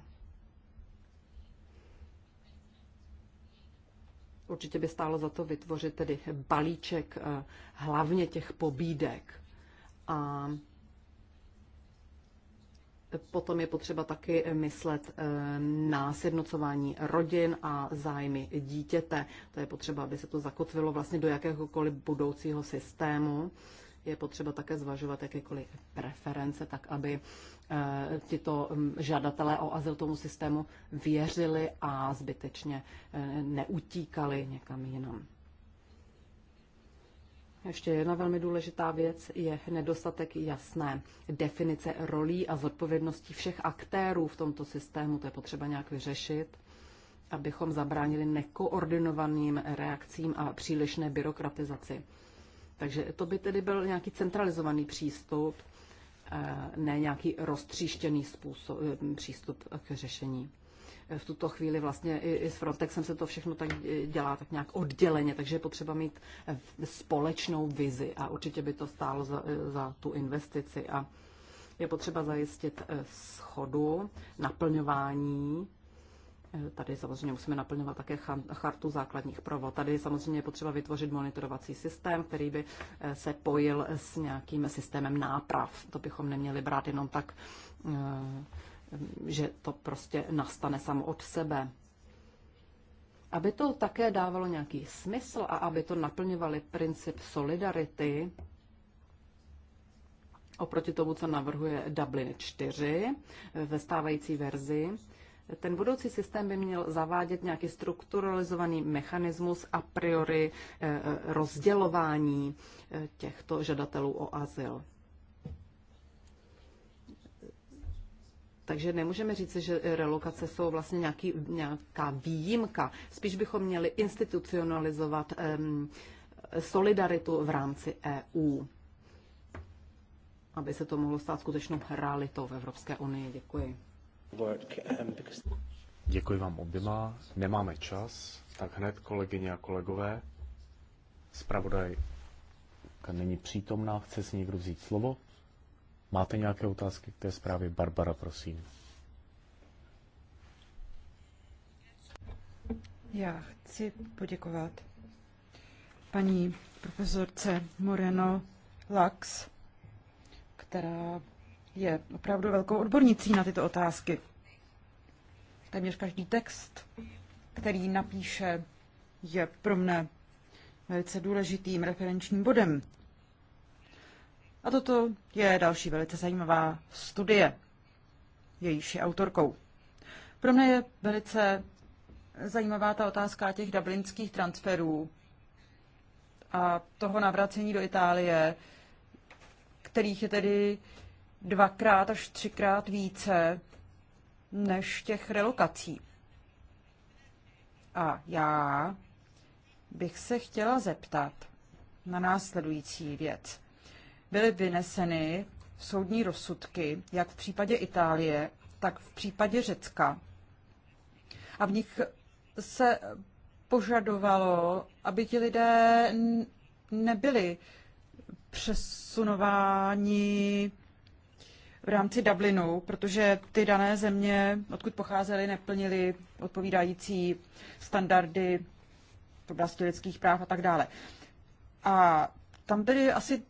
Určitě by stálo za to vytvořit tedy balíček hlavně těch pobídek. A Potom je potřeba taky myslet eh, na sjednocování rodin a zájmy dítěte. To je potřeba, aby se to zakotvilo vlastně do jakéhokoliv budoucího systému. Je potřeba také zvažovat jakékoliv preference, tak aby eh, tyto mm, žadatelé o azyl tomu systému věřili a zbytečně eh, neutíkali někam jinam. Ještě jedna velmi důležitá věc je nedostatek jasné definice rolí a zodpovědností všech aktérů v tomto systému. To je potřeba nějak vyřešit, abychom zabránili nekoordinovaným reakcím a přílišné byrokratizaci. Takže to by tedy byl nějaký centralizovaný přístup, eh, ne nějaký roztříštěný způsob, eh, přístup k řešení v tuto chvíli vlastně i, i s Frontexem se to všechno tak eh, dělá tak nějak odděleně, takže je potřeba mít eh, společnou vizi a určitě by to stálo za, eh, za tu investici a je potřeba zajistit schodu, naplňování Tady samozřejmě musíme naplňovat také chartu základních provo. Tady samozřejmě je potřeba vytvořit monitorovací systém, který by se pojil s nějakým systémem náprav. To bychom neměli brát jenom tak že to prostě nastane samo od sebe. Aby to také dávalo nějaký smysl a aby to naplňovali princip solidarity, oproti tomu, co navrhuje Dublin 4 ve stávající verzi, ten budoucí systém by měl zavádět nějaký strukturalizovaný mechanismus a priori eh, eh, rozdělování eh, těchto žadatelů o azyl. Takže nemůžeme říct, že relokace jsou vlastně nějaký, nějaká výjimka. Spíš bychom měli institucionalizovat um, solidaritu v rámci EU, aby se to mohlo stát skutečnou realitou v Evropské unii. Děkuji. Děkuji vám oběma. Nemáme čas, tak hned kolegyně a kolegové. Spravodaj není přítomná, chce si někdo vzít slovo? Máte nějaké otázky k té zprávě? Barbara, prosím. Já chci poděkovat paní profesorce Moreno Lax, která je opravdu velkou odbornicí na tyto otázky. Téměř každý text, který napíše, je pro mne velice důležitým referenčním bodem a toto je další velice zajímavá studie, jejíž je autorkou. Pro mě je velice zajímavá ta otázka těch dublinských transferů a toho navracení do Itálie, kterých je tedy dvakrát až třikrát více než těch relokací. A já bych se chtěla zeptat na následující věc byly vyneseny soudní rozsudky, jak v případě Itálie, tak v případě Řecka. A v nich se požadovalo, aby ti lidé nebyli přesunováni v rámci Dublinu, protože ty dané země, odkud pocházely, neplnily odpovídající standardy v oblasti lidských práv a tak dále. A tam tedy asi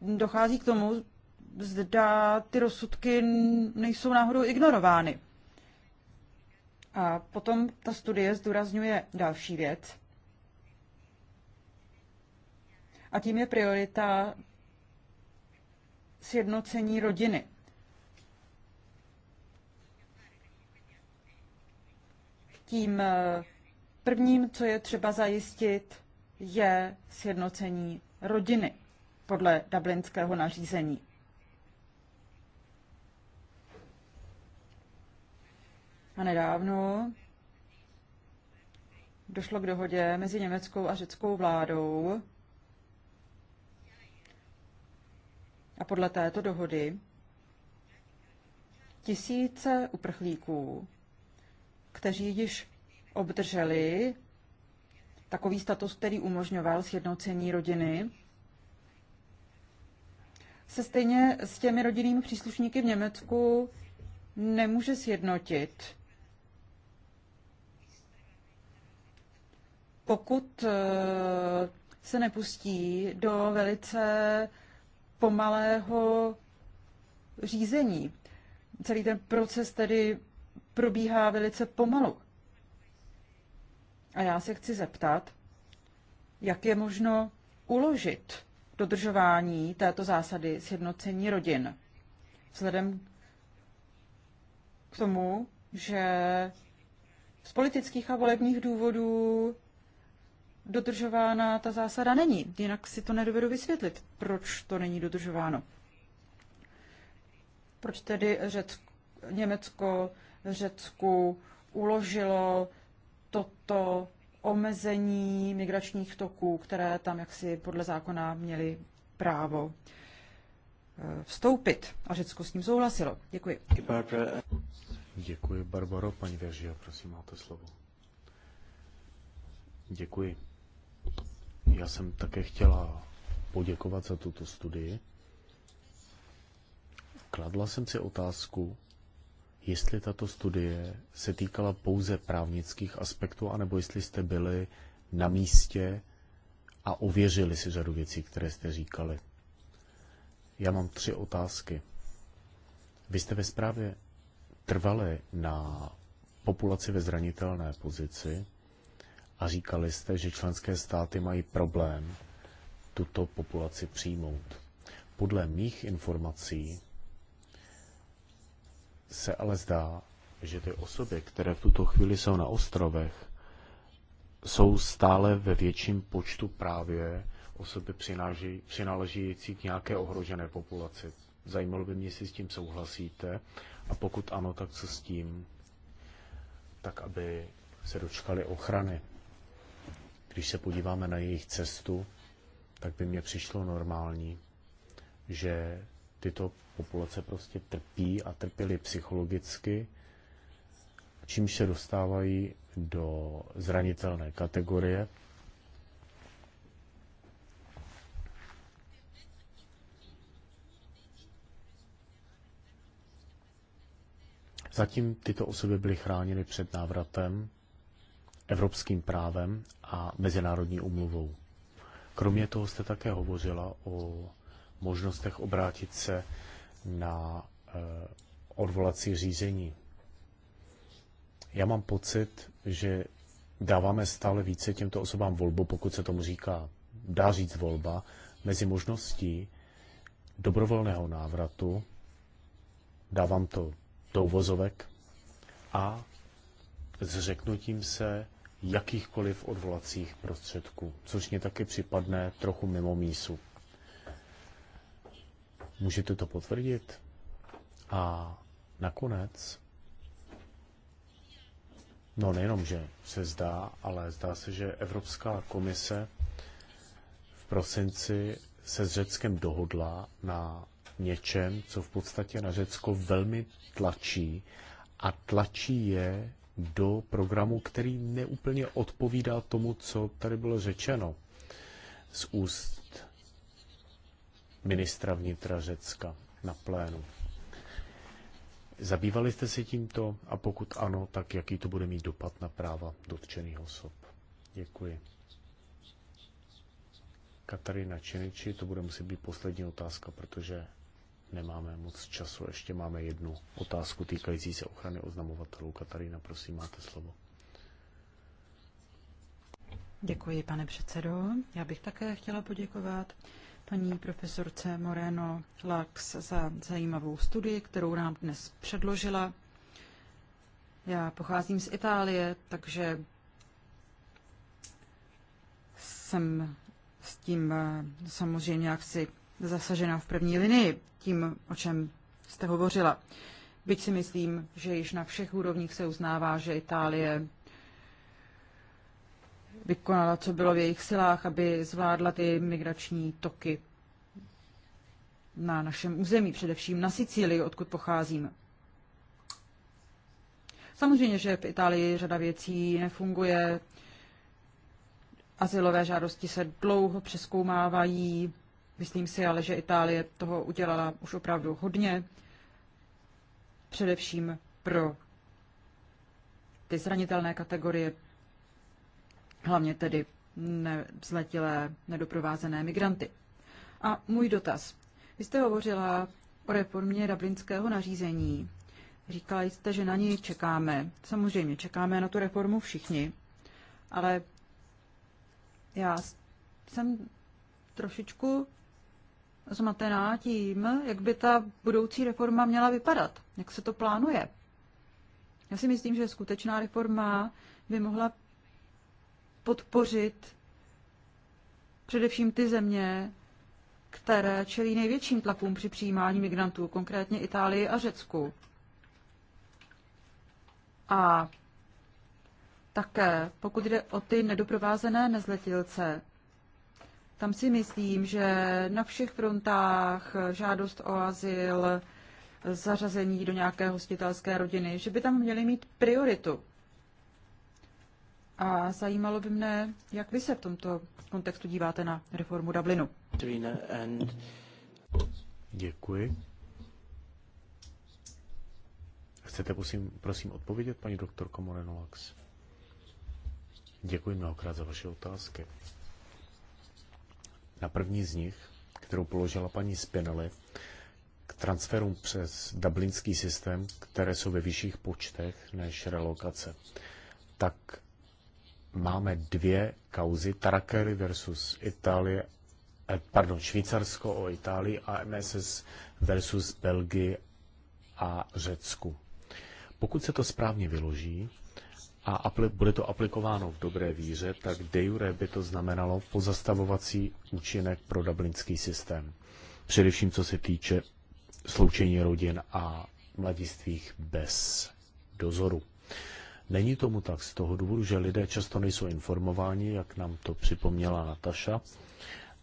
dochází k tomu, zda ty rozsudky nejsou náhodou ignorovány. A potom ta studie zdůrazňuje další věc. A tím je priorita sjednocení rodiny. Tím eh, prvním, co je třeba zajistit, je sjednocení rodiny podle dublinského nařízení. A nedávno došlo k dohodě mezi německou a řeckou vládou. A podle této dohody tisíce uprchlíků, kteří již obdrželi takový status, který umožňoval sjednocení rodiny, se stejně s těmi rodinnými příslušníky v Německu nemůže sjednotit. Pokud eh, se nepustí do velice pomalého řízení. Celý ten proces tedy probíhá velice pomalu. A já se chci zeptat, jak je možno uložit dodržování této zásady sjednocení rodin. Vzhledem k tomu, že z politických a volebních důvodů dodržována ta zásada není. Jinak si to nedovedu vysvětlit, proč to není dodržováno. Proč tedy Řecko, Německo Řecku uložilo toto omezení migračních toků, které tam jaksi podle zákona měly právo eh, vstoupit. A Řecko s ním souhlasilo. Děkuji. Děkuji, Barbaro. Paní Veržia, prosím, máte slovo. Děkuji. Já jsem také chtěla poděkovat za tuto studii. Kladla jsem si otázku, jestli tato studie se týkala pouze právnických aspektů, anebo jestli jste byli na místě a ověřili si řadu věcí, které jste říkali. Já mám tři otázky. Vy jste ve zprávě trvali na populaci ve zranitelné pozici a říkali jste, že členské státy mají problém tuto populaci přijmout. Podle mých informací se ale zdá, že ty osoby, které v tuto chvíli jsou na ostrovech, jsou stále ve větším počtu právě osoby přináží, přináležející k nějaké ohrožené populaci. Zajímalo by mě, jestli s tím souhlasíte a pokud ano, tak co s tím, tak aby se dočkali ochrany. Když se podíváme na jejich cestu, tak by mě přišlo normální, že tyto populace prostě trpí a trpěly psychologicky, čímž se dostávají do zranitelné kategorie. Zatím tyto osoby byly chráněny před návratem evropským právem a mezinárodní umluvou. Kromě toho jste také hovořila o možnostech obrátit se na eh, odvolací řízení. Já mám pocit, že dáváme stále více těmto osobám volbu, pokud se tomu říká, dá říct volba, mezi možností dobrovolného návratu, dávám to do uvozovek, a zřeknutím se jakýchkoliv odvolacích prostředků, což mě taky připadne trochu mimo mísu. Můžete to potvrdit? A nakonec, no nejenom, že se zdá, ale zdá se, že Evropská komise v prosinci se s Řeckem dohodla na něčem, co v podstatě na Řecko velmi tlačí a tlačí je do programu, který neúplně odpovídá tomu, co tady bylo řečeno z úst ministra vnitra Řecka na plénu. Zabývali jste se tímto a pokud ano, tak jaký to bude mít dopad na práva dotčených osob? Děkuji. Katarina Čeniči, to bude muset být poslední otázka, protože nemáme moc času. Ještě máme jednu otázku týkající se ochrany oznamovatelů. Katarína, prosím, máte slovo. Děkuji, pane předsedo. Já bych také chtěla poděkovat paní profesorce Moreno Lax za zajímavou studii, kterou nám dnes předložila. Já pocházím z Itálie, takže jsem s tím eh, samozřejmě jaksi zasažena v první linii, tím, o čem jste hovořila. Byť si myslím, že již na všech úrovních se uznává, že Itálie vykonala, co bylo v jejich silách, aby zvládla ty migrační toky na našem území, především na Sicílii, odkud pocházím. Samozřejmě, že v Itálii řada věcí nefunguje, azylové žádosti se dlouho přeskoumávají, myslím si ale, že Itálie toho udělala už opravdu hodně, především pro ty zranitelné kategorie hlavně tedy nezletilé nedoprovázené migranty. A můj dotaz. Vy jste hovořila o reformě dublinského nařízení. Říkala jste, že na něj čekáme. Samozřejmě čekáme na tu reformu všichni, ale já jsem trošičku zmatená tím, jak by ta budoucí reforma měla vypadat, jak se to plánuje. Já si myslím, že skutečná reforma by mohla podpořit především ty země, které čelí největším tlakům při přijímání migrantů, konkrétně Itálii a Řecku. A také, pokud jde o ty nedoprovázené nezletilce, tam si myslím, že na všech frontách žádost o azyl, zařazení do nějaké hostitelské rodiny, že by tam měly mít prioritu. A zajímalo by mne, jak vy se v tomto kontextu díváte na reformu Dublinu. Děkuji. Chcete prosím, prosím odpovědět, paní doktorko Morenolax? Děkuji mnohokrát za vaše otázky. Na první z nich, kterou položila paní Spinelli, k transferům přes dublinský systém, které jsou ve vyšších počtech než relokace, tak máme dvě kauzy, Tarakery versus Itálie, eh, pardon, Švýcarsko o Itálii a MSS versus Belgii a Řecku. Pokud se to správně vyloží a bude to aplikováno v dobré víře, tak de jure by to znamenalo pozastavovací účinek pro dublinský systém. Především co se týče sloučení rodin a mladistvých bez dozoru. Není tomu tak z toho důvodu, že lidé často nejsou informováni, jak nám to připomněla Nataša,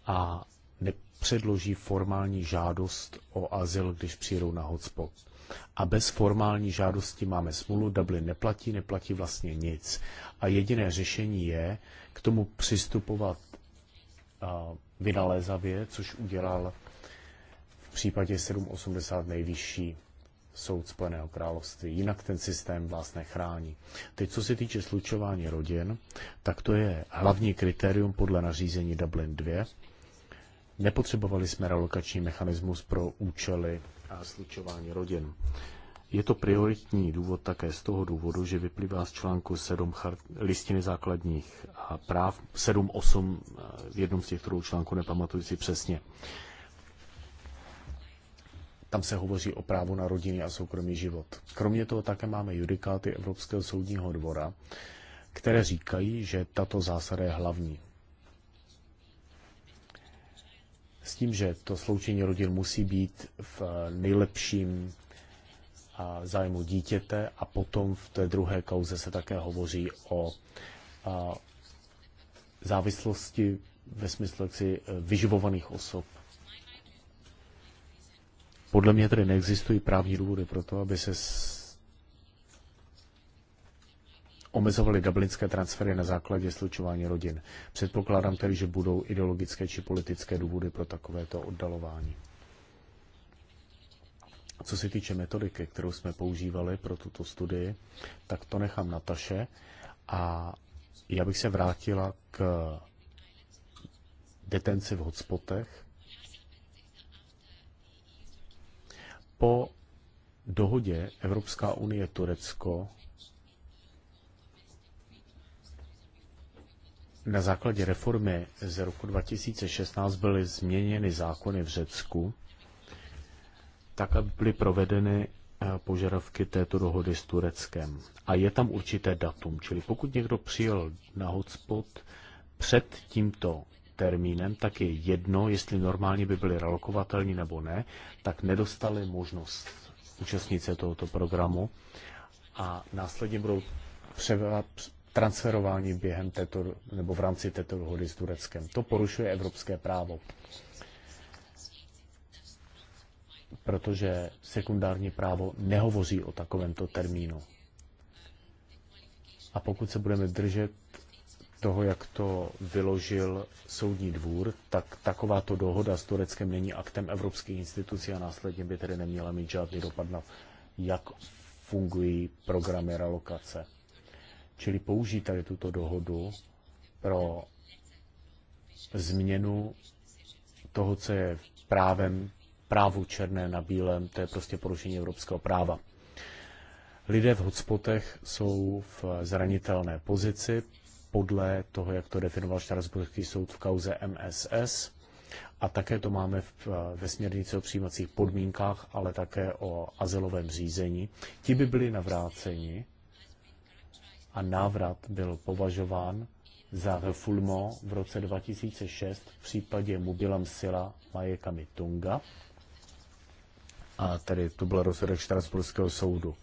a nepředloží formální žádost o azyl, když přijdou na hotspot. A bez formální žádosti máme smůlu, Dublin neplatí, neplatí vlastně nic. A jediné řešení je k tomu přistupovat vynalézavě, což udělal v případě 780 nejvyšší soud Spojeného království, jinak ten systém vás nechrání. Teď, co se týče slučování rodin, tak to je hlavní kritérium podle nařízení Dublin 2. Nepotřebovali jsme relokační mechanismus pro účely a slučování rodin. Je to prioritní důvod také z toho důvodu, že vyplývá z článku 7 listiny základních práv, 7, 8, eh, v jednom z těch kterou článku nepamatuji si přesně. Tam se hovoří o právu na rodiny a soukromý život. Kromě toho také máme judikáty Evropského soudního dvora, které říkají, že tato zásada je hlavní. S tím, že to sloučení rodin musí být v nejlepším zájmu dítěte a potom v té druhé kauze se také hovoří o závislosti ve smyslu e, vyživovaných osob podle mě tedy neexistují právní důvody pro to, aby se omezovaly dublinské transfery na základě slučování rodin. Předpokládám tedy, že budou ideologické či politické důvody pro takovéto oddalování. Co se týče metodiky, kterou jsme používali pro tuto studii, tak to nechám na taše a já bych se vrátila k detenci v hotspotech po dohodě Evropská unie Turecko na základě reformy z roku 2016 byly změněny zákony v Řecku, tak aby byly provedeny eh, požadavky této dohody s Tureckem. A je tam určité datum, čili pokud někdo přijel na hotspot před tímto termínem, tak je jedno, jestli normálně by byli relokovatelní nebo ne, tak nedostali možnost se tohoto programu a následně budou převa, transferování během této, nebo v rámci této dohody s Tureckem. To porušuje evropské právo. Protože sekundární právo nehovoří o takovémto termínu. A pokud se budeme držet toho, jak to vyložil soudní dvůr, tak takováto dohoda s Tureckem není aktem evropských institucí a následně by tedy neměla mít žádný dopad na, jak fungují programy relokace. Čili použít tady tuto dohodu pro změnu toho, co je právem, právu černé na bílém, to je prostě porušení evropského práva. Lidé v hotspotech jsou v zranitelné pozici, podle toho, jak to definoval Štrasburský soud v kauze MSS. A také to máme v, eh, ve směrnici o přijímacích podmínkách, ale také o azylovém řízení. Ti by byli navráceni a návrat byl považován za refulmo v roce 2006 v případě Mubilam Sila Majekami Tunga. A tady to byl rozhodek Štrasburského soudu.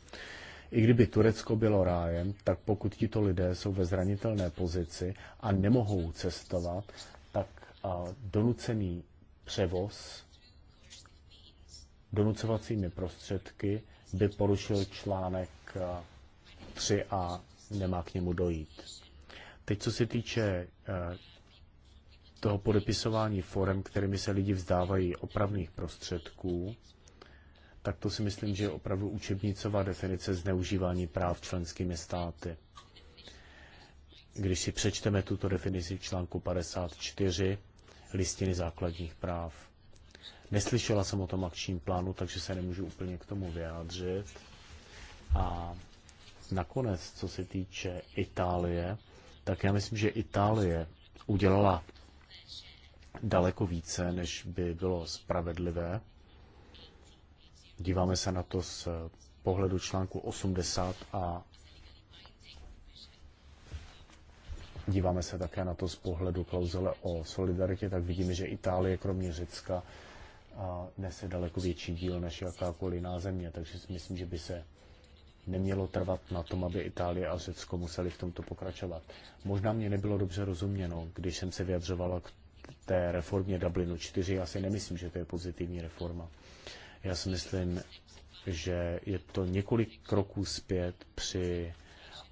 I kdyby Turecko bylo rájem, tak pokud tito lidé jsou ve zranitelné pozici a nemohou cestovat, tak donucený převoz donucovacími prostředky by porušil článek 3 a nemá k němu dojít. Teď, co se týče e, toho podepisování forem, kterými se lidi vzdávají opravných prostředků, tak to si myslím, že je opravdu učebnicová definice zneužívání práv členskými státy. Když si přečteme tuto definici v článku 54 listiny základních práv. Neslyšela jsem o tom akčním plánu, takže se nemůžu úplně k tomu vyjádřit. A nakonec, co se týče Itálie, tak já myslím, že Itálie udělala daleko více, než by bylo spravedlivé Díváme se na to z pohledu článku 80 a díváme se také na to z pohledu klauzule o solidaritě, tak vidíme, že Itálie kromě Řecka nese daleko větší díl než jakákoliv jiná země, takže si myslím, že by se nemělo trvat na tom, aby Itálie a Řecko museli v tomto pokračovat. Možná mě nebylo dobře rozuměno, když jsem se vyjadřovala k té reformě Dublinu 4. Já si nemyslím, že to je pozitivní reforma. Já si myslím, že je to několik kroků zpět při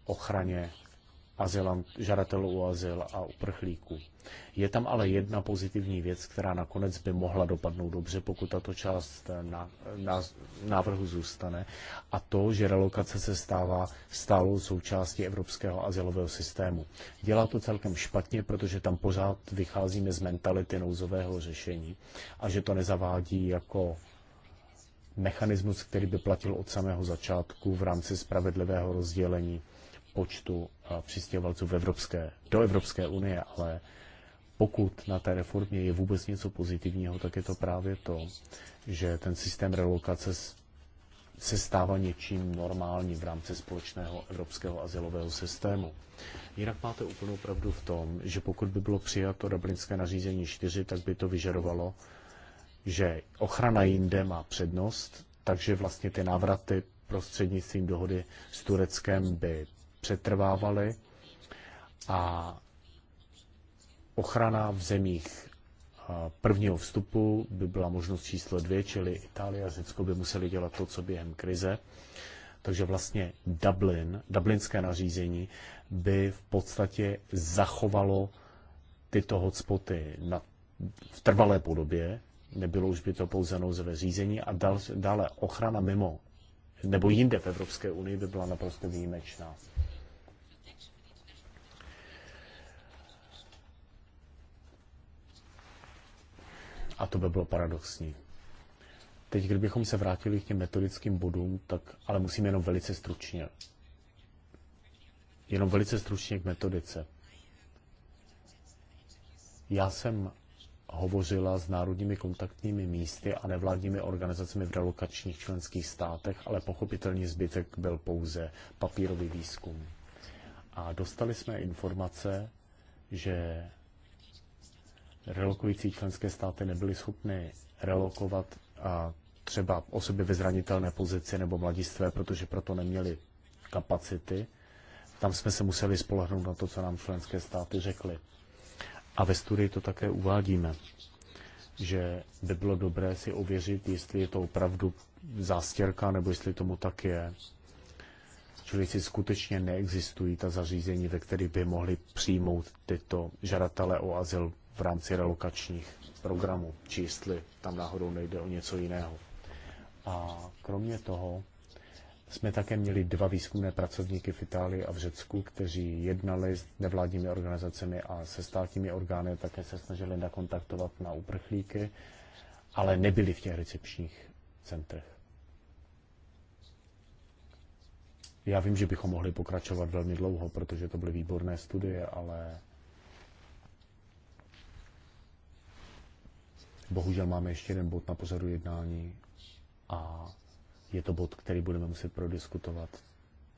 ochraně azylant, žadatelů o azyl a uprchlíků. Je tam ale jedna pozitivní věc, která nakonec by mohla dopadnout dobře, pokud tato část eh, na, na, návrhu zůstane, a to, že relokace se stává stálou součástí evropského azylového systému. Dělá to celkem špatně, protože tam pořád vycházíme z mentality nouzového řešení a že to nezavádí jako mechanismus, který by platil od samého začátku v rámci spravedlivého rozdělení počtu eh, přistěhovalců v Evropské, do Evropské unie, ale pokud na té reformě je vůbec něco pozitivního, tak je to právě to, že ten systém relokace se stává něčím normální v rámci společného evropského asilového systému. Jinak máte úplnou pravdu v tom, že pokud by bylo přijato dublinské nařízení 4, tak by to vyžadovalo že ochrana jinde má přednost, takže vlastně ty návraty prostřednictvím dohody s Tureckem by přetrvávaly a ochrana v zemích prvního vstupu by byla možnost číslo dvě, čili Itálie a Řecko by museli dělat to, co během krize. Takže vlastně Dublin, dublinské nařízení by v podstatě zachovalo tyto hotspoty na, v trvalé podobě, nebylo už by to pouze nouzové řízení a dal, dále ochrana mimo nebo jinde v Evropské unii by byla naprosto výjimečná. A to by bylo paradoxní. Teď, kdybychom se vrátili k těm metodickým bodům, tak ale musíme jenom velice stručně. Jenom velice stručně k metodice. Já jsem hovořila s národními kontaktními místy a nevládními organizacemi v relokačních členských státech, ale pochopitelně zbytek byl pouze papírový výzkum. A dostali jsme informace, že relokující členské státy nebyly schopny relokovat a třeba osoby ve zranitelné pozici nebo mladistvé, protože proto neměli kapacity. Tam jsme se museli spolehnout na to, co nám členské státy řekly. A ve studii to také uvádíme, že by bylo dobré si ověřit, jestli je to opravdu zástěrka, nebo jestli tomu tak je. Čili si skutečně neexistují ta zařízení, ve kterých by mohli přijmout tyto žadatele o azyl v rámci relokačních programů, či jestli tam náhodou nejde o něco jiného. A kromě toho jsme také měli dva výzkumné pracovníky v Itálii a v Řecku, kteří jednali s nevládními organizacemi a se státními orgány, také se snažili nakontaktovat na uprchlíky, ale nebyli v těch recepčních centrech. Já vím, že bychom mohli pokračovat velmi dlouho, protože to byly výborné studie, ale bohužel máme ještě jeden bod na pořadu jednání a je to bod, který budeme muset prodiskutovat.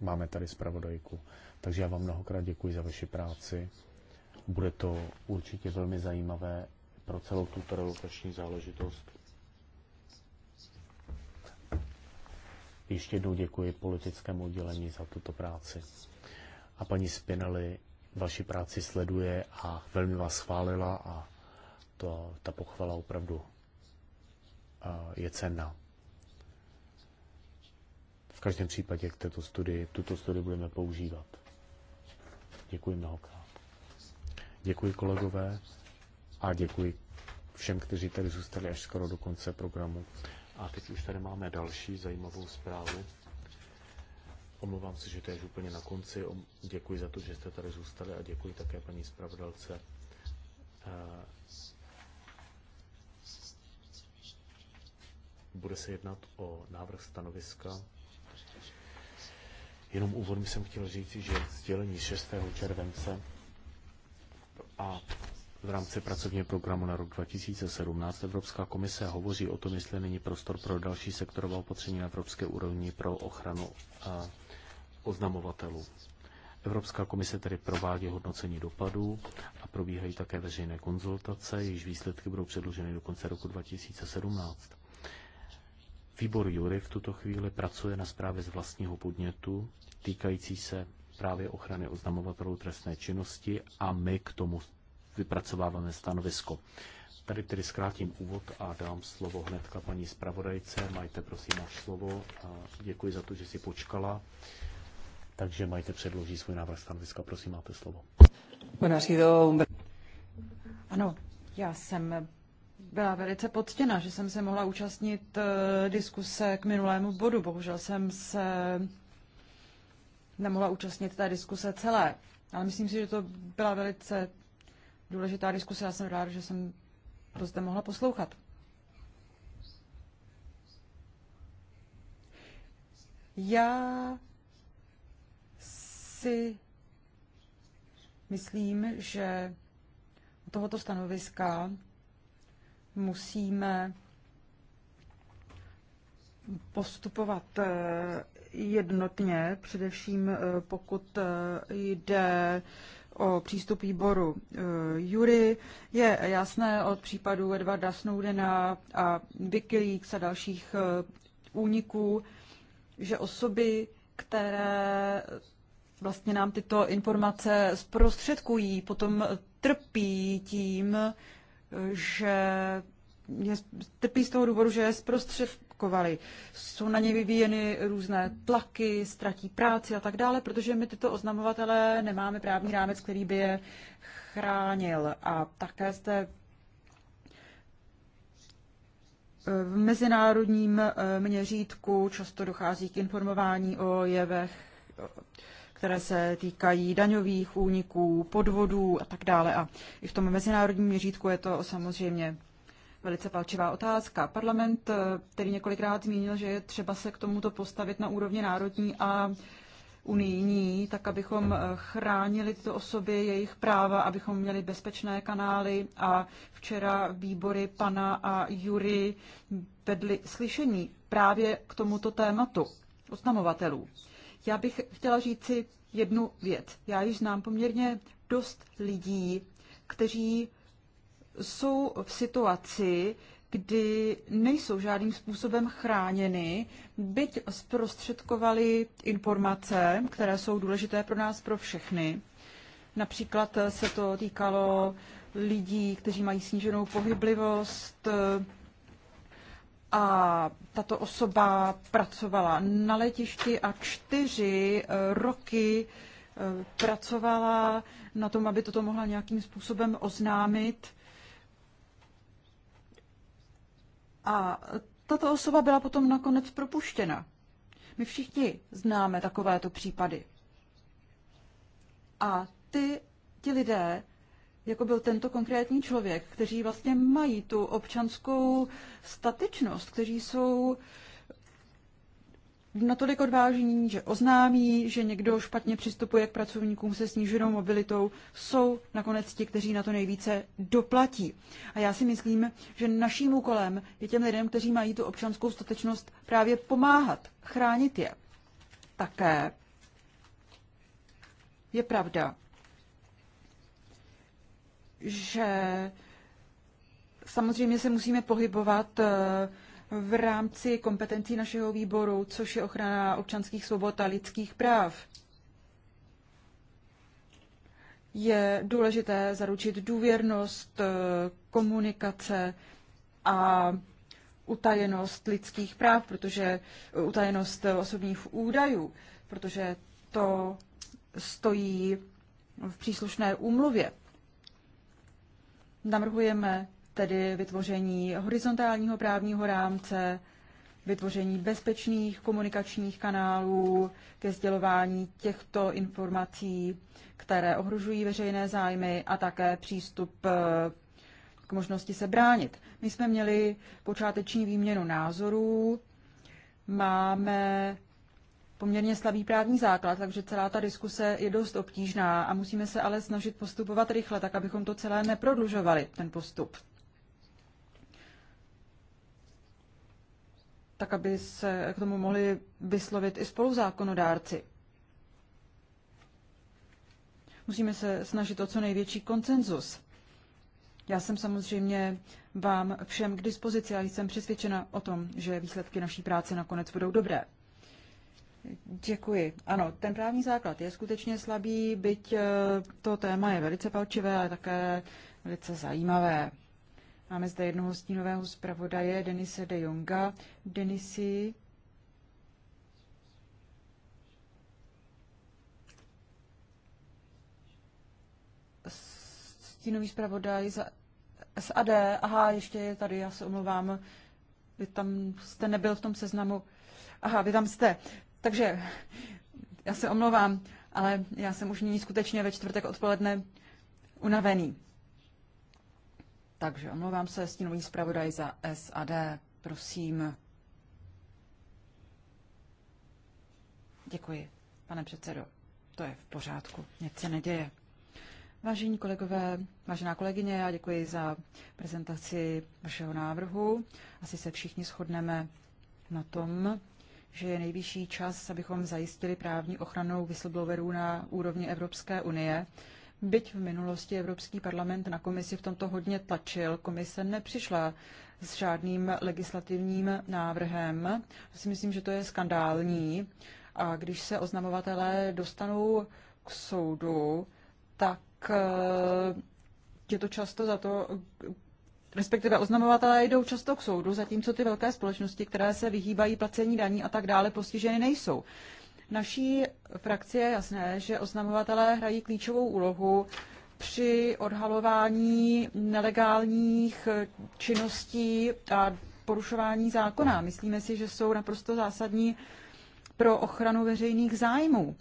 Máme tady zpravodajku. Takže já vám mnohokrát děkuji za vaši práci. Bude to určitě velmi zajímavé pro celou tuto relokační záležitost. Ještě jednou děkuji politickému oddělení za tuto práci. A paní Spinelli vaši práci sleduje a velmi vás chválila a to, ta pochvala opravdu eh, je cenná každém případě k této studii, tuto studii budeme používat. Děkuji mnohokrát. Děkuji kolegové a děkuji všem, kteří tady zůstali až skoro do konce programu. A teď už tady máme další zajímavou zprávu. Omlouvám se, že to je úplně na konci. Děkuji za to, že jste tady zůstali a děkuji také paní zpravodalce. Eh, bude se jednat o návrh stanoviska Jenom úvodem jsem chtěl říct, že sdělení 6. července a v rámci pracovního programu na rok 2017 Evropská komise hovoří o tom, jestli není prostor pro další sektorová opatření na evropské úrovni pro ochranu oznamovatelů. Evropská komise tedy provádí hodnocení dopadů a probíhají také veřejné konzultace, jejichž výsledky budou předloženy do konce roku 2017. Výbor Jury v tuto chvíli pracuje na zprávě z vlastního podnětu týkající se právě ochrany oznamovatelů trestné činnosti a my k tomu vypracováváme stanovisko. Tady tedy zkrátím úvod a dám slovo hnedka paní zpravodajce. Majte, prosím, máš slovo. A děkuji za to, že si počkala. Takže Majte předloží svůj návrh stanoviska. Prosím, máte slovo. Ano, já jsem byla velice poctěna, že jsem se mohla účastnit eh, diskuse k minulému bodu. Bohužel jsem se nemohla účastnit té diskuse celé. Ale myslím si, že to byla velice důležitá diskuse. Já jsem ráda, že jsem to zde mohla poslouchat. Já si myslím, že tohoto stanoviska musíme postupovat eh, jednotně, především eh, pokud eh, jde o přístup výboru Jury. Je jasné od případů Edwarda Snowdena a Wikileaks a dalších úniků, že osoby, které vlastně nám tyto informace zprostředkují, potom trpí tím, že mě trpí z toho důvodu, že je zprostředkovali. Jsou na ně vyvíjeny různé tlaky, ztratí práci a tak dále, protože my tyto oznamovatele nemáme právní rámec, který by je chránil. A také jste eh, v mezinárodním eh, měřítku často dochází k informování o jevech které se týkají daňových úniků, podvodů a tak dále. A i v tom mezinárodním měřítku je to samozřejmě velice palčivá otázka. Parlament eh, tedy několikrát zmínil, že je třeba se k tomuto postavit na úrovni národní a unijní, tak abychom eh, chránili tyto osoby, jejich práva, abychom měli bezpečné kanály a včera výbory Pana a Jury vedli slyšení právě k tomuto tématu oznamovatelů. Já bych chtěla říci jednu věc. Já již znám poměrně dost lidí, kteří jsou v situaci, kdy nejsou žádným způsobem chráněny, byť zprostředkovali informace, které jsou důležité pro nás, pro všechny. Například se to týkalo lidí, kteří mají sníženou pohyblivost, a tato osoba pracovala na letišti a čtyři eh, roky eh, pracovala na tom, aby toto mohla nějakým způsobem oznámit. A tato osoba byla potom nakonec propuštěna. My všichni známe takovéto případy. A ty, ti lidé jako byl tento konkrétní člověk, kteří vlastně mají tu občanskou statečnost, kteří jsou natolik odvážení, že oznámí, že někdo špatně přistupuje k pracovníkům se sníženou mobilitou, jsou nakonec ti, kteří na to nejvíce doplatí. A já si myslím, že naším úkolem je těm lidem, kteří mají tu občanskou statečnost, právě pomáhat, chránit je. Také je pravda, že samozřejmě se musíme pohybovat eh, v rámci kompetencí našeho výboru, což je ochrana občanských svobod a lidských práv. Je důležité zaručit důvěrnost eh, komunikace a utajenost lidských práv, protože eh, utajenost osobních údajů, protože to stojí v příslušné úmluvě. Navrhujeme tedy vytvoření horizontálního právního rámce, vytvoření bezpečných komunikačních kanálů ke sdělování těchto informací, které ohrožují veřejné zájmy a také přístup eh, k možnosti se bránit. My jsme měli počáteční výměnu názorů, máme poměrně slabý právní základ, takže celá ta diskuse je dost obtížná a musíme se ale snažit postupovat rychle, tak abychom to celé neprodlužovali, ten postup. Tak, aby se k tomu mohli vyslovit i spoluzákonodárci. Musíme se snažit o co největší koncenzus. Já jsem samozřejmě vám všem k dispozici a jsem přesvědčena o tom, že výsledky naší práce nakonec budou dobré. Děkuji. Ano, ten právní základ je skutečně slabý, byť eh, to téma je velice palčivé, ale také velice zajímavé. Máme zde jednoho stínového zpravodaje, Denise de Jonga. Denisi, stínový zpravodaj za SAD. Aha, ještě je tady, já se omlouvám. Vy tam jste nebyl v tom seznamu. Aha, vy tam jste. Takže já se omlouvám, ale já jsem už nyní skutečně ve čtvrtek odpoledne unavený. Takže omlouvám se, stínový zpravodaj za SAD, prosím. Děkuji, pane předsedo. To je v pořádku, nic se neděje. Vážení kolegové, vážená kolegyně, já děkuji za prezentaci vašeho návrhu. Asi se všichni shodneme na tom, že je nejvyšší čas, abychom zajistili právní ochranu whistleblowerů na úrovni Evropské unie. Byť v minulosti Evropský parlament na komisi v tomto hodně tlačil, komise nepřišla s žádným legislativním návrhem. Já si myslím, že to je skandální. A když se oznamovatelé dostanou k soudu, tak eh, je to často za to, respektive oznamovatelé jdou často k soudu, zatímco ty velké společnosti, které se vyhýbají placení daní a tak dále, postiženy nejsou. Naší frakci je jasné, že oznamovatelé hrají klíčovou úlohu při odhalování nelegálních činností a porušování zákona. Myslíme si, že jsou naprosto zásadní pro ochranu veřejných zájmů,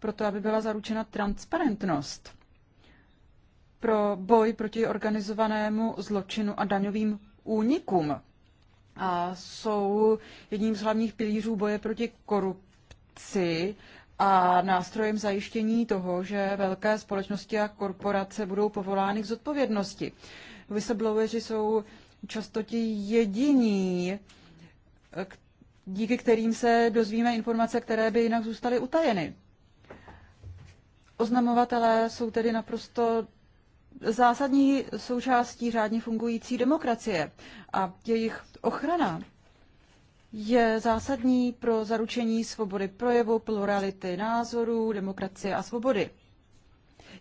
proto aby byla zaručena transparentnost pro boj proti organizovanému zločinu a daňovým únikům. A jsou jedním z hlavních pilířů boje proti korupci a nástrojem zajištění toho, že velké společnosti a korporace budou povolány k zodpovědnosti. Whistlebloweri jsou často ti jediní, díky kterým se dozvíme informace, které by jinak zůstaly utajeny. Oznamovatelé jsou tedy naprosto zásadní součástí řádně fungující demokracie a jejich ochrana je zásadní pro zaručení svobody projevu, plurality názorů, demokracie a svobody.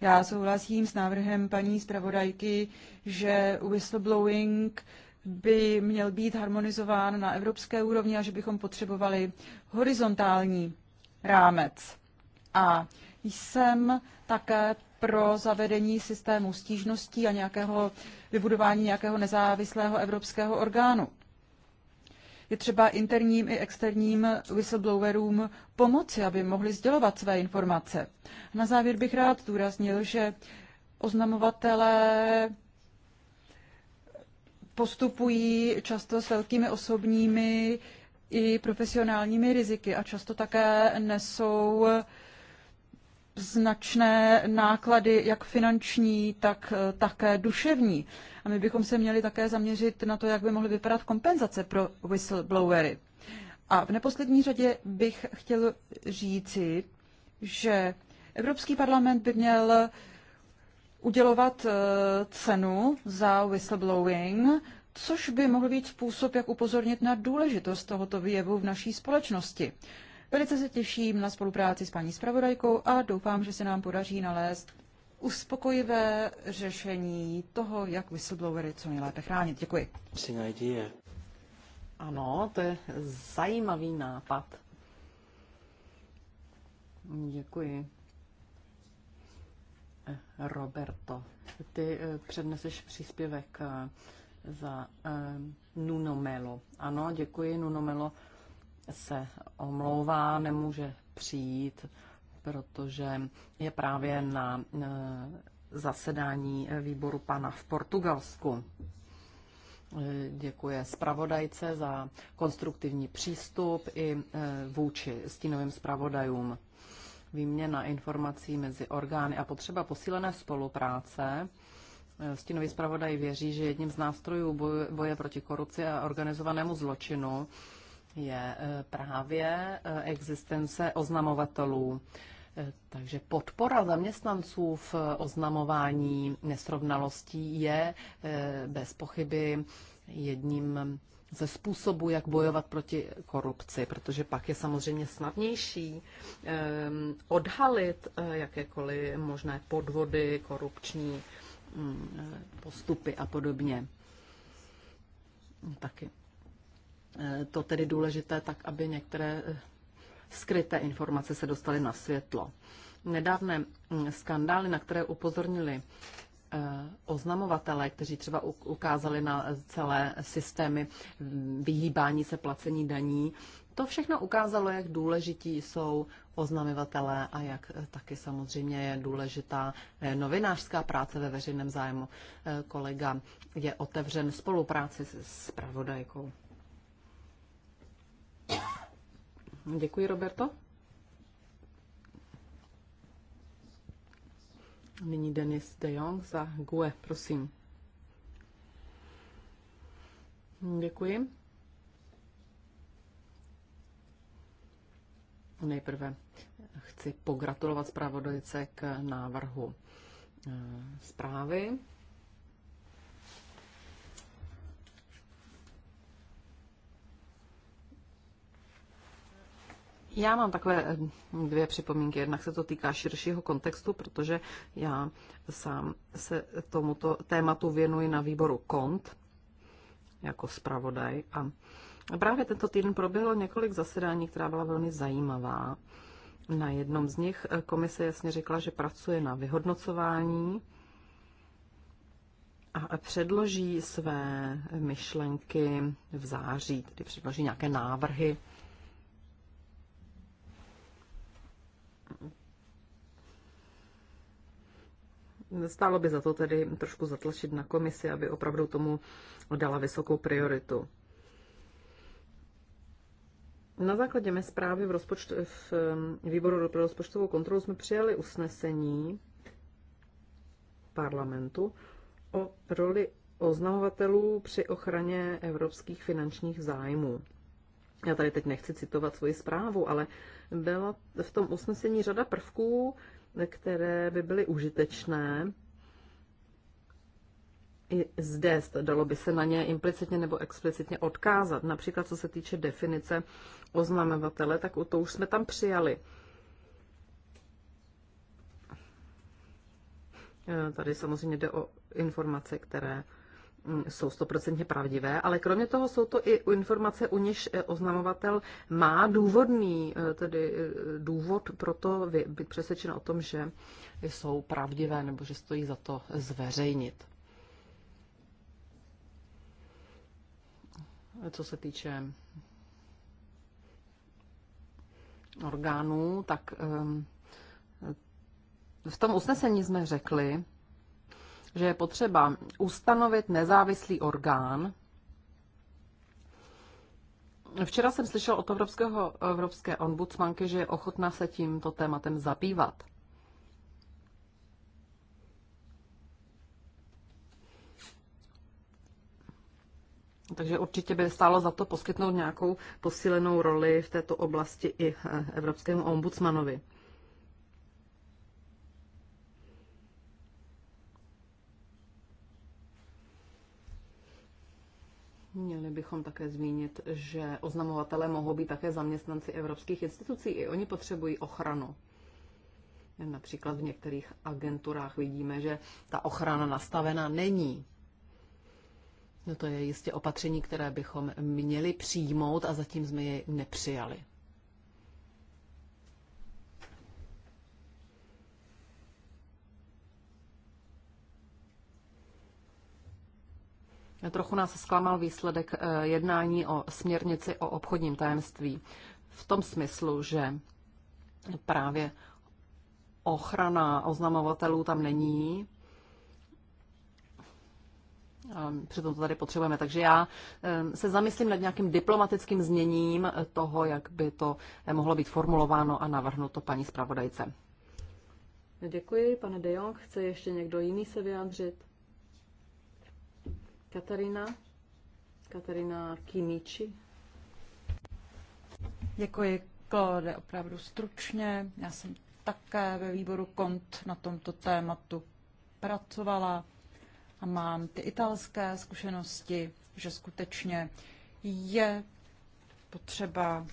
Já souhlasím s návrhem paní zpravodajky, že whistleblowing by měl být harmonizován na evropské úrovni a že bychom potřebovali horizontální rámec. A jsem také pro zavedení systému stížností a nějakého vybudování nějakého nezávislého evropského orgánu. Je třeba interním i externím whistleblowerům pomoci, aby mohli sdělovat své informace. Na závěr bych rád zdůraznil, že oznamovatelé postupují často s velkými osobními i profesionálními riziky a často také nesou značné náklady, jak finanční, tak eh, také duševní. A my bychom se měli také zaměřit na to, jak by mohly vypadat kompenzace pro whistleblowery. A v neposlední řadě bych chtěl říci, že Evropský parlament by měl udělovat eh, cenu za whistleblowing, což by mohl být způsob, jak upozornit na důležitost tohoto výjevu v naší společnosti. Velice se těším na spolupráci s paní zpravodajkou a doufám, že se nám podaří nalézt uspokojivé řešení toho, jak whistleblowery co nejlépe chránit. Děkuji. Ano, to je zajímavý nápad. Děkuji. Eh, Roberto, ty eh, předneseš příspěvek eh, za Nuno Melo. Ano, děkuji. Nuno Melo se omlouvá, nemůže přijít, protože je právě na e, zasedání výboru pana v Portugalsku. E, děkuje zpravodajce za konstruktivní přístup i e, vůči stínovým zpravodajům. Výměna informací mezi orgány a potřeba posílené spolupráce. Stínový zpravodaj věří, že jedním z nástrojů boje proti korupci a organizovanému zločinu je e, právě e, existence oznamovatelů. E, takže podpora zaměstnanců v oznamování nesrovnalostí je bez pochyby jedním ze způsobů, jak bojovat proti korupci, protože pak je samozřejmě snadnější odhalit jakékoliv možné podvody, korupční mm, postupy a podobně. Taky Eh, to tedy důležité tak, aby některé eh, skryté informace se dostaly na světlo. Nedávné mm, skandály, na které upozornili eh, oznamovatele, kteří třeba ukázali na celé systémy mm, vyhýbání se placení daní, to všechno ukázalo, jak důležití jsou oznamovatelé a jak taky samozřejmě je důležitá novinářská práce ve veřejném zájmu. Kolega je otevřen spolupráci s pravodajkou. Děkuji, Roberto. Nyní Denis de Jong za GUE, prosím. Děkuji. Nejprve chci pogratulovat zpravodajce k návrhu eh, zprávy. Já mám takhle eh, dvě připomínky. Jednak se to týká širšího kontextu, protože já sám se tomuto tématu věnuji na výboru KONT jako zpravodaj. A právě tento týden proběhlo několik zasedání, která byla velmi zajímavá. Na jednom z nich eh, komise jasně řekla, že pracuje na vyhodnocování a předloží své myšlenky v září, tedy předloží nějaké návrhy Stálo by za to tedy trošku zatlačit na komisi, aby opravdu tomu dala vysokou prioritu. Na základě mé zprávy v, v výboru pro rozpočtovou kontrolu jsme přijali usnesení parlamentu o roli oznamovatelů při ochraně evropských finančních zájmů já tady teď nechci citovat svoji zprávu, ale byla v tom usnesení řada prvků, které by byly užitečné. I zde dalo by se na ně implicitně nebo explicitně odkázat. Například co se týče definice oznamovatele, tak to už jsme tam přijali. E, tady samozřejmě jde o informace, které Mm, jsou stoprocentně pravdivé, ale kromě toho jsou to i informace, u něž eh, oznamovatel má důvodný, eh, tedy eh, důvod pro to být přesvědčen o tom, že jsou pravdivé nebo že stojí za to zveřejnit. Co se týče orgánů, tak ehm, v tom usnesení jsme řekli, že je potřeba ustanovit nezávislý orgán. Včera jsem slyšel od Evropského, Evropské ombudsmanky, že je ochotná se tímto tématem zabývat. Takže určitě by stálo za to poskytnout nějakou posílenou roli v této oblasti i eh, Evropskému ombudsmanovi. Měli bychom také zmínit, že oznamovatele mohou být také zaměstnanci evropských institucí. I oni potřebují ochranu. Například v některých agenturách vidíme, že ta ochrana nastavená není. No to je jistě opatření, které bychom měli přijmout a zatím jsme je nepřijali. Trochu nás zklamal výsledek eh, jednání o směrnici o obchodním tajemství. V tom smyslu, že právě ochrana oznamovatelů tam není. Přitom to tady potřebujeme. Takže já eh, se zamyslím nad nějakým diplomatickým změním toho, jak by to eh, mohlo být formulováno a navrhnuto paní zpravodajce. Děkuji, pane De Jong. Chce ještě někdo jiný se vyjádřit? Katarina, Katarina Kimiči. Děkuji, Klaude, opravdu stručně. Já jsem také ve výboru KONT na tomto tématu pracovala a mám ty italské zkušenosti, že skutečně je potřeba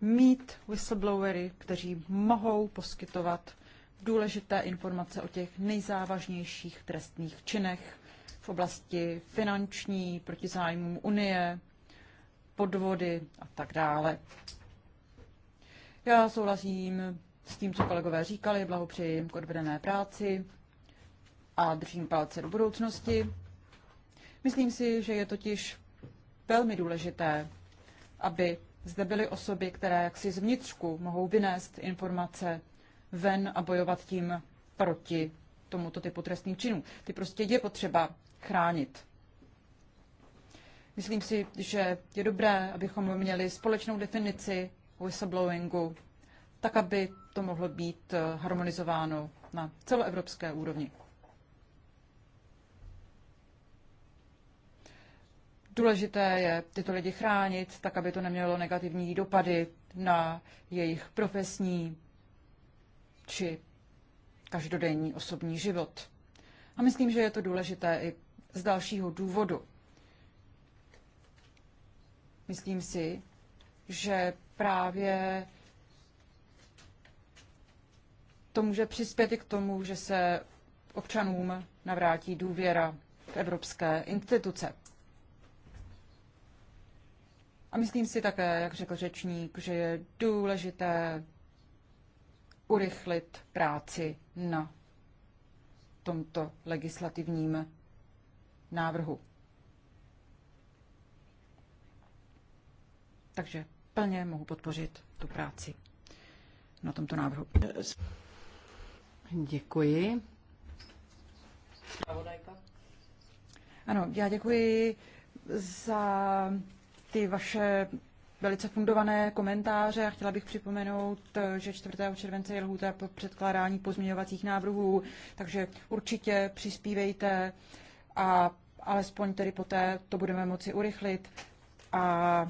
mít whistleblowery, kteří mohou poskytovat důležité informace o těch nejzávažnějších trestných činech v oblasti finanční, proti zájmům Unie, podvody a tak dále. Já souhlasím s tím, co kolegové říkali, blahopřeji k odvedené práci a držím palce do budoucnosti. Myslím si, že je totiž velmi důležité, aby zde byly osoby, které jaksi zvnitřku mohou vynést informace ven a bojovat tím proti tomuto typu trestných činů. Ty prostě je potřeba chránit. Myslím si, že je dobré, abychom měli společnou definici whistleblowingu, tak aby to mohlo být eh, harmonizováno na celoevropské úrovni. Důležité je tyto lidi chránit, tak aby to nemělo negativní dopady na jejich profesní či každodenní osobní život. A myslím, že je to důležité i z dalšího důvodu. Myslím si, že právě to může přispět i k tomu, že se občanům navrátí důvěra v evropské instituce. A myslím si také, jak řekl řečník, že je důležité urychlit práci na tomto legislativním návrhu. Takže plně mohu podpořit tu práci na tomto návrhu. Děkuji. Ano, já děkuji za ty vaše velice fundované komentáře a chtěla bych připomenout, že 4. července je lhůta po předkládání pozměňovacích návrhů, takže určitě přispívejte a alespoň tedy poté to budeme moci urychlit a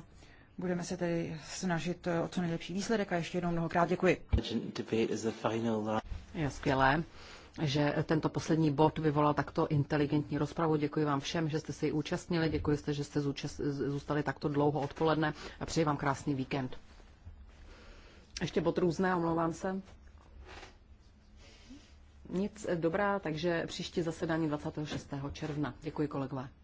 budeme se tedy snažit o co nejlepší výsledek a ještě jednou mnohokrát děkuji. Je skvělé že tento poslední bod vyvolal takto inteligentní rozpravu. Děkuji vám všem, že jste se ji účastnili, děkuji jste, že jste zúčast, zůstali takto dlouho odpoledne a přeji vám krásný víkend. Ještě bod různé, omlouvám se nic dobrá, takže příští zasedání 26. června. Děkuji kolegové.